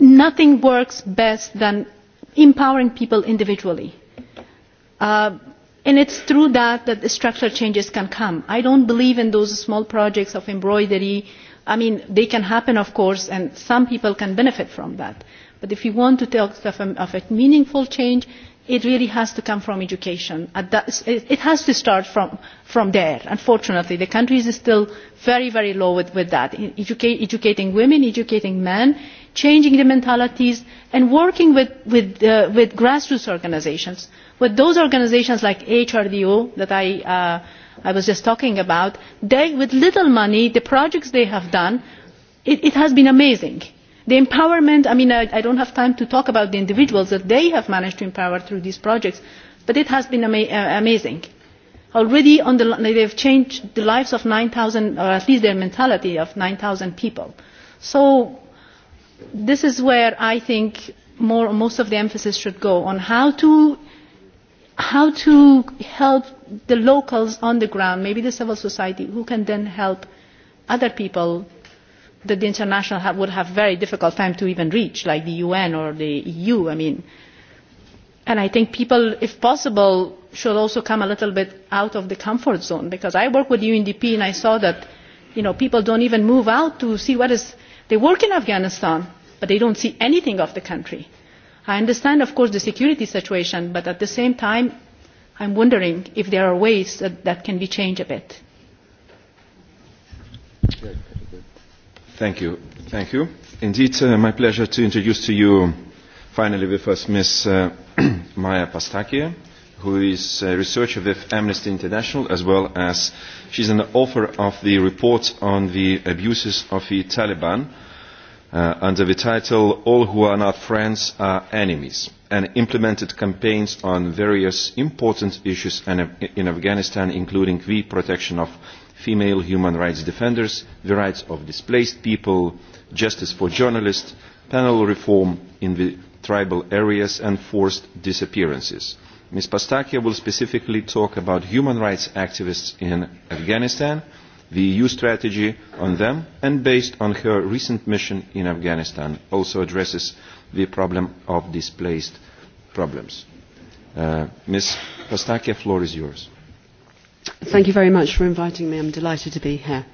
nothing works best than empowering people individually. Uh, And it's through that that the structural changes can come. I don't believe in those small projects of embroidery. I mean, they can happen, of course, and some people can benefit from that. But if you want to talk of a, of a meaningful change, it really has to come from education. It has to start from, from there. Unfortunately, the country is still very, very low with, with that. E, Educate, educating women, educating men, changing the mentalities, and working with, with, uh, with grassroots organizations But those organizations like HRDO that I, uh, I was just talking about, they, with little money, the projects they have done, it, it has been amazing. The empowerment, I mean, I, I don't have time to talk about the individuals that they have managed to empower through these projects, but it has been ama uh, amazing. Already on the, they've changed the lives of 9,000, or at least their mentality of 9,000 people. So this is where I think more, most of the emphasis should go on how to how to help the locals on the ground, maybe the civil society, who can then help other people that the international have, would have very difficult time to even reach, like the UN or the EU. I mean, and I think people, if possible, should also come a little bit out of the comfort zone because I work with UNDP and I saw that, you know, people don't even move out to see what is. They work in Afghanistan, but they don't see anything of the country i understand, of course, the security situation, but at the same time, I'm wondering if there are ways that, that can be changed a bit. Thank you. Thank you. Indeed, uh, my pleasure to introduce to you finally with us Ms. Uh, Maya Pastakia, who is a researcher with Amnesty International, as well as she's an author of the report on the abuses of the Taliban uh, under the title All Who Are Not Friends Are Enemies and implemented campaigns on various important issues in Afghanistan including the protection of female human rights defenders, the rights of displaced people, justice for journalists, penal reform in the tribal areas and forced disappearances. Ms. Pastakia will specifically talk about human rights activists in Afghanistan the EU strategy on them and based on her recent mission in Afghanistan also addresses the problem of displaced problems. Uh, Ms. Pastakia, floor is yours. Thank you very much for inviting me. I'm delighted to be here.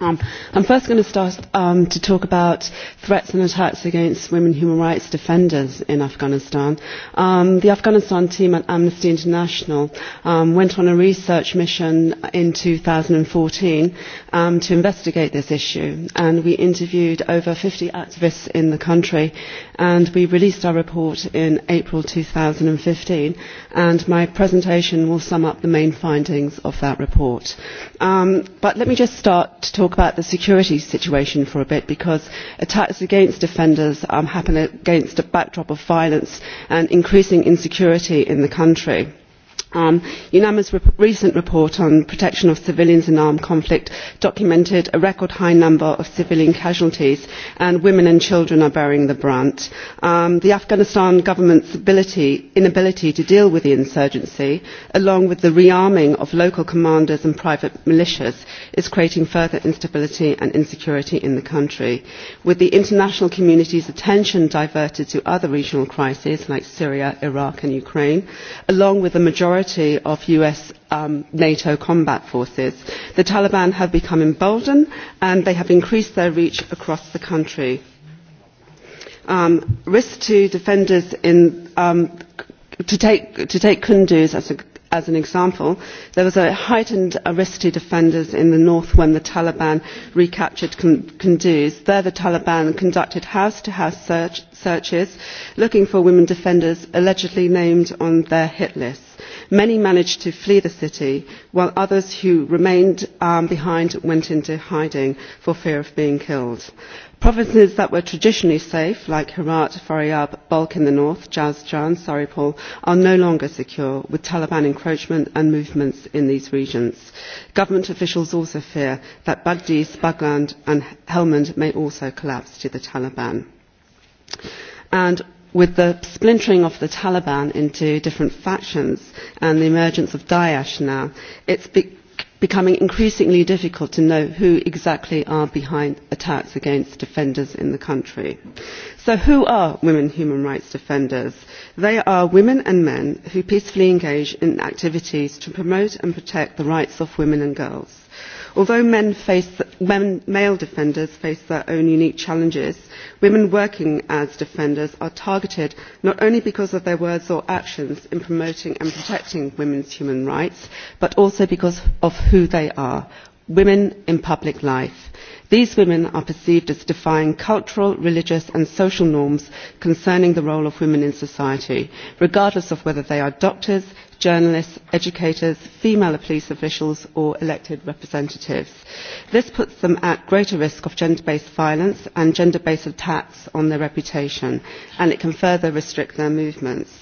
Um, I'm first going to start um, to talk about threats and attacks against women human rights defenders in Afghanistan. Um, the Afghanistan team at Amnesty International um, went on a research mission in 2014 um, to investigate this issue, and we interviewed over 50 activists in the country, and we released our report in April 2015, and my presentation will sum up the main findings of that report. Um, but let me just start to talk about the security situation for a bit because attacks against defenders um, happen against a backdrop of violence and increasing insecurity in the country Um, UNAMA's recent report on protection of civilians in armed conflict documented a record high number of civilian casualties and women and children are bearing the brunt. Um, the Afghanistan government's inability to deal with the insurgency, along with the rearming of local commanders and private militias, is creating further instability and insecurity in the country. With the international community's attention diverted to other regional crises like Syria, Iraq and Ukraine, along with the majority majority of US um, NATO combat forces. The Taliban have become emboldened and they have increased their reach across the country. Um, risk to defenders in, um, to, take, to take Kunduz as, a, as an example, there was a heightened uh, risk to defenders in the north when the Taliban recaptured Kunduz. There the Taliban conducted house-to-house -house search, searches looking for women defenders allegedly named on their hit list many managed to flee the city while others who remained um, behind went into hiding for fear of being killed. provinces that were traditionally safe like herat faryab balkh in the north jazjan saripol are no longer secure with taliban encroachment and movements in these regions. government officials also fear that bagdis Bagland and helmand may also collapse to the taliban with the splintering of the Taliban into different factions and the emergence of Daesh now, it's be becoming increasingly difficult to know who exactly are behind attacks against defenders in the country. So who are women human rights defenders? They are women and men who peacefully engage in activities to promote and protect the rights of women and girls although male defenders face their own unique challenges women working as defenders are targeted not only because of their words or actions in promoting and protecting women's human rights but also because of who they are women in public life. These women are perceived as defying cultural, religious and social norms concerning the role of women in society, regardless of whether they are doctors, journalists, educators, female police officials or elected representatives. This puts them at greater risk of gender-based violence and gender-based attacks on their reputation, and it can further restrict their movements.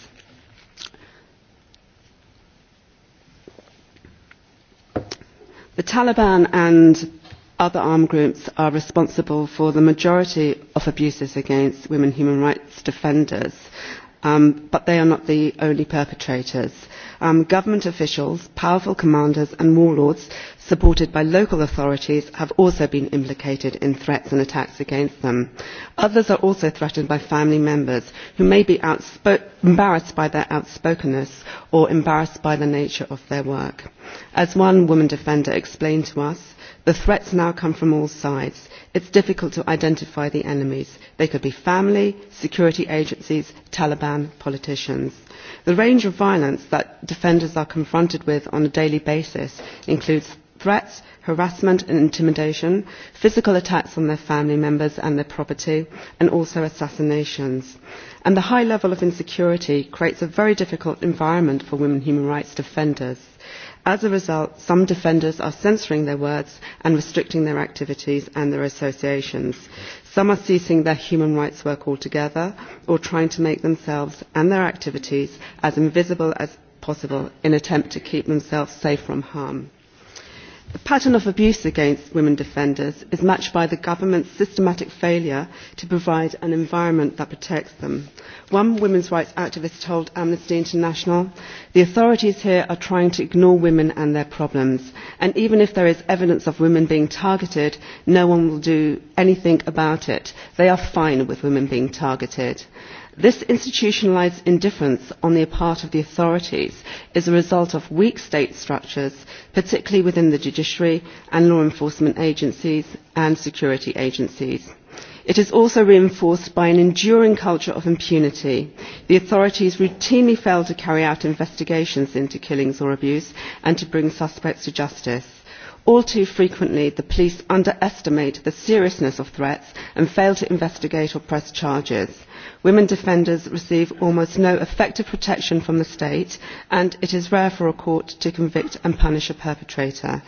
The Taliban and other armed groups are responsible for the majority of abuses against women human rights defenders, um, but they are not the only perpetrators Um, government officials, powerful commanders and warlords supported by local authorities have also been implicated in threats and attacks against them. Others are also threatened by family members who may be embarrassed by their outspokenness or embarrassed by the nature of their work. As one woman defender explained to us, the threats now come from all sides. It is difficult to identify the enemies. They could be family, security agencies, Taliban, politicians the range of violence that defenders are confronted with on a daily basis includes threats harassment and intimidation physical attacks on their family members and their property and also assassinations and the high level of insecurity creates a very difficult environment for women human rights defenders. as a result some defenders are censoring their words and restricting their activities and their associations. Some are ceasing their human rights work altogether or trying to make themselves and their activities as invisible as possible in an attempt to keep themselves safe from harm. The pattern of abuse against women defenders is matched by the government's systematic failure to provide an environment that protects them. One women's rights activist told Amnesty International, the authorities here are trying to ignore women and their problems. And even if there is evidence of women being targeted, no one will do anything about it. They are fine with women being targeted. This institutionalised indifference on the part of the authorities is a result of weak state structures, particularly within the judiciary and law enforcement agencies and security agencies. It is also reinforced by an enduring culture of impunity. The authorities routinely fail to carry out investigations into killings or abuse and to bring suspects to justice. All too frequently, the police underestimate the seriousness of threats and fail to investigate or press charges women defenders receive almost no effective protection from the state and it is rare for a court to convict and punish a perpetrator.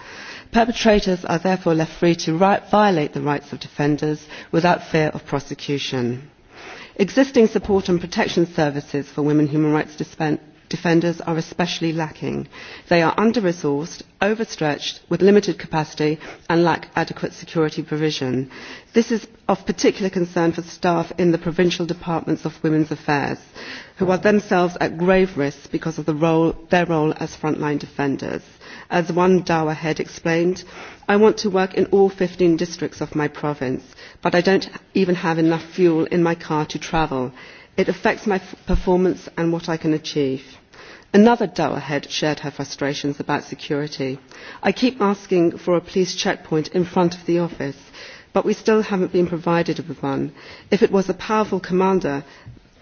perpetrators are therefore left free to violate the rights of defenders without fear of prosecution. existing support and protection services for women human rights defenders are especially lacking. They are under-resourced, overstretched, with limited capacity and lack adequate security provision. This is of particular concern for staff in the provincial departments of women's affairs, who are themselves at grave risk because of the role, their role as frontline defenders. As one DAWA head explained, I want to work in all 15 districts of my province, but I don't even have enough fuel in my car to travel It affects my performance and what I can achieve. Another Doha head shared her frustrations about security. I keep asking for a police checkpoint in front of the office, but we still haven't been provided with one. If it was a powerful commander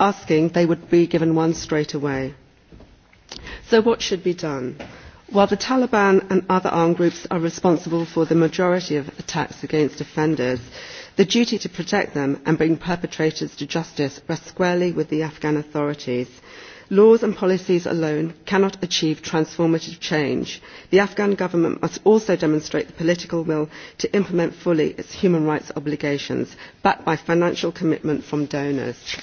asking, they would be given one straight away. So what should be done? While the Taliban and other armed groups are responsible for the majority of attacks against offenders, the duty to protect them and bring perpetrators to justice rests squarely with the afghan authorities. laws and policies alone cannot achieve transformative change. the afghan government must also demonstrate the political will to implement fully its human rights obligations backed by financial commitment from donors.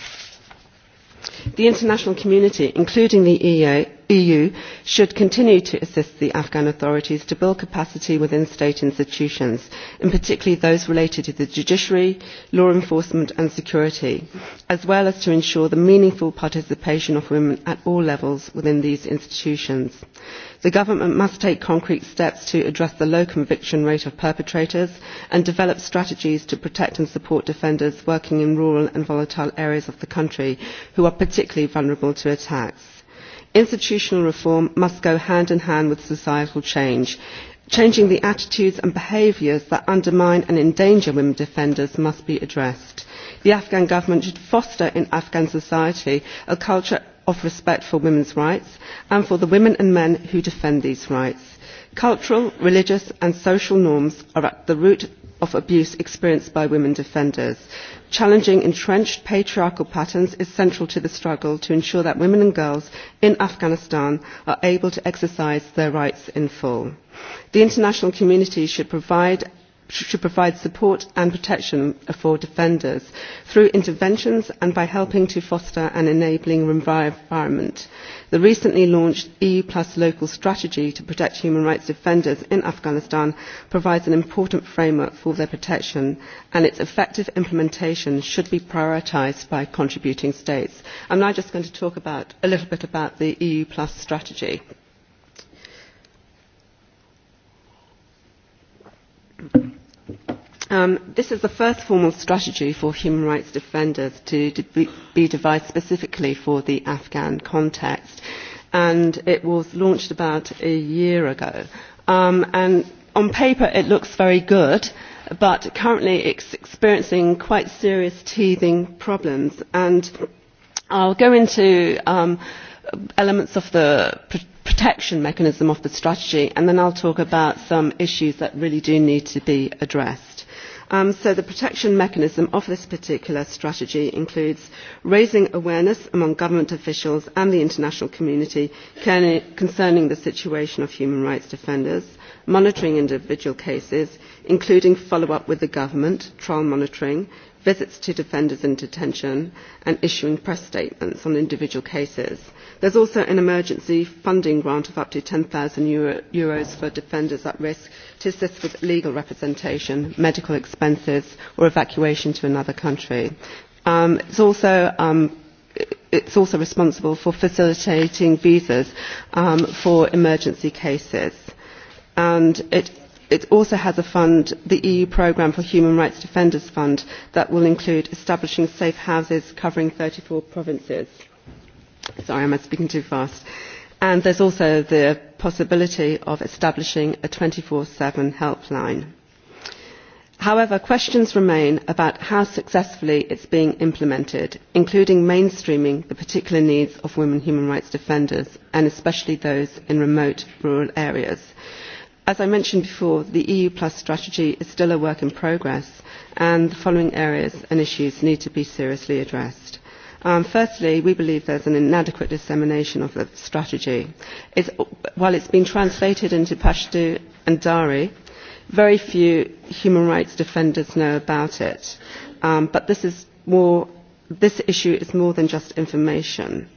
the international community including the EU, EU should continue to assist the Afghan authorities to build capacity within state institutions, and particularly those related to the judiciary, law enforcement and security, as well as to ensure the meaningful participation of women at all levels within these institutions. The government must take concrete steps to address the low conviction rate of perpetrators and develop strategies to protect and support defenders working in rural and volatile areas of the country who are particularly vulnerable to attacks Institutional reform must go hand in hand with societal change. Changing the attitudes and behaviours that undermine and endanger women defenders must be addressed. The Afghan government should foster in Afghan society a culture of respect for women's rights and for the women and men who defend these rights. Cultural, religious and social norms are at the root of abuse experienced by women defenders. Challenging entrenched patriarchal patterns is central to the struggle to ensure that women and girls in Afghanistan are able to exercise their rights in full. The international community should provide should provide support and protection for defenders through interventions and by helping to foster an enabling environment. the recently launched eu plus local strategy to protect human rights defenders in afghanistan provides an important framework for their protection and its effective implementation should be prioritised by contributing states. i am now just going to talk about, a little bit about the eu plus strategy. Thank you. Um, this is the first formal strategy for human rights defenders to, be devised specifically for the Afghan context, and it was launched about a year ago. Um, and on paper, it looks very good, but currently it's experiencing quite serious teething problems. And I'll go into um, elements of the protection mechanism of the strategy, and then I'll talk about some issues that really do need to be addressed Um, so the protection mechanism of this particular strategy includes raising awareness among government officials and the international community concerning the situation of human rights defenders, monitoring individual cases, including follow-up with the government, trial monitoring, visits to defenders in detention, and issuing press statements on individual cases There is also an emergency funding grant of up to €10,000 Euro, Euros for defenders at risk to assist with legal representation, medical expenses or evacuation to another country. Um, it's also um, is also responsible for facilitating visas um, for emergency cases. And it it also has a fund the eu programme for human rights defenders fund that will include establishing safe houses covering thirty four provinces. Sorry, am I speaking too fast. And there's also the possibility of establishing a 24-7 helpline. However, questions remain about how successfully it is being implemented, including mainstreaming the particular needs of women human rights defenders, and especially those in remote rural areas. As I mentioned before, the EU Plus strategy is still a work in progress, and the following areas and issues need to be seriously addressed. Um, firstly, we believe there is an inadequate dissemination of the strategy. While it has been translated into Pashto and Dari, very few human rights defenders know about it. Um, but this, issue is more than just information.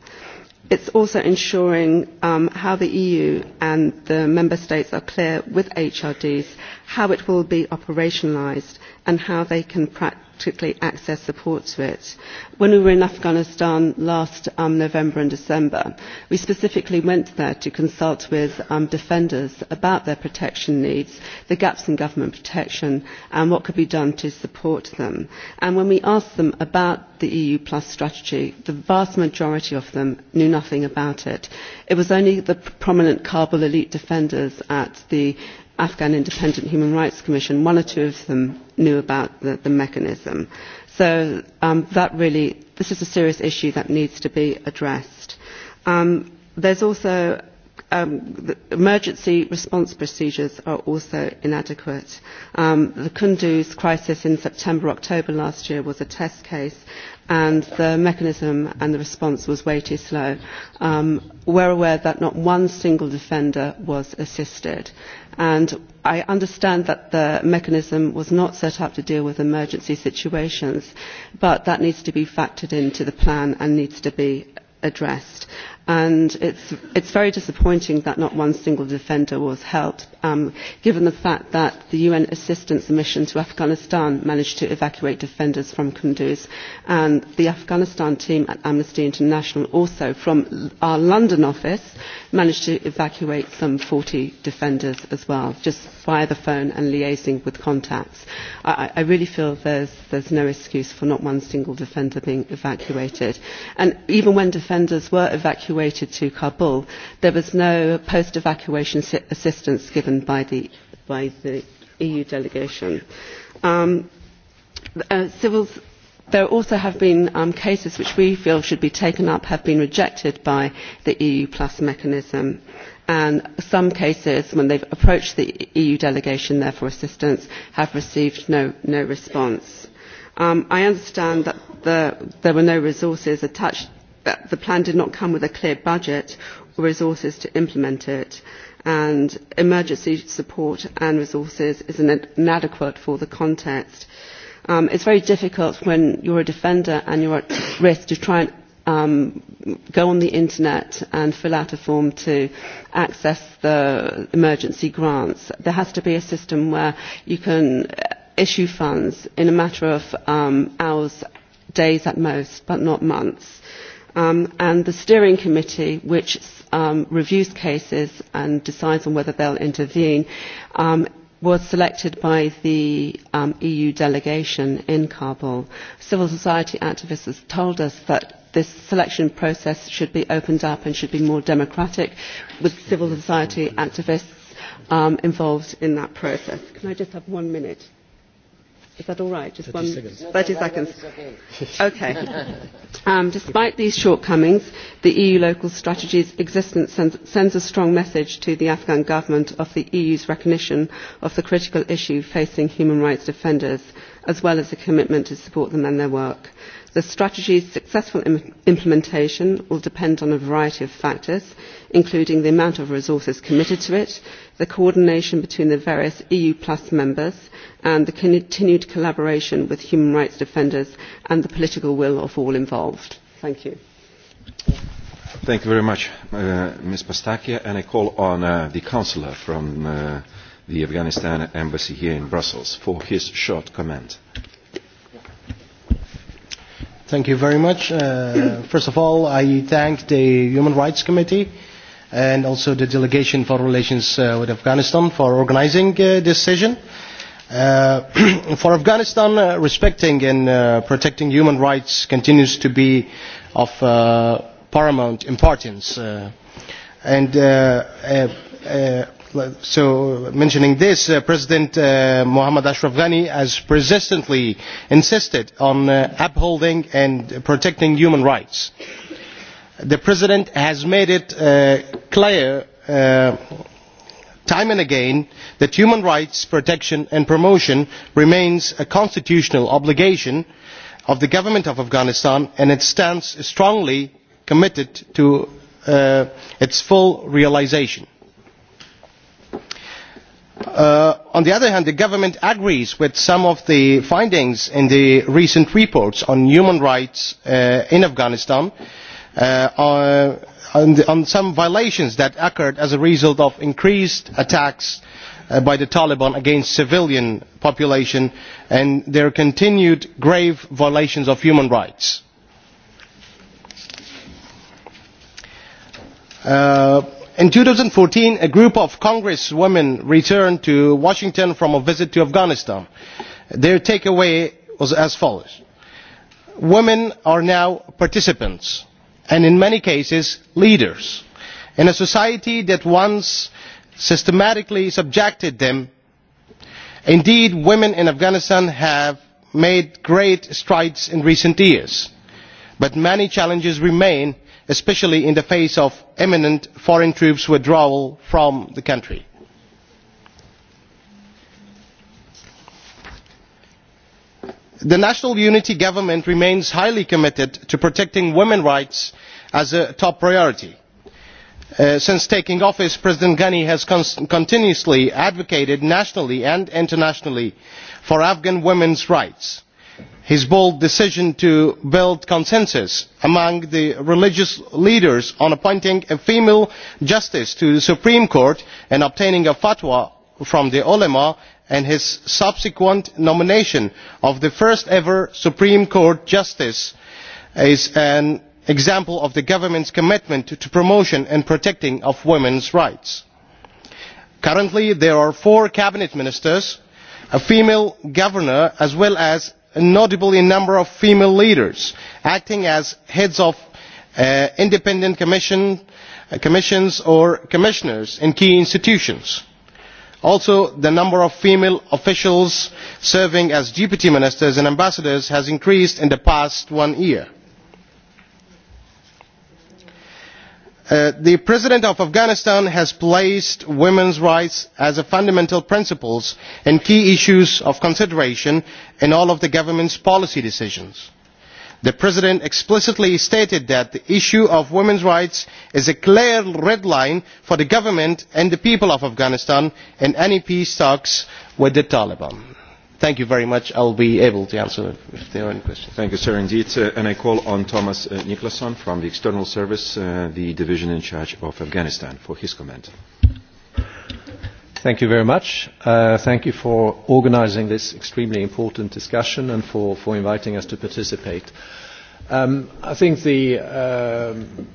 It is also ensuring um, how the EU and the member states are clear with HRDs how it will be operationalised and how they can practically access support to it. When we were in Afghanistan last um, November and December, we specifically went there to consult with um, defenders about their protection needs, the gaps in government protection, and what could be done to support them. And when we asked them about the EU Plus strategy, the vast majority of them knew nothing about it. It was only the prominent Kabul elite defenders at the Afghan Independent Human Rights Commission, one or two of them knew about the, the mechanism. So um, that really, this is a serious issue that needs to be addressed. Um, there's also um, the emergency response procedures are also inadequate. Um, the Kunduz crisis in September, October last year was a test case and the mechanism and the response was way too slow. Um, we're aware that not one single defender was assisted and I understand that the mechanism was not set up to deal with emergency situations, but that needs to be factored into the plan and needs to be addressed and it is very disappointing that not one single defender was helped um, given the fact that the UN assistance mission to Afghanistan managed to evacuate defenders from Kunduz and the Afghanistan team at Amnesty International also from our London office managed to evacuate some 40 defenders as well just via the phone and liaising with contacts. I, I really feel there's, there's no excuse for not one single defender being evacuated and even when defenders were evacuated evacuated to Kabul, there was no post-evacuation assistance given by the, by the EU delegation. Um, uh, civils, there also have been um, cases which we feel should be taken up have been rejected by the EU plus mechanism and some cases when they have approached the eu delegation there for assistance have received no, no response. Um, i understand that the, there were no resources attached that the plan did not come with a clear budget or resources to implement it and emergency support and resources is inadequate for the context. Um, it's very difficult when you're a defender and you're at risk to try and um, go on the internet and fill out a form to access the emergency grants. There has to be a system where you can issue funds in a matter of um, hours, days at most, but not months um, and the steering committee, which um, reviews cases and decides on whether they'll intervene, um, was selected by the um, EU delegation in Kabul. Civil society activists have told us that this selection process should be opened up and should be more democratic with civil society activists um, involved in that process. Can I just have one minute? Is that all right? Just 30 one, seconds. 30 no, no, no, seconds. Okay. Um, despite these shortcomings, the EU local strategy's existence sends, sends a strong message to the Afghan government of the EU's recognition of the critical issue facing human rights defenders, as well as a commitment to support them and their work the strategy's successful implementation will depend on a variety of factors including the amount of resources committed to it the coordination between the various eu plus members and the continued collaboration with human rights defenders and the political will of all involved. thank you. Thank you very much, uh, Ms. Pastakia, and I call on uh, the Councillor from uh, the Afghanistan embassy here in Brussels for his short comment. Thank you very much. Uh, first of all, I thank the Human Rights Committee and also the Delegation for Relations uh, with Afghanistan for organizing uh, this session. Uh, for Afghanistan, uh, respecting and uh, protecting human rights continues to be of uh, paramount importance. Uh, and uh, uh, uh, so mentioning this, uh, President uh, Mohammad Ashraf Ghani has persistently insisted on uh, upholding and protecting human rights. The President has made it uh, clear uh, time and again that human rights protection and promotion remains a constitutional obligation of the government of Afghanistan and it stands strongly committed to uh, its full realisation Uh, on the other hand the government agrees with some of the findings in the recent reports on human rights uh, in afghanistan uh, on, on some violations that occurred as a result of increased attacks by the taliban against the civilian population and their continued grave violations of human rights in two thousand and fourteen a group of congresswomen returned to washington from a visit to afghanistan. their takeaway was as follows women are now participants and in many cases leaders in a society that once systematically subjected them. indeed women in afghanistan have made great strides in recent years but many challenges remain especially in the face of imminent foreign troops withdrawal from the country. the national unity government remains highly committed to protecting women's rights as a top priority. Uh, since taking office president ghani has continuously advocated nationally and internationally for afghan women's rights his bold decision to build consensus among the religious leaders on appointing a female justice to the supreme court and obtaining a fatwa from the ulema and his subsequent nomination of the first ever supreme court justice is an example of the government's commitment to the promotion and protection of women's rights. currently there are four cabinet ministers a female governor as well as Notably a number of female leaders acting as heads of uh, independent commission, uh, commissions or commissioners in key institutions. Also, the number of female officials serving as deputy ministers and ambassadors has increased in the past one year Uh, the president of afghanistan has placed women's rights as a fundamental principle and key issue of consideration in all of the government's policy decisions. the president explicitly stated that the issue of women's rights is a clear red line for the government and the people of afghanistan in any peace talks with the taliban. Thank you very much. I will be able to answer if there are any questions. Thank you, sir, indeed. Uh, and I call on Thomas uh, Nicholson from the External Service, uh, the division in charge of Afghanistan, for his comment. Thank you very much. Uh, thank you for organizing this extremely important discussion and for, for inviting us to participate. Um, I think the, um,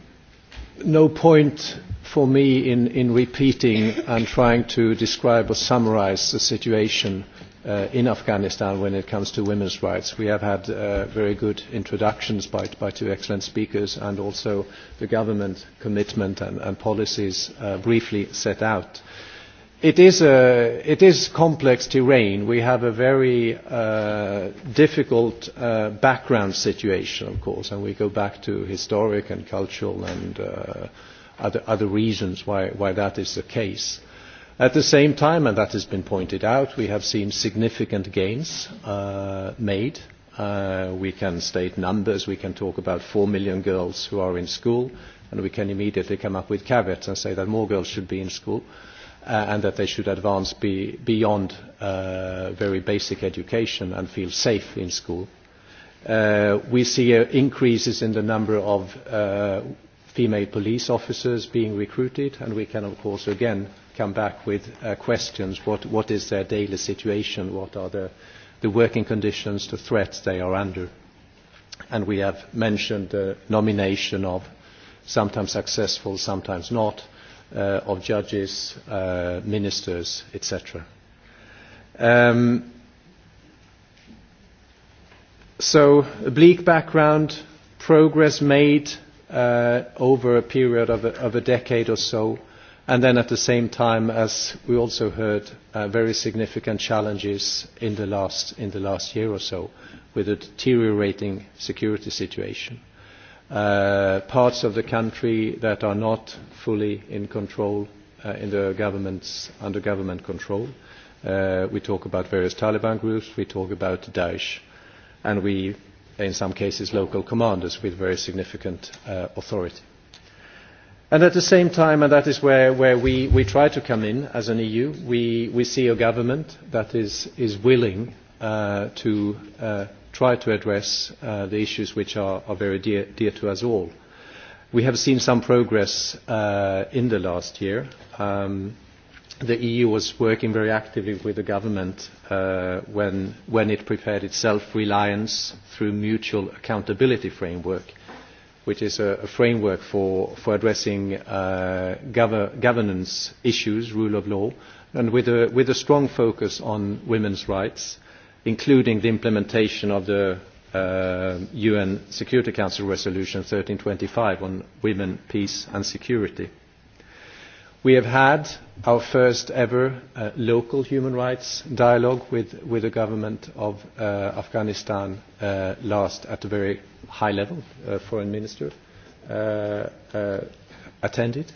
no point for me in, in repeating and trying to describe or summarize the situation uh, in Afghanistan when it comes to women's rights. We have had uh, very good introductions by, by two excellent speakers and also the government commitment and, and policies uh, briefly set out. It is, a, it is complex terrain. We have a very uh, difficult uh, background situation, of course, and we go back to historic and cultural and uh, other, other reasons why, why that is the case At the same time, and that has been pointed out, we have seen significant gains uh, made. Uh, we can state numbers. We can talk about four million girls who are in school, and we can immediately come up with caveats and say that more girls should be in school uh, and that they should advance be beyond uh, very basic education and feel safe in school. Uh, we see uh, increases in the number of uh, female police officers being recruited, and we can, of course, again come back with uh, questions. What, what is their daily situation? What are the, the working conditions, the threats they are under? And we have mentioned the nomination of sometimes successful, sometimes not, uh, of judges, uh, ministers, etc. Um, so, a bleak background, progress made uh, over a period of a, of a decade or so, and then at the same time, as we also heard, uh, very significant challenges in the, last, in the last year or so with a deteriorating security situation. Uh, parts of the country that are not fully in control uh, in the government's, under government control. Uh, we talk about various Taliban groups, we talk about Daesh, and we, in some cases, local commanders with very significant uh, authority. And at the same time, and that is where, where we, we try to come in as an EU, we, we see a government that is, is willing uh, to uh, try to address uh, the issues which are, are very dear, dear to us all. We have seen some progress uh, in the last year. Um, the EU was working very actively with the government uh, when, when it prepared its self-reliance through mutual accountability framework which is a, a framework for, for addressing uh, gov governance issues, rule of law, and with a, with a strong focus on women's rights, including the implementation of the uh, UN Security Council Resolution 1325 on women, peace and security We have had our first ever uh, local human rights dialogue with, with the government of uh, Afghanistan uh, last at a very high level, uh, foreign minister uh, uh, attended.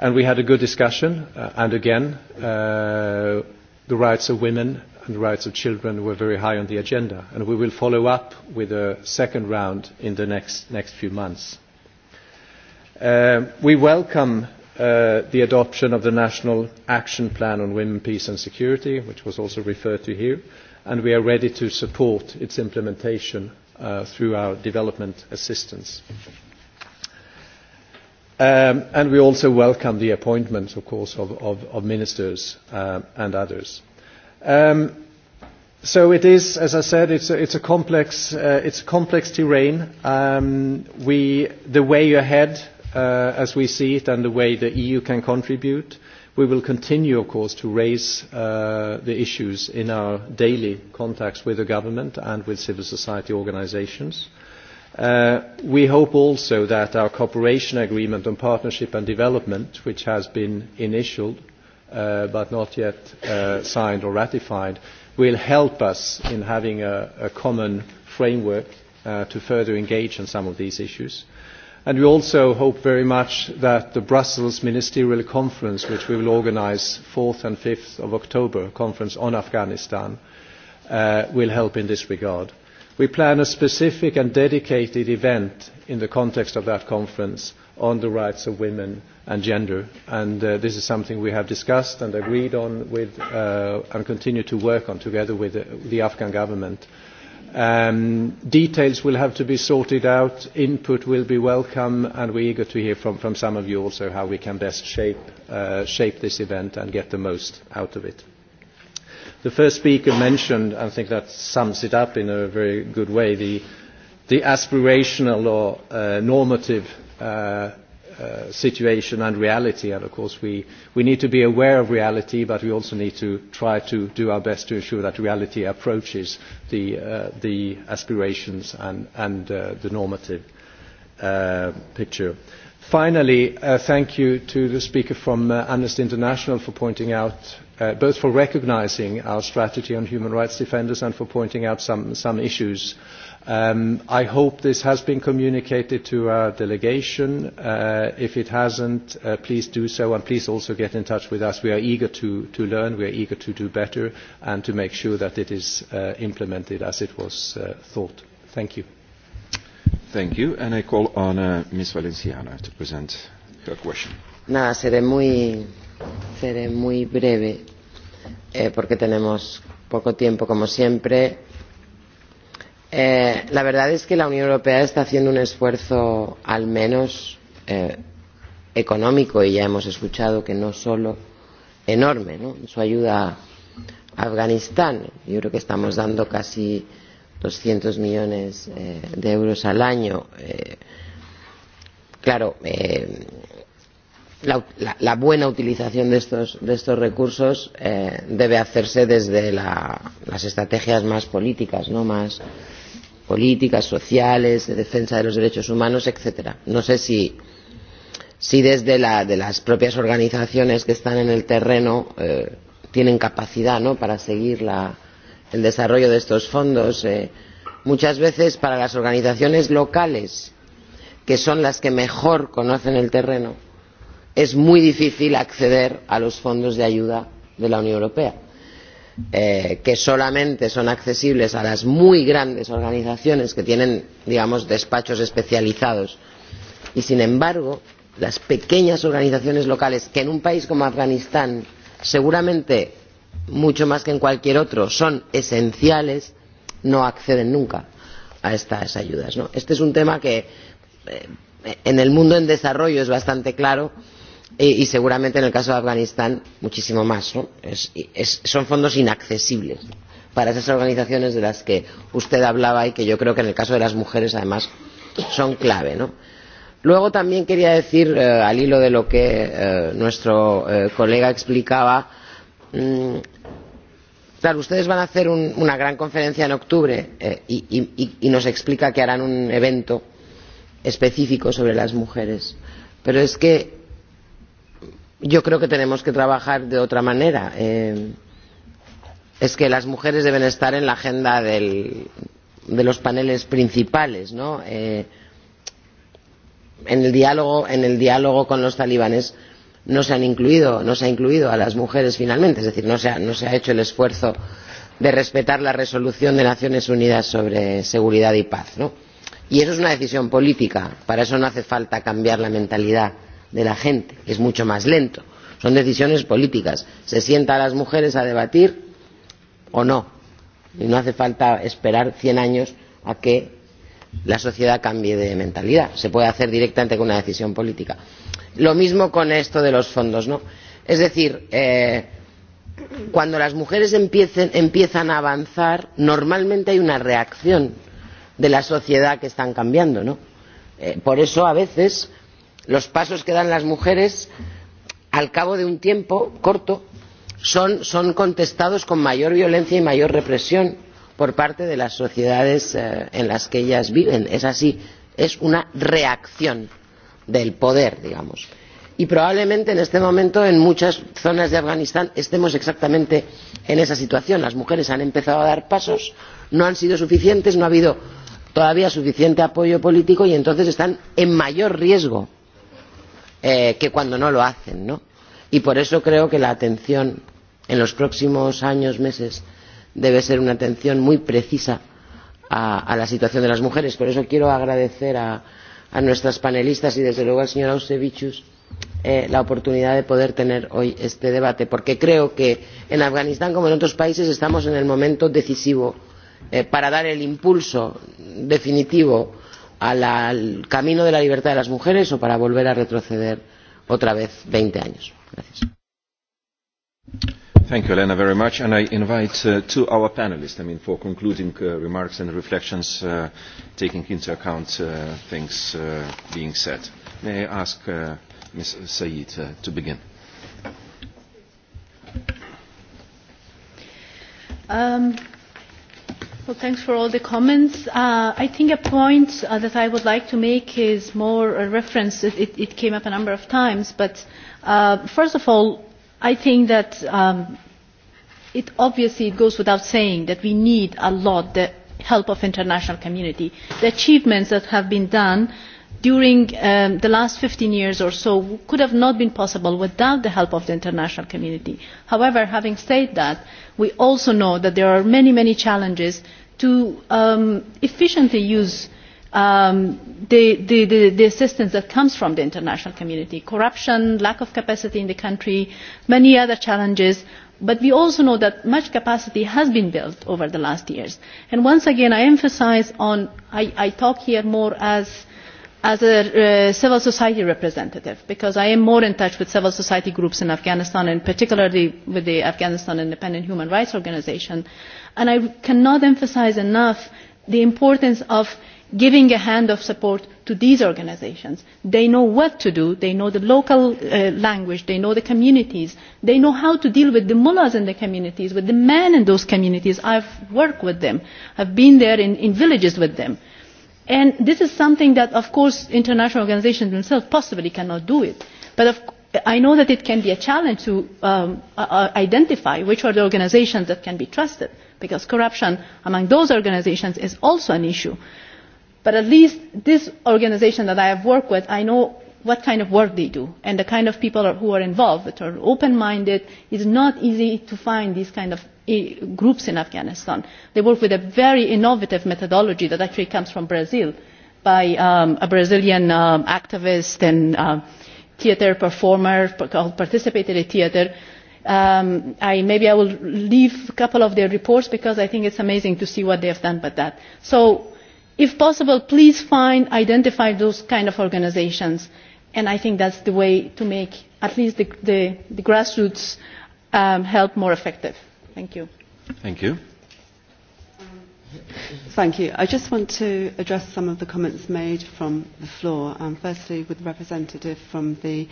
And we had a good discussion, uh, and again, uh, the rights of women and the rights of children were very high on the agenda, and we will follow up with a second round in the next, next few months. Uh, we welcome uh, the adoption of the National Action Plan on Women, Peace and Security, which was also referred to here, and we are ready to support its implementation uh, through our development assistance. Um, and we also welcome the appointments, of course, of, of, of ministers uh, and others. Um, so it is, as I said, it's a, it's a complex, uh, it's a complex terrain. Um, we, the way ahead uh, as we see it and the way the EU can contribute. We will continue, of course, to raise uh, the issues in our daily contacts with the government and with civil society organisations. Uh, we hope also that our cooperation agreement on partnership and development, which has been initialled uh, but not yet uh, signed or ratified, will help us in having a, a common framework uh, to further engage on some of these issues. And we also hope very much that the Brussels Ministerial Conference, which we will organise 4th and 5th of October, a conference on Afghanistan, uh, will help in this regard. We plan a specific and dedicated event in the context of that conference on the rights of women and gender. And uh, this is something we have discussed and agreed on with uh, and continue to work on together with uh, the Afghan government Um, details will have to be sorted out. Input will be welcome, and we're eager to hear from, some of you also how we can best shape, uh, shape this event and get the most out of it. The first speaker mentioned, I think that sums it up in a very good way, the, the aspirational or uh, normative uh, uh, situation and reality. And of course, we, we need to be aware of reality, but we also need to try to do our best to ensure that reality approaches the, uh, the aspirations and, and uh, the normative uh, picture. Finally, uh, thank you to the speaker from uh, Amnesty International for pointing out Uh, both for recognising our strategy on human rights defenders and for pointing out some, some issues. Uh, Um, I hope this has been communicated to our delegation. Uh, if it hasn't, uh, please do so, and please also get in touch with us. We are eager to, to learn, we are eager to do better, and to make sure that it is uh, implemented as it was uh, thought. Thank you. Thank you, and I call on uh, Ms. Valenciana to present her question. Nada, seré muy, seré muy breve, eh, porque tenemos poco tiempo, como siempre Eh, la verdad es que la Unión Europea está haciendo un esfuerzo, al menos eh, económico, y ya hemos escuchado que no solo enorme, ¿no? su ayuda a Afganistán. Yo creo que estamos dando casi 200 millones eh, de euros al año. Eh, claro, eh, la, la, la buena utilización de estos, de estos recursos eh, debe hacerse desde la, las estrategias más políticas, no más políticas sociales, de defensa de los derechos humanos, etcétera. No sé si, si desde la, de las propias organizaciones que están en el terreno eh, tienen capacidad ¿no? para seguir la, el desarrollo de estos fondos. Eh, muchas veces para las organizaciones locales, que son las que mejor conocen el terreno, es muy difícil acceder a los fondos de ayuda de la Unión Europea Eh, que solamente son accesibles a las muy grandes organizaciones que tienen, digamos, despachos especializados. Y, sin embargo, las pequeñas organizaciones locales, que en un país como Afganistán, seguramente mucho más que en cualquier otro, son esenciales, no acceden nunca a estas ayudas. ¿no? Este es un tema que eh, en el mundo en desarrollo es bastante claro, eh, y, seguramente en el caso de Afganistán muchísimo más. ¿no? Es, es, son fondos inaccesibles para esas organizaciones de las que usted hablaba y que yo creo que en el caso de las mujeres además son clave. ¿no? Luego también quería decir, eh, al hilo de lo que eh, nuestro eh, colega explicaba, mmm, claro, ustedes van a hacer un, una gran conferencia en octubre eh, y, y, y nos explica que harán un evento específico sobre las mujeres. Pero es que yo creo que tenemos que trabajar de otra manera. Eh, es que las mujeres deben estar en la agenda del, de los paneles principales, ¿no? Eh, en el diálogo, en el diálogo con los talibanes no se han incluido, no se ha incluido a las mujeres finalmente, es decir, no se ha, no se ha hecho el esfuerzo de respetar la resolución de las Naciones Unidas sobre seguridad y paz, ¿no? Y eso es una decisión política, para eso no hace falta cambiar la mentalidad de la gente, que es mucho más lento. Son decisiones políticas. Se sienta a las mujeres a debatir o no. Y no hace falta esperar cien años a que la sociedad cambie de mentalidad. Se puede hacer directamente con una decisión política. Lo mismo con esto de los fondos, ¿no? Es decir, eh, cuando las mujeres empiecen, empiezan a avanzar, normalmente hay una reacción de la sociedad que están cambiando, ¿no? Eh, por eso a veces los pasos que dan las mujeres al cabo de un tiempo corto son, son contestados con mayor violencia y mayor represión por parte de las sociedades eh, en las que ellas viven. Es así, es una reacción del poder, digamos. Y probablemente en este momento en muchas zonas de Afganistán estemos exactamente en esa situación. Las mujeres han empezado a dar pasos, no han sido suficientes, no ha habido todavía suficiente apoyo político y entonces están en mayor riesgo eh, que cuando no lo hacen. ¿no? Y por eso creo que la atención en los próximos años, meses, debe ser una atención muy precisa a, a la situación de las mujeres. Por eso quiero agradecer a, a nuestras panelistas y, desde luego, al señor Ausevichus eh, la oportunidad de poder tener hoy este debate, porque creo que en Afganistán, como en otros países, estamos en el momento decisivo eh, para dar el impulso definitivo al camino de la libertad de las mujeres o para volver a retroceder otra vez veinte años. Gracias. Thank you, Elena, very much. And I invite uh, to our panelists, I mean, for concluding uh, remarks and reflections, uh, taking into account uh, things uh, being said. May I ask uh, Ms. Said uh, to begin? Um, Well, thanks for all the comments. Uh, I think a point uh, that I would like to make is more a reference. It, it, it came up a number of times, but uh, first of all, I think that um, it obviously it goes without saying that we need a lot the help of international community. The achievements that have been done during um, the last fifteen years or so could have not been possible without the help of the international community. however having said that we also know that there are many many challenges to um, efficiently use um, the, the, the, the assistance that comes from the international community corruption lack of capacity in the country many other challenges but we also know that much capacity has been built over the last years and once again i emphasise on i, I talk here more as as a uh, civil society representative because i am more in touch with civil society groups in afghanistan and particularly with the afghanistan independent human rights organisation and i cannot emphasise enough the importance of giving a hand of support to these organisations. they know what to do they know the local uh, language they know the communities they know how to deal with the mullahs in the communities with the men in those communities i have worked with them i have been there in villages with them and this is something that of course international organisations themselves possibly cannot do but of, i know that it can be a challenge to um, uh, uh identify which are the organisations that can be trusted because corruption among those organisations is also an issue but at least this organisation that i have worked with i know what kind of work they do and the kind of people who are involved that are open minded it is not easy to find these kind of groups in Afghanistan. They work with a very innovative methodology that actually comes from Brazil by um, a Brazilian um, activist and uh, theater performer who Participated Theater. Um, I, maybe I will leave a couple of their reports because I think it's amazing to see what they have done with that. So if possible, please find, identify those kind of organizations. And I think that's the way to make at least the, the, the grassroots um, help more effective. Thank you. Thank you. I just want to address some of the comments made from the floor. Um, firstly, with the representative from the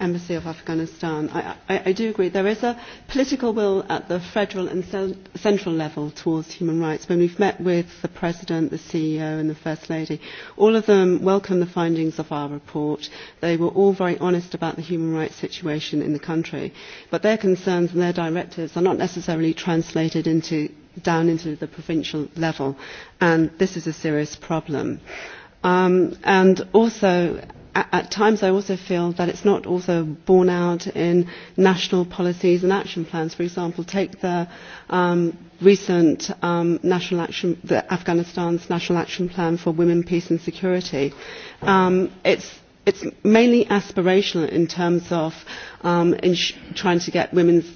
Embassy of Afghanistan. I, I, I do agree. There is a political will at the federal and central level towards human rights. When we've met with the President, the CEO, and the First Lady, all of them welcome the findings of our report. They were all very honest about the human rights situation in the country. But their concerns and their directives are not necessarily translated into, down into the provincial level. And this is a serious problem. Um, and also, at, at times I also feel that it's not also borne out in national policies and action plans. For example, take the um, recent um, national action, the Afghanistan's national action plan for women, peace and security. Um, it's, it's mainly aspirational in terms of um, in sh- trying to get women's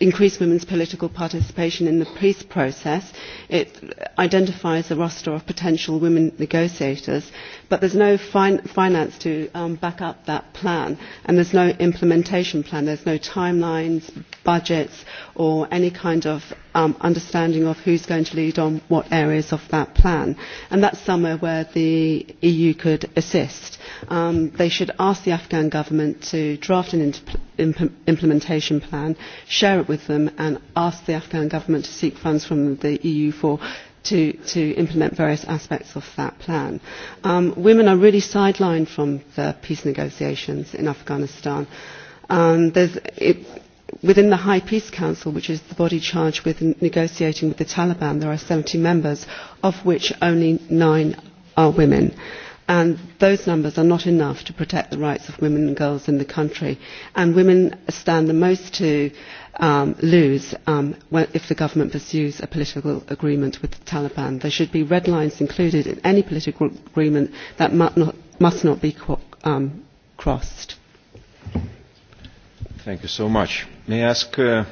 increase women's political participation in the peace process. It identifies a roster of potential women negotiators, but there's no fin finance to um, back up that plan, and there's no implementation plan. There's no timelines, budgets, or any kind of um, understanding of who's going to lead on what areas of that plan. And that's somewhere where the EU could assist. Um, they should ask the Afghan government to draft an imp implementation plan, share it with them, and ask the Afghan government to seek funds from the EU for to, to implement various aspects of that plan. Um, women are really sidelined from the peace negotiations in Afghanistan. Um, there's, it, within the High Peace Council, which is the body charged with negotiating with the Taliban, there are 70 members, of which only nine are women. And those numbers are not enough to protect the rights of women and girls in the country. And women stand the most to um, lose um, if the government pursues a political agreement with the Taliban. There should be red lines included in any political agreement that must not, must not be um, crossed. Thank you. Thank you so much. May I ask, uh,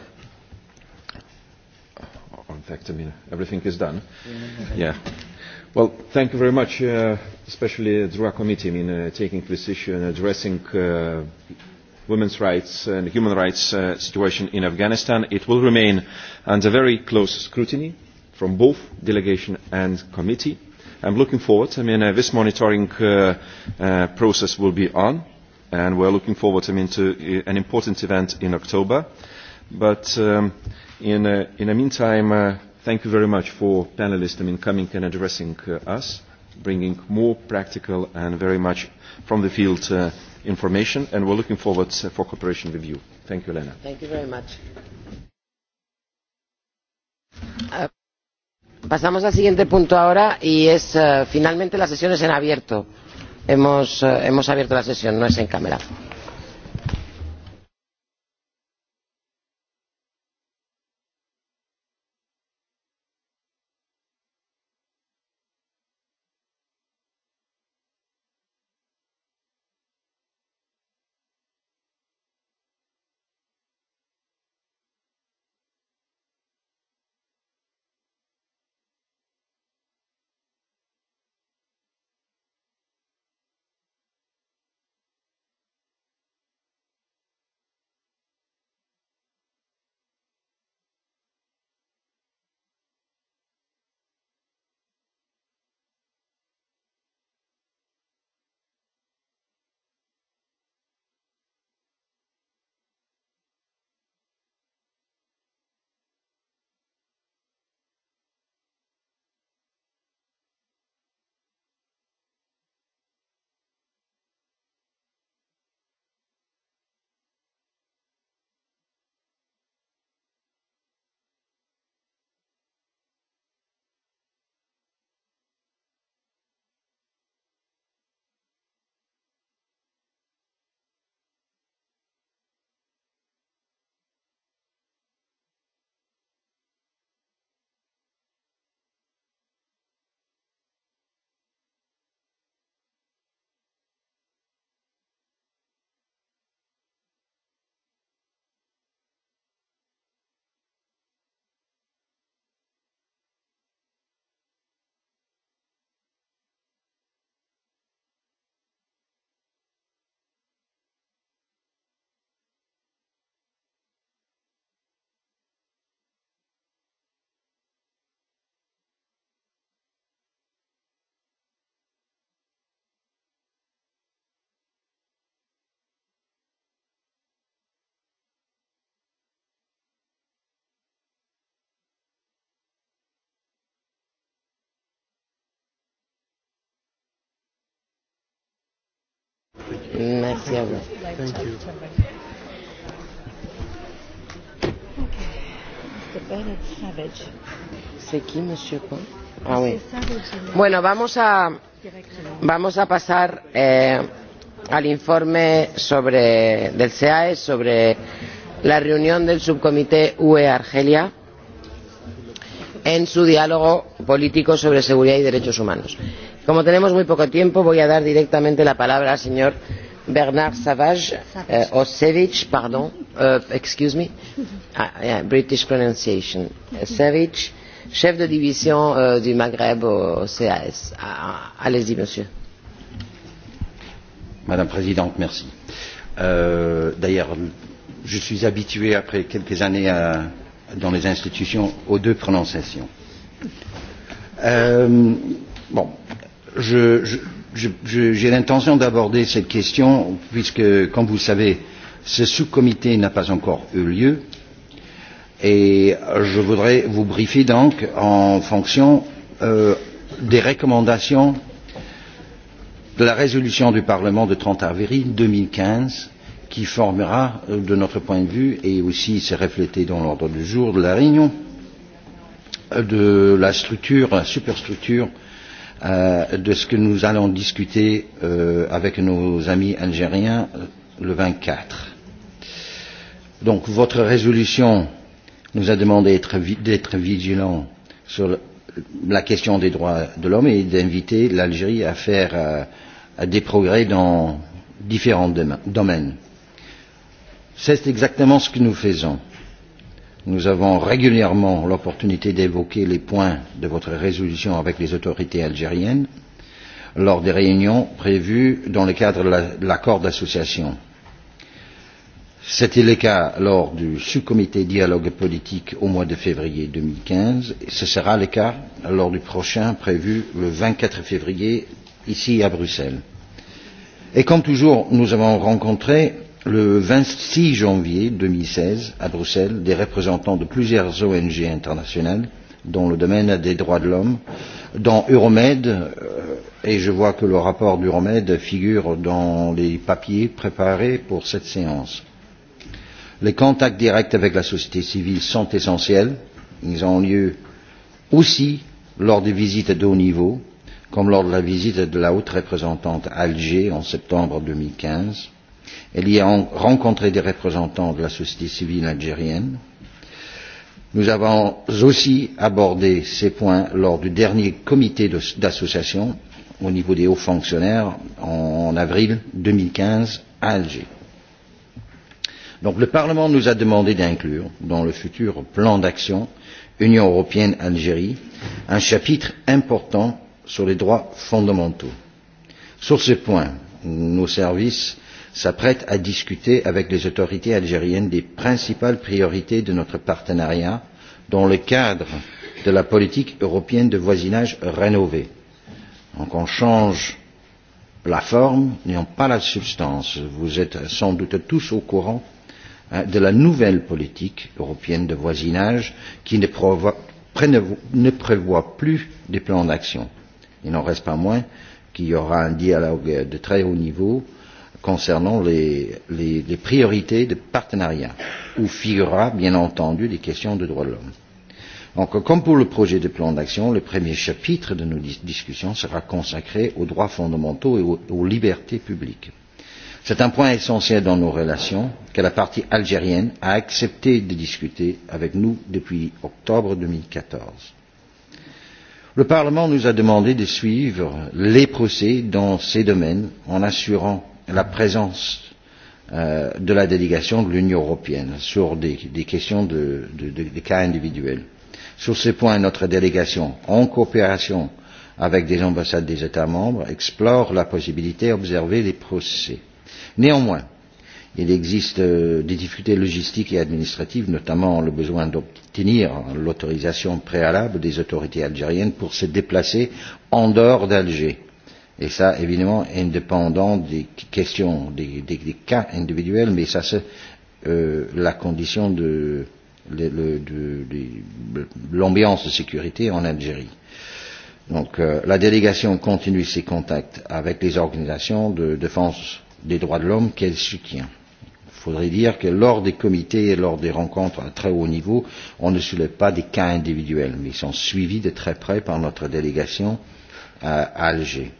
oh, in fact, I mean, everything is done. Yeah. Well, thank you very much, uh, especially the RUA committee, I mean, uh, taking this issue and addressing uh, women's rights and human rights uh, situation in Afghanistan. It will remain under very close scrutiny from both delegation and committee. I'm looking forward. I mean, uh, this monitoring uh, uh, process will be on and we're looking forward I mean, to an important event in October. But um, in, uh, in the meantime, uh, thank you very much for panelists I mean, coming and addressing uh, us, bringing more practical and very much from the field uh, information, and we're looking forward uh, for cooperation with you. Thank you, Lena. Thank you very much. Uh, pasamos al siguiente punto ahora y es uh, finalmente las sesiones en abierto hemos, eh, hemos abierto la sesión no es en cámara. Merci à vous. Thank you. C'est qui, monsieur Pan Ah oui. Bueno, vamos a, vamos a pasar eh, al informe sobre, del SEAE sobre la reunión del subcomité UE Argelia en su diálogo político sobre seguridad y derechos humanos como tenemos muy poco tiempo voy a dar directamente la palabra al señor bernard savage eh, o savage pardon uh, excuse me ah, yeah, british pronunciation uh, savage chef de division euh, du maghreb au cas. Ah, ah allez y monsieur madame la présidente merci. Euh, d'ailleurs je suis habitué après quelques années à, dans les institutions aux deux prononciations. Euh, bon j'ai l'intention d'aborder cette question puisque, comme vous le savez, ce sous-comité n'a pas encore eu lieu et je voudrais vous briefer donc en fonction euh, des recommandations de la résolution du Parlement de 30 avril 2015 qui formera, de notre point de vue, et aussi c'est reflété dans l'ordre du jour de la réunion, de la structure, la superstructure euh, Euh, de ce que nous allons discuter euh, avec nos amis algériens le vingt quatre. Donc votre résolution nous a demandé d'être vigilants sur la question des droits de l'homme et d'inviter l'Algérie à faire euh, à des progrès dans différents domaines. C'est exactement ce que nous faisons Nous avons régulièrement l'opportunité d'évoquer les points de votre résolution avec les autorités algériennes lors des réunions prévues dans le cadre de l'accord d'association. C'était le cas lors du sous-comité dialogue politique au mois de février deux mille quinze et ce sera le cas lors du prochain prévu le vingt quatre février ici à Bruxelles. Et comme toujours, nous avons rencontré le vingt six janvier deux mille seize à bruxelles des représentants de plusieurs ong internationales dans le domaine des droits de l'homme dans euromed euh, et je vois que le rapport d'euromed figure dans les papiers préparés pour cette séance. les contacts directs avec la société civile sont essentiels ils ont lieu aussi lors des visites de haut niveau comme lors de la visite de la haute représentante à alger en septembre deux mille quinze Elle y a rencontré des représentants de la société civile algérienne. Nous avons aussi abordé ces points lors du dernier comité d'association de, au niveau des hauts fonctionnaires en, en avril deux mille quinze à Alger. Donc le Parlement nous a demandé d'inclure dans le futur plan d'action Union européenne Algérie un chapitre important sur les droits fondamentaux. Sur ce point, nos services s'apprête à discuter avec les autorités algériennes des principales priorités de notre partenariat dans le cadre de la politique européenne de voisinage rénovée. Donc on change la forme, mais non pas la substance. Vous êtes sans doute tous au courant hein, de la nouvelle politique européenne de voisinage qui ne prévoit, ne prévoit plus de plan d'action. Il n'en reste pas moins qu'il y aura un dialogue de très haut niveau concernant les, les, les priorités de partenariat, où figurera bien entendu des questions de droits de l'homme. Donc, comme pour le projet de plan d'action, le premier chapitre de nos dis discussions sera consacré aux droits fondamentaux et aux, aux libertés publiques. C'est un point essentiel dans nos relations que la partie algérienne a accepté de discuter avec nous depuis octobre deux mille quatorze. Le Parlement nous a demandé de suivre les procès dans ces domaines en assurant la présence euh, de la délégation de l'Union européenne sur des, des questions de, de, de, de cas individuels. Sur ce point, notre délégation, en coopération avec des ambassades des États membres, explore la possibilité d'observer les procès. Néanmoins, il existe euh, des difficultés logistiques et administratives, notamment le besoin d'obtenir l'autorisation préalable des autorités algériennes pour se déplacer en dehors d'Alger Et ça, évidemment, indépendant des questions, des, des, des cas individuels, mais ça, c'est euh, la condition de, de, de, de, de l'ambiance de sécurité en Algérie. Donc, euh, la délégation continue ses contacts avec les organisations de défense des droits de l'homme qu'elle soutient. Il faudrait dire que lors des comités et lors des rencontres à très haut niveau, on ne soulève pas des cas individuels, mais ils sont suivis de très près par notre délégation à Alger.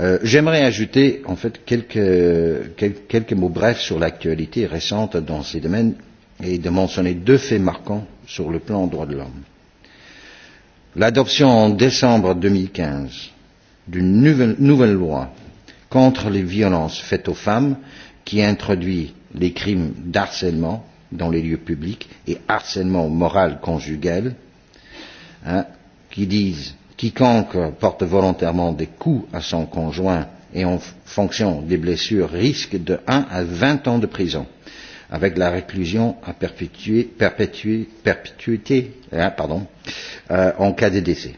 Euh, j'aimerais ajouter en fait quelques, quelques, mots brefs sur l'actualité récente dans ces domaines et de mentionner deux faits marquants sur le plan des droits de l'homme. L'adoption en décembre deux mille quinze d'une nouvelle, nouvelle loi contre les violences faites aux femmes qui introduit les crimes d'harcèlement dans les lieux publics et harcèlement moral conjugal, hein, qui disent quiconque porte volontairement des coups à son conjoint et en fonction des blessures risque de un à vingt ans de prison avec la réclusion à perpétuité euh, en cas de décès.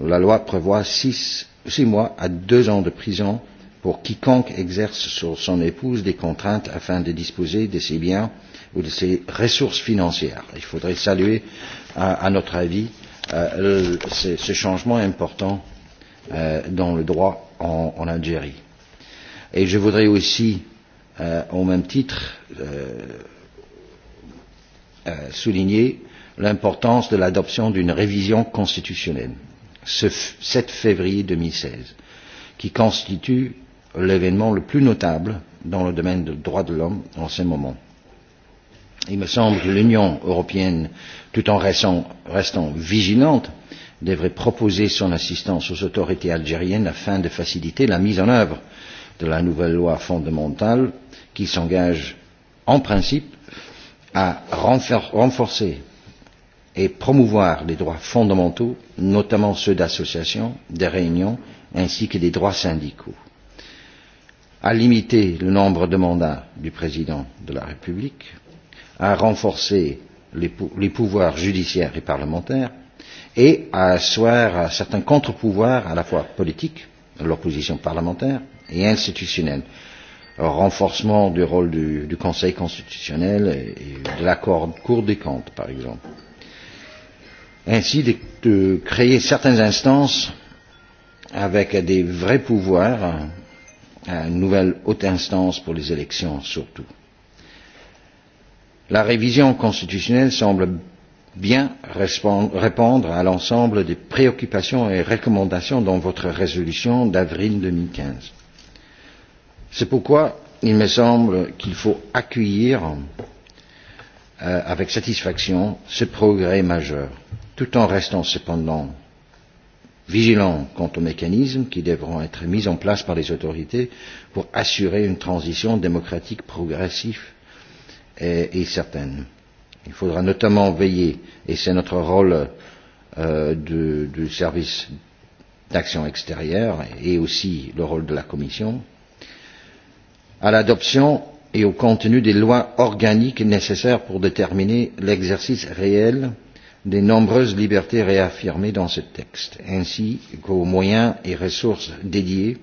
La loi prévoit six, six mois à deux ans de prison pour quiconque exerce sur son épouse des contraintes afin de disposer de ses biens ou de ses ressources financières. Il faudrait saluer, à, euh, à notre avis, Euh, ce, changement important euh, dans le droit en, Algérie. Et je voudrais aussi, euh, au même titre, souligner l'importance de l'adoption d'une révision constitutionnelle ce 7 février 2016, qui constitue l'événement le plus notable dans le domaine des droits de l'homme en ce moment. Il me semble que l'Union européenne tout en restant, restant vigilante, devrait proposer son assistance aux autorités algériennes afin de faciliter la mise en œuvre de la nouvelle loi fondamentale qui s'engage en principe à renforcer et promouvoir les droits fondamentaux, notamment ceux d'association, de réunion, ainsi que des droits syndicaux, à limiter le nombre de mandats du président de la République, à renforcer les, les pouvoirs judiciaires et parlementaires et à asseoir certains contre-pouvoirs à la fois politiques, l'opposition parlementaire et institutionnelle. Renforcement du rôle du, du Conseil constitutionnel et de la Cour, cour des comptes, par exemple. Ainsi, de, de créer certaines instances avec des vrais pouvoirs, une nouvelle haute instance pour les élections surtout la révision constitutionnelle semble bien répondre à l'ensemble des préoccupations et recommandations dans votre résolution d'avril deux mille quinze c'est pourquoi il me semble qu'il faut accueillir euh, avec satisfaction ce progrès majeur tout en restant cependant vigilant quant aux mécanismes qui devront être mis en place par les autorités pour assurer une transition démocratique progressive est, est certaine. Il faudra notamment veiller, et c'est notre rôle euh, du, du service d'action extérieure et aussi le rôle de la Commission, à l'adoption et au contenu des lois organiques nécessaires pour déterminer l'exercice réel des nombreuses libertés réaffirmées dans ce texte, ainsi qu'aux moyens et ressources dédiés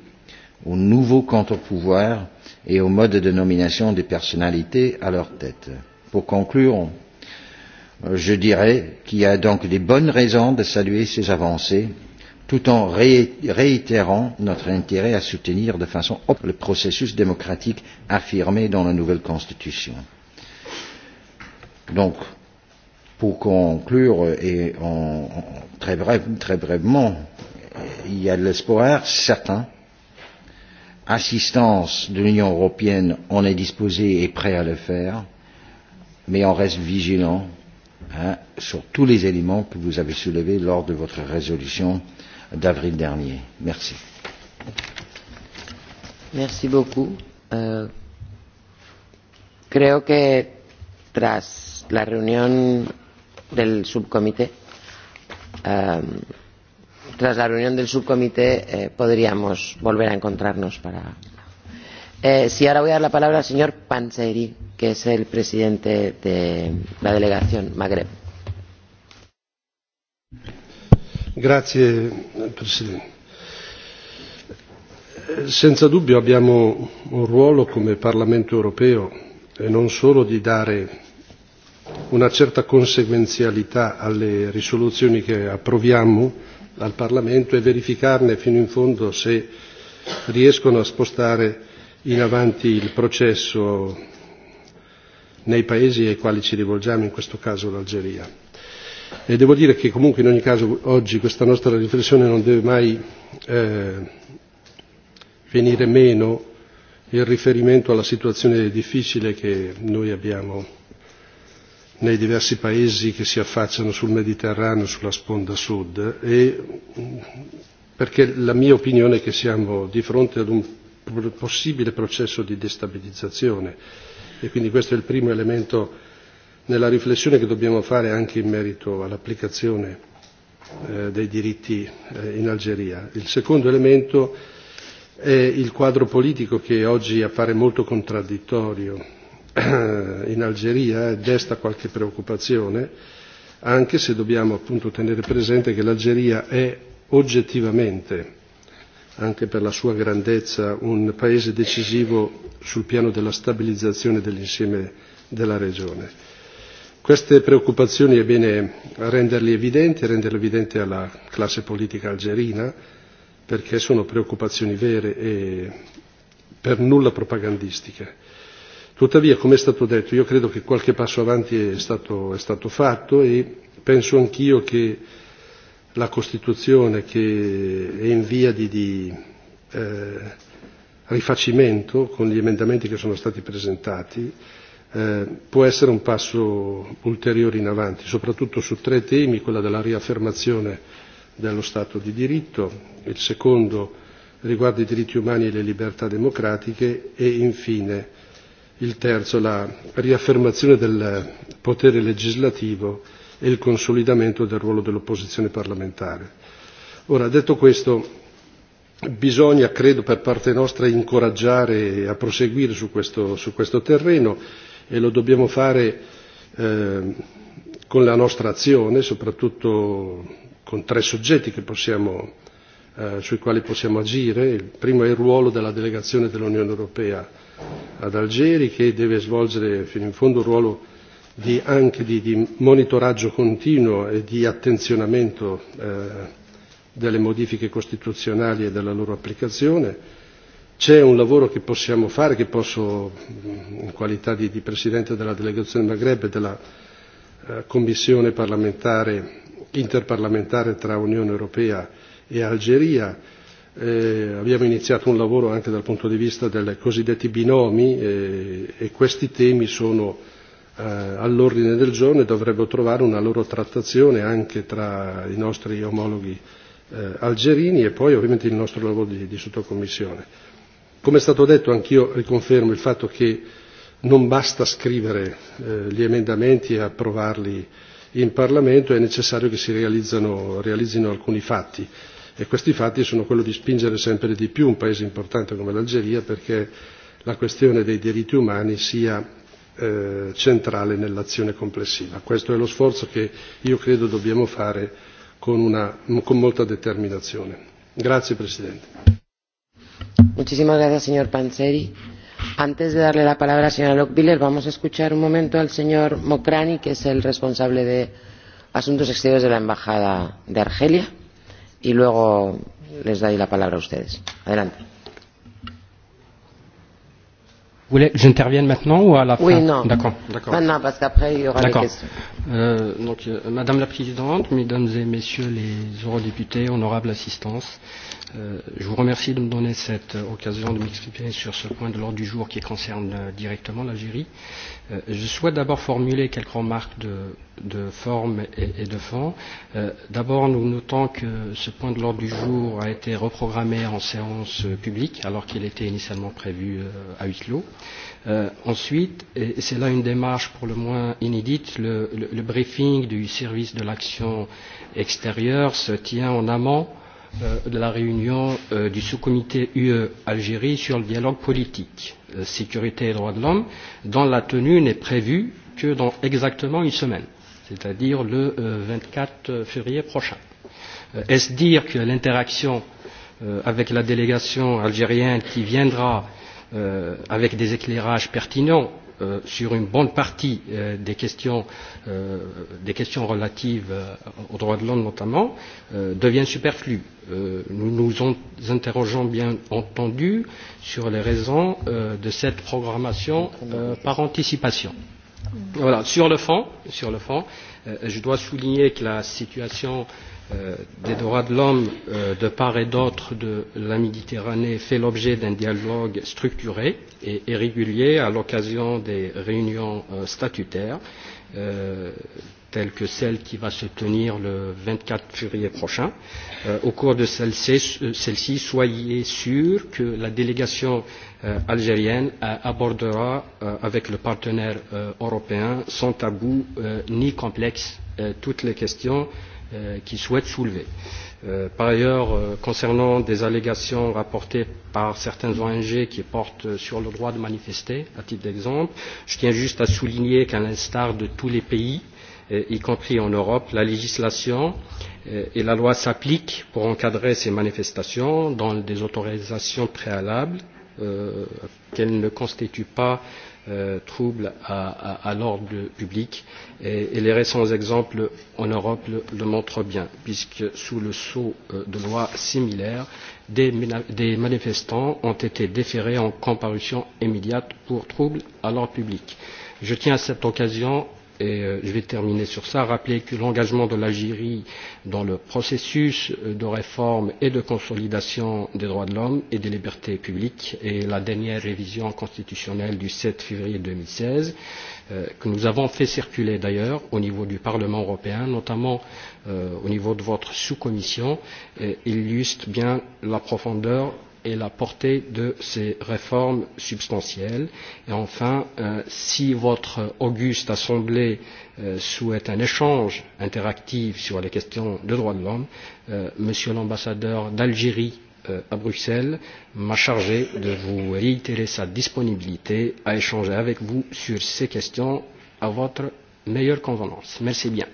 aux nouveaux contre-pouvoirs et au mode de nomination des personnalités à leur tête. Pour conclure, euh, je dirais qu'il y a donc de bonnes raisons de saluer ces avancées tout en ré réitérant notre intérêt à soutenir de façon le processus démocratique affirmé dans la nouvelle constitution. Donc, pour conclure et en, en, très, bref, très brièvement, il y a de l'espoir certain assistance de l'Union européenne, on est disposé et prêt à le faire, mais on reste vigilant hein, sur tous les éléments que vous avez soulevés lors de votre résolution d'avril dernier. Merci. Merci beaucoup. Euh, creo que tras la reunión del subcomité, euh, tras la reunión del subcomité eh, podríamos volver a encontrarnos para. Eh, sí, ahora voy a dar la palabra al señor Panseri, que es el presidente de la delegación Magreb. Grazie, Presidente. Senza dubbio abbiamo un ruolo come Parlamento europeo e non solo di dare una certa conseguenzialità alle risoluzioni che approviamo, al Parlamento e verificarne fino in fondo se riescono a spostare in avanti il processo nei paesi ai quali ci rivolgiamo, in questo caso l'Algeria. E devo dire che comunque in ogni caso oggi questa nostra riflessione non deve mai eh, venire meno il riferimento alla situazione difficile che noi abbiamo nei diversi paesi che si affacciano sul Mediterraneo, sulla sponda sud, e perché la mia opinione è che siamo di fronte ad un possibile processo di destabilizzazione e quindi questo è il primo elemento nella riflessione che dobbiamo fare anche in merito all'applicazione eh, dei diritti eh, in Algeria. Il secondo elemento è il quadro politico che oggi appare molto contraddittorio Eh, in Algeria desta qualche preoccupazione, anche se dobbiamo appunto tenere presente che l'Algeria è oggettivamente, anche per la sua grandezza, un paese decisivo sul piano della stabilizzazione dell'insieme della regione. Queste preoccupazioni è bene renderle evidenti, renderle evidenti alla classe politica algerina, perché sono preoccupazioni vere e per nulla propagandistiche tuttavia come è stato detto io credo che qualche passo avanti è stato, è stato fatto e penso anch'io che la Costituzione che è in via di, di eh, rifacimento con gli emendamenti che sono stati presentati eh, può essere un passo ulteriore in avanti, soprattutto su tre temi, quello della riaffermazione dello Stato di diritto, il secondo riguarda i diritti umani e le libertà democratiche e infine il terzo la riaffermazione del potere legislativo e il consolidamento del ruolo dell'opposizione parlamentare. Ora, detto questo, bisogna, credo per parte nostra, incoraggiare a proseguire su questo, su questo terreno e lo dobbiamo fare eh, con la nostra azione, soprattutto con tre soggetti che possiamo Eh, sui quali possiamo agire. Il primo è il ruolo della delegazione dell'Unione Europea ad Algeri che deve svolgere fino in fondo un ruolo di, anche di, di monitoraggio continuo e di attenzionamento eh, delle modifiche costituzionali e della loro applicazione. C'è un lavoro che possiamo fare, che posso in qualità di, di Presidente della delegazione Maghreb e della eh, Commissione parlamentare interparlamentare tra Unione Europea e Algeria. Eh, abbiamo iniziato un lavoro anche dal punto di vista dei cosiddetti binomi eh, e questi temi sono eh, all'ordine del giorno e dovrebbero trovare una loro trattazione anche tra i nostri omologhi eh, algerini e poi ovviamente il nostro lavoro di, di sottocommissione. Come è stato detto anch'io riconfermo il fatto che non basta scrivere eh, gli emendamenti e approvarli in Parlamento, è necessario che si realizzino alcuni fatti e questi fatti sono quello di spingere sempre di più un paese importante come l'Algeria perché la questione dei diritti umani sia eh, centrale nell'azione complessiva. Questo è lo sforzo che io credo dobbiamo fare con, una, con molta determinazione. Grazie Presidente. Muchísimas gracias, señor Panzeri. Antes de darle la palabra a la señora Lockbiller, vamos a escuchar un momento al señor Mokrani, que es el responsable de Asuntos Exteriores de la Embajada de Argelia y luego les doy la palabra a ustedes. Adelante. Vous voulez que j'intervienne maintenant ou à la oui, fin Oui, non. D'accord, Maintenant, parce qu'après, il y aura des questions. Euh, donc, euh, Madame la Présidente, Mesdames et Messieurs les eurodéputés, honorable assistance, euh, Euh, je vous remercie de me donner cette euh, occasion de m'exprimer sur ce point de l'ordre du jour qui concerne euh, directement l'Algérie. Je souhaite d'abord formuler quelques remarques de, de forme et, et de fond. D'abord, nous notons que ce point de l'ordre du jour a été reprogrammé en séance publique alors qu'il était initialement prévu à huis clos. Euh, ensuite, et c'est là une démarche pour le moins inédite, le, le, le briefing du service de l'action extérieure se tient en amont Euh, de la réunion euh, du sous-comité UE Algérie sur le dialogue politique, euh, sécurité et droits de l'homme, dont la tenue n'est prévue que dans exactement une semaine, c'est-à-dire le vingt quatre février prochain. Est-ce dire que l'interaction avec la délégation algérienne qui viendra avec des éclairages pertinents Euh, sur une bonne partie euh, des, questions, euh, des questions relatives euh, aux droits de l'homme notamment, euh, devient superflue. Euh, nous nous interrogeons bien entendu sur les raisons euh, de cette programmation euh, par anticipation. Voilà. Sur le fond, sur le fond euh, je dois souligner que la situation euh, Euh, des droits de l'homme euh, de part et d'autre de la Méditerranée fait l'objet d'un dialogue structuré et, régulier à l'occasion des réunions euh, statutaires telles que celle qui va se tenir le vingt quatre février prochain. au cours de celle-ci, soyez sûrs que la délégation algérienne abordera avec le partenaire européen sans tabou ni complexe toutes les questions Euh, qu'il souhaite soulever. Euh, par ailleurs, euh, concernant des allégations rapportées par certaines ONG qui portent sur le droit de manifester, à titre d'exemple, je tiens juste à souligner qu'à l'instar de tous les pays, y compris en Europe, la législation et la loi s'appliquent pour encadrer ces manifestations dans des autorisations préalables Euh, qu'elle ne constitue pas euh, trouble à, à, à l'ordre public et, et les récents exemples en Europe le, le montrent bien puisque sous le sceau euh, de lois similaires des, des manifestants ont été déférés en comparution immédiate pour trouble à l'ordre public. Je tiens à cette occasion et euh, je vais terminer sur cela rappeler que l'engagement de l'algérie dans le processus de réforme et de consolidation des droits de l'homme et des libertés publiques et la dernière révision constitutionnelle du sept février deux mille seize euh, que nous avons fait circuler d'ailleurs au niveau du parlement européen notamment euh, au niveau de votre sous commission illustre bien la profondeur et la portée de ces réformes substantielles. Et enfin, euh, si votre auguste assemblée euh, souhaite un échange interactif sur les questions de droits de l'homme, euh, Monsieur l'ambassadeur d'Algérie euh, à Bruxelles m'a chargé de vous réitérer sa disponibilité à échanger avec vous sur ces questions à votre meilleure convenance. Merci bien.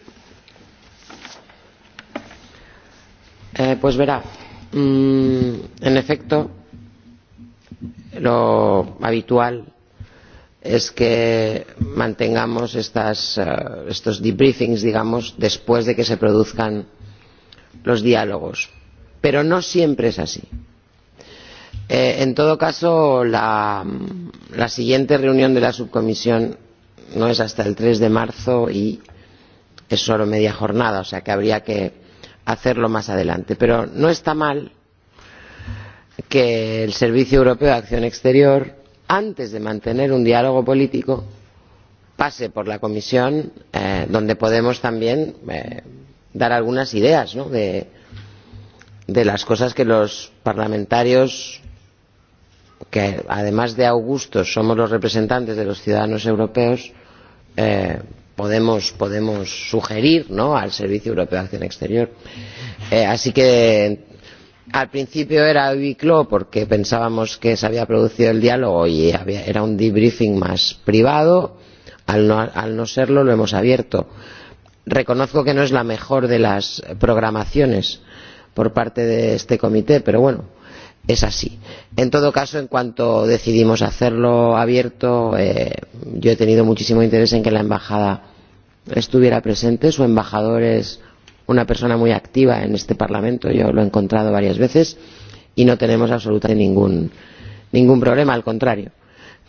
Eh, pues verá, Mm, en efecto, lo habitual es que mantengamos estas, uh, estos debriefings, digamos, después de que se produzcan los diálogos. Pero no siempre es así. Eh, en todo caso, la, la siguiente reunión de la subcomisión no es hasta el 3 de marzo y es solo media jornada, o sea que habría que hacerlo más adelante. Pero no está mal que el Servicio Europeo de Acción Exterior, antes de mantener un diálogo político, pase por la Comisión, eh, donde podemos también eh, dar algunas ideas ¿no? de, de las cosas que los parlamentarios, que además de augustos somos los representantes de los ciudadanos europeos, eh, podemos, podemos sugerir ¿no? al Servicio Europeo de Acción Exterior. Eh, así que al principio era Ubiclo porque pensábamos que se había producido el diálogo y había, era un debriefing más privado. Al no, al no serlo, lo hemos abierto. Reconozco que no es la mejor de las programaciones por parte de este comité, pero bueno, es así. En todo caso, en cuanto decidimos hacerlo abierto, eh, yo he tenido muchísimo interés en que la embajada estuviera presente. Su embajador es una persona muy activa en este Parlamento, yo lo he encontrado varias veces y no tenemos absolutamente ningún, ningún problema, al contrario.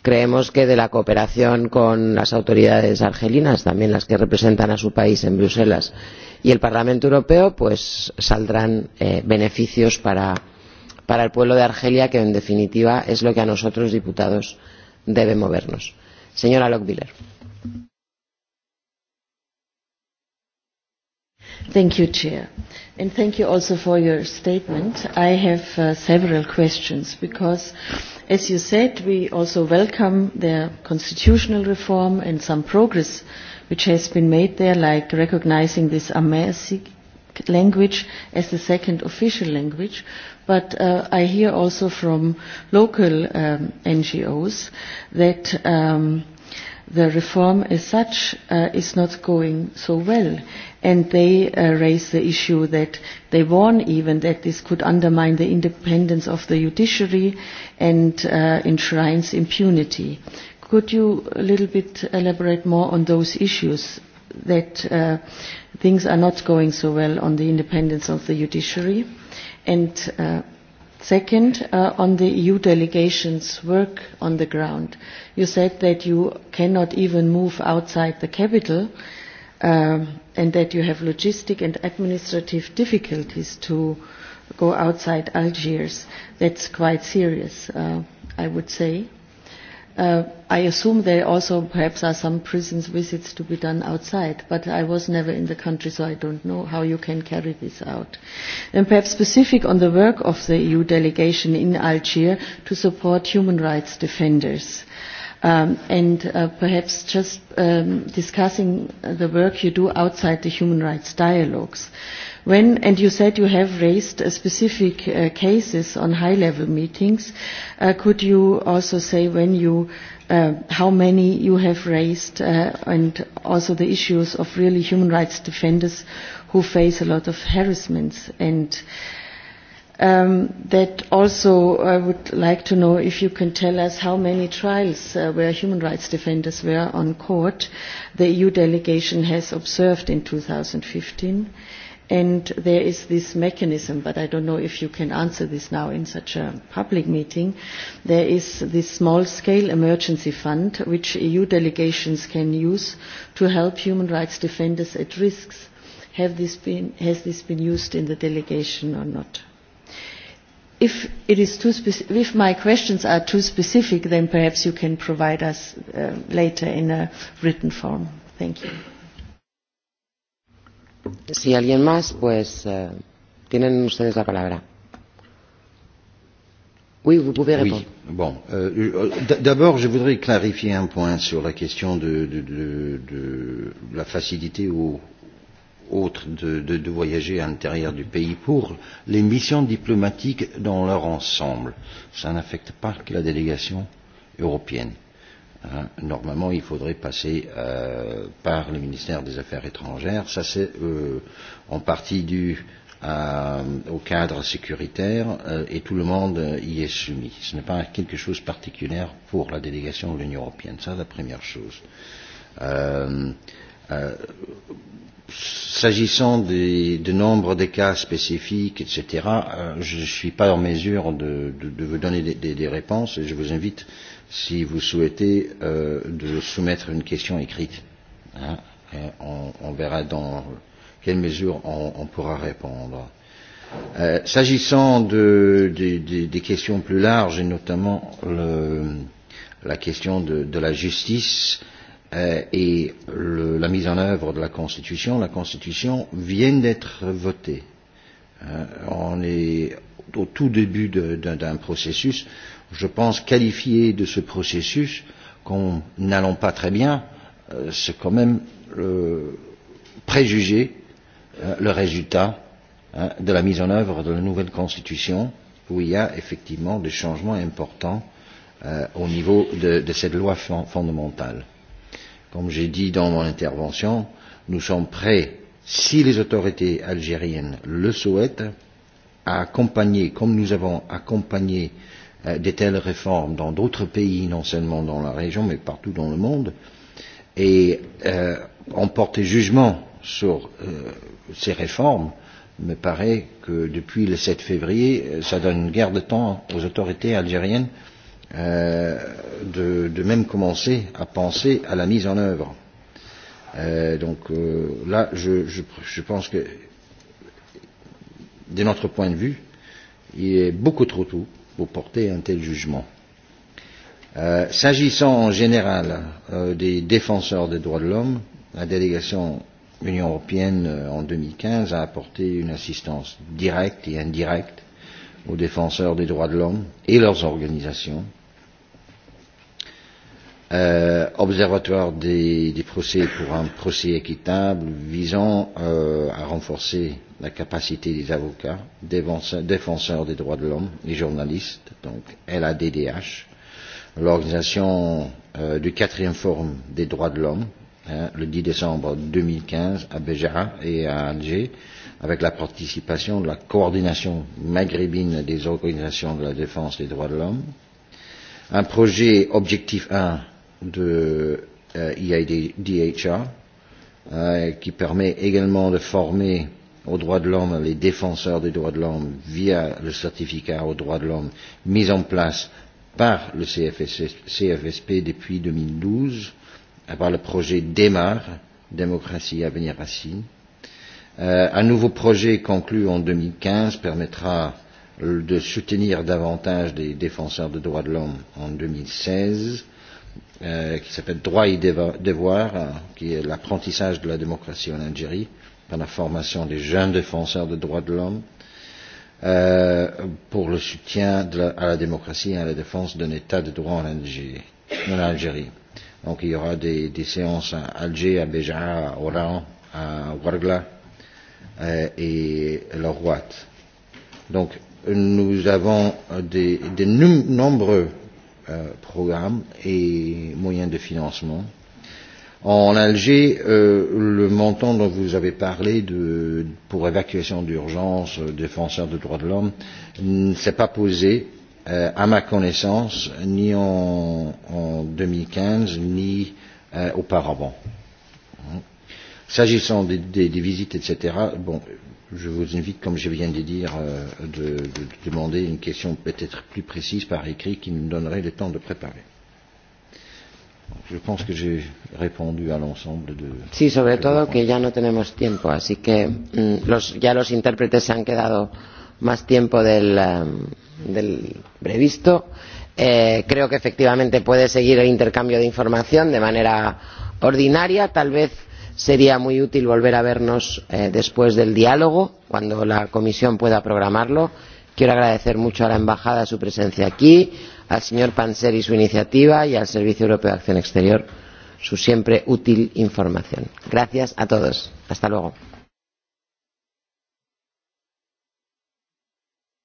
Creemos que de la cooperación con las autoridades argelinas, también las que representan a su país en Bruselas y el Parlamento Europeo, pues saldrán eh, beneficios para para el pueblo de Argelia, que en definitiva es lo que a nosotros, diputados, debe movernos. Señora Lockbiller. Thank you, Chair. And thank you also for your statement. I have uh, several questions because, as you said, we also welcome the constitutional reform and some progress which has been made there, like recognizing this Amharic language as the second official language but uh, I hear also from local um, NGOs that um, the reform as such uh, is not going so well. And they uh, raise the issue that they warn even that this could undermine the independence of the judiciary and uh, enshrines impunity. Could you a little bit elaborate more on those issues that uh, things are not going so well on the independence of the judiciary? And uh, second, uh, on the EU delegation's work on the ground, you said that you cannot even move outside the capital um, and that you have logistic and administrative difficulties to go outside Algiers. That's quite serious, uh, I would say Uh, I assume there also perhaps are some prison visits to be done outside, but I was never in the country, so I don't know how you can carry this out. And perhaps specific on the work of the EU delegation in Algiers to support human rights defenders. Um, and uh, perhaps just um, discussing the work you do outside the human rights dialogues. Uh, When, and you said you have raised uh, specific uh, cases on high-level meetings. Uh, could you also say when you, uh, how many you have raised, uh, and also the issues of really human rights defenders who face a lot of harassments and um, that also I would like to know if you can tell us how many trials uh, where human rights defenders were on court the EU delegation has observed in 2015. fifteen And there is this mechanism, but I don't know if you can answer this now in such a public meeting. There is this small-scale emergency fund which EU delegations can use to help human rights defenders at risks. Have this been, has this been used in the delegation or not? If, it is too speci- if my questions are too specific, then perhaps you can provide us uh, later in a written form. Thank you. Si alguien más, pues eh, tienen ustedes la palabra. Oui, vous pouvez répondre. Oui. Bon, euh, euh d'abord, je voudrais clarifier un point sur la question de, de, de, de la facilité aux autres de, de, de voyager à l'intérieur du pays pour les missions diplomatiques dans leur ensemble. Ça n'affecte pas que la délégation européenne. Hein. Normalement, il faudrait passer euh, par le ministère des Affaires étrangères. Ça, c'est euh, en partie dû à, au cadre sécuritaire euh, et tout le monde euh, y est soumis. Ce n'est pas quelque chose de particulier pour la délégation de l'Union européenne. Ça, la première chose. Euh, euh, S'agissant du de nombre de cas spécifiques, etc., euh, je ne suis pas en mesure de, de, de vous donner des, des, des réponses et je vous invite si vous souhaitez, euh, de soumettre une question écrite. Hein, et on, on verra dans quelle mesure on, on pourra répondre. Euh, S'agissant de, de, de, des questions plus larges, et notamment le, la question de, de la justice euh, et le, la mise en œuvre de la Constitution, la Constitution vient d'être votée. Euh, on est au tout début d'un processus je pense, qualifié de ce processus qu'on n'allons pas très bien, euh, c'est quand même euh, préjuger euh, le résultat hein, de la mise en œuvre de la nouvelle constitution, où il y a effectivement des changements importants euh, au niveau de, de cette loi fondamentale. Comme j'ai dit dans mon intervention, nous sommes prêts, si les autorités algériennes le souhaitent, à accompagner, comme nous avons accompagné euh, Euh, de telles réformes dans d'autres pays, non seulement dans la région, mais partout dans le monde, et euh, ont porté jugement sur euh, ces réformes, me paraît que depuis le 7 février, euh, ça donne une guerre de temps aux autorités algériennes euh, de, de même commencer à penser à la mise en œuvre. Euh, donc euh, là, je, je, je pense que, de notre point de vue, il est beaucoup trop tôt pour porter un tel jugement. Euh, S'agissant en général euh, des défenseurs des droits de l'homme, la délégation L'Union européenne, euh, en 2015, a apporté une assistance directe et indirecte aux défenseurs des droits de l'homme et leurs organisations. Euh, observatoire des, des procès pour un procès équitable visant euh, à renforcer la capacité des avocats, défenseurs des droits de l'homme, et journalistes, donc LADDH, l'organisation euh, du quatrième forum des droits de l'homme, hein, le 10 décembre 2015 à Béjara et à Alger, avec la participation de la coordination maghrébine des organisations de la défense des droits de l'homme, un projet objectif 1 de euh, EIDHR, euh, qui permet également de former aux droits de l'homme, les défenseurs des droits de l'homme, via le certificat aux droits de l'homme mis en place par le CFSS, CFSP depuis 2012, par le projet DEMAR, Démocratie, à venir Racine. Euh, un nouveau projet conclu en 2015 permettra de soutenir davantage des défenseurs des droits de l'homme en 2016, euh, qui s'appelle Droits et hein, qui est l'apprentissage de la démocratie en Algérie par la formation des jeunes défenseurs des droits de l'homme, euh, pour le soutien de la, à la démocratie et à la défense d'un État de droit en Algérie. En Algérie. Donc il y aura des, des séances à Alger, à Béja, à Oran, à Ouargla euh, et à la Rouat. Donc nous avons des, des num nombreux euh, programmes et moyens de financement En Alger, euh, le montant dont vous avez parlé de, pour évacuation d'urgence, euh, défenseurs des droits de l'homme, ne s'est pas posé, euh, à ma connaissance, ni en, en 2015, ni euh, auparavant. S'agissant des, des, des visites, etc., bon, je vous invite, comme je viens de dire, euh, de, de demander une question peut-être plus précise par écrit qui nous donnerait le temps de préparer je pense que j'ai répondu à l'ensemble de. Sí, sobre todo que ya no tenemos tiempo, así que mm, los, ya los intérpretes se han quedado más tiempo del, del previsto. Eh, creo que efectivamente puede seguir el intercambio de información de manera ordinaria. Tal vez sería muy útil volver a vernos eh, después del diálogo, cuando la comisión pueda programarlo. Quiero agradecer mucho a la embajada su presencia aquí al señor Panseri su iniciativa y al Servicio Europeo de Acción Exterior su siempre útil información. Gracias a todos. Hasta luego.